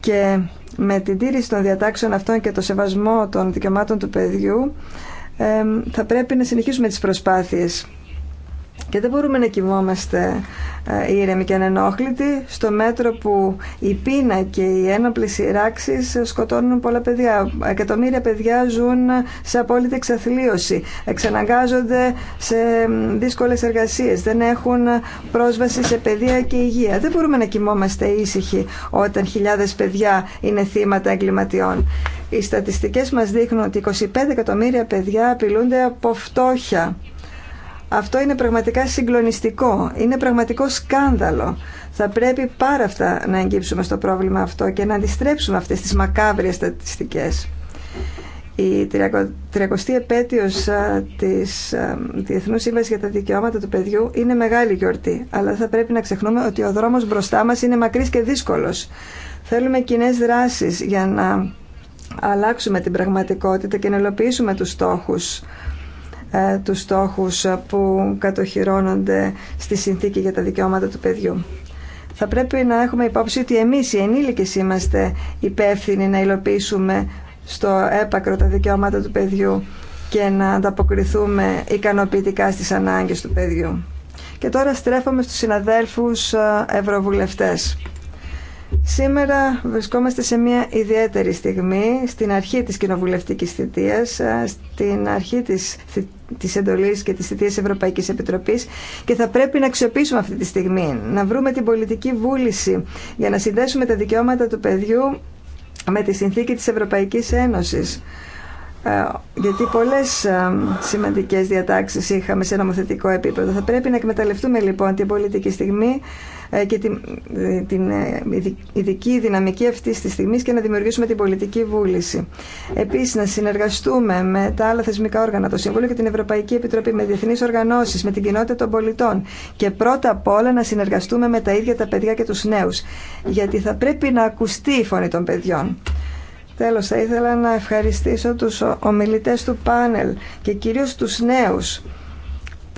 D: Και με την τήρηση των διατάξεων αυτών και το σεβασμό των δικαιωμάτων του παιδιού θα πρέπει να συνεχίσουμε τις προσπάθειες και δεν μπορούμε να κοιμόμαστε ε, ήρεμοι και ανενόχλητοι στο μέτρο που η πείνα και οι ένοπλες σειράξεις σκοτώνουν πολλά παιδιά. Εκατομμύρια παιδιά ζουν σε απόλυτη εξαθλίωση, εξαναγκάζονται σε δύσκολες εργασίες, δεν έχουν πρόσβαση σε παιδεία και υγεία. Δεν μπορούμε να κοιμόμαστε ήσυχοι όταν χιλιάδες παιδιά είναι θύματα εγκληματιών. Οι στατιστικές μας δείχνουν ότι 25 εκατομμύρια παιδιά απειλούνται από φτώχεια αυτό είναι πραγματικά συγκλονιστικό, είναι πραγματικό σκάνδαλο. Θα πρέπει πάρα αυτά να εγγύψουμε στο πρόβλημα αυτό και να αντιστρέψουμε αυτές τις μακάβριες στατιστικές. Η 30η επέτειος της Διεθνούς Σύμβασης για τα Δικαιώματα του Παιδιού είναι μεγάλη γιορτή, αλλά θα πρέπει να ξεχνούμε ότι ο δρόμος μπροστά μας είναι μακρύς και δύσκολος. Θέλουμε κοινέ δράσεις για να αλλάξουμε την πραγματικότητα και να υλοποιήσουμε τους στόχους ε, τους στόχους που κατοχυρώνονται στη συνθήκη για τα δικαιώματα του παιδιού. Θα πρέπει να έχουμε υπόψη ότι εμείς οι ενήλικες είμαστε υπεύθυνοι να υλοποιήσουμε στο έπακρο τα δικαιώματα του παιδιού και να ανταποκριθούμε ικανοποιητικά στις ανάγκες του παιδιού. Και τώρα στρέφομαι στους συναδέλφους ε, ευρωβουλευτές. Σήμερα βρισκόμαστε σε μια ιδιαίτερη στιγμή, στην αρχή της κοινοβουλευτικής θητείας, ε, στην αρχή της, της εντολής και της θητείας Ευρωπαϊκής Επιτροπής και θα πρέπει να αξιοποιήσουμε αυτή τη στιγμή, να βρούμε την πολιτική βούληση για να συνδέσουμε τα δικαιώματα του παιδιού με τη συνθήκη της Ευρωπαϊκής Ένωσης ε, γιατί πολλές ε, σημαντικές διατάξεις είχαμε σε νομοθετικό επίπεδο. Θα πρέπει να εκμεταλλευτούμε λοιπόν την πολιτική στιγμή ε, και την, ε, την ε, ειδική δυναμική αυτή τη στιγμή και να δημιουργήσουμε την πολιτική βούληση. Επίση, να συνεργαστούμε με τα άλλα θεσμικά όργανα, το Συμβούλιο και την Ευρωπαϊκή Επιτροπή, με διεθνεί οργανώσει, με την κοινότητα των πολιτών και πρώτα απ' όλα να συνεργαστούμε με τα ίδια τα παιδιά και του νέου. Γιατί θα πρέπει να ακουστεί η φωνή των παιδιών. Τέλος, θα ήθελα να ευχαριστήσω τους ομιλητές του πάνελ και κυρίως τους νέους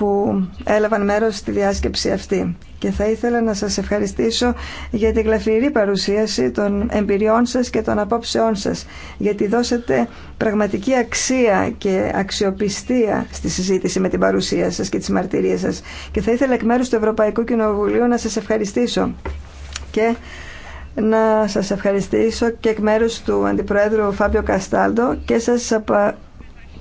D: που έλαβαν μέρος στη διάσκεψη αυτή. Και θα ήθελα να σας ευχαριστήσω για την γλαφυρή παρουσίαση των εμπειριών σας και των απόψεών σας, γιατί δώσατε πραγματική αξία και αξιοπιστία στη συζήτηση με την παρουσία σας και τις μαρτυρίες σας. Και θα ήθελα εκ μέρους του Ευρωπαϊκού Κοινοβουλίου να σας ευχαριστήσω. Και να σας ευχαριστήσω και εκ μέρους του Αντιπροέδρου Φάμπιο Καστάλτο και σας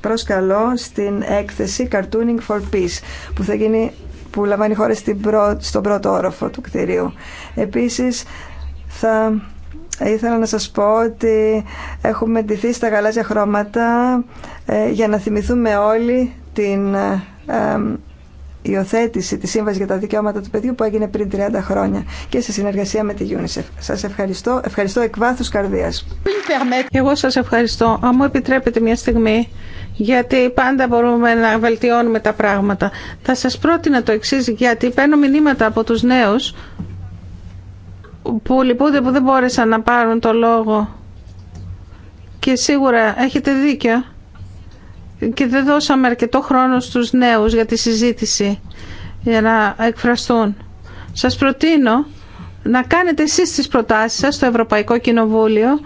D: προσκαλώ στην έκθεση Cartooning for Peace που θα γίνει που λαμβάνει χώρα στην στον πρώτο όροφο του κτηρίου. Επίσης θα ήθελα να σας πω ότι έχουμε ντυθεί στα γαλάζια χρώματα ε, για να θυμηθούμε όλοι την ε, υιοθέτηση της σύμβαση για τα Δικαιώματα του Παιδιού που έγινε πριν 30 χρόνια και σε συνεργασία με τη UNICEF. Σας ευχαριστώ. Ευχαριστώ εκ βάθους καρδίας. Εγώ σας
A: ευχαριστώ. Αν μου επιτρέπετε μια στιγμή γιατί πάντα μπορούμε να βελτιώνουμε τα πράγματα. Θα σας πρότεινα το εξής, γιατί παίρνω μηνύματα από τους νέους που λυπούνται που δεν μπόρεσαν να πάρουν το λόγο. Και σίγουρα έχετε δίκιο και δεν δώσαμε αρκετό χρόνο στους νέους για τη συζήτηση για να εκφραστούν. Σας προτείνω να κάνετε εσείς τις προτάσεις σας στο Ευρωπαϊκό Κοινοβούλιο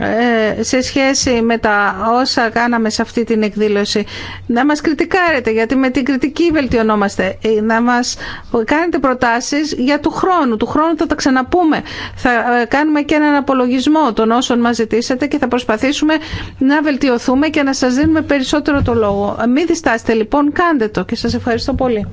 A: ε, σε σχέση με τα όσα κάναμε σε αυτή την εκδήλωση να μας κριτικάρετε γιατί με την κριτική βελτιωνόμαστε ε, να μας κάνετε προτάσεις για του χρόνου του χρόνου θα τα ξαναπούμε θα ε, κάνουμε και έναν απολογισμό των όσων μας ζητήσατε και θα προσπαθήσουμε να βελτιωθούμε και να σας δίνουμε περισσότερο το λόγο μην διστάσετε λοιπόν κάντε το και σας ευχαριστώ πολύ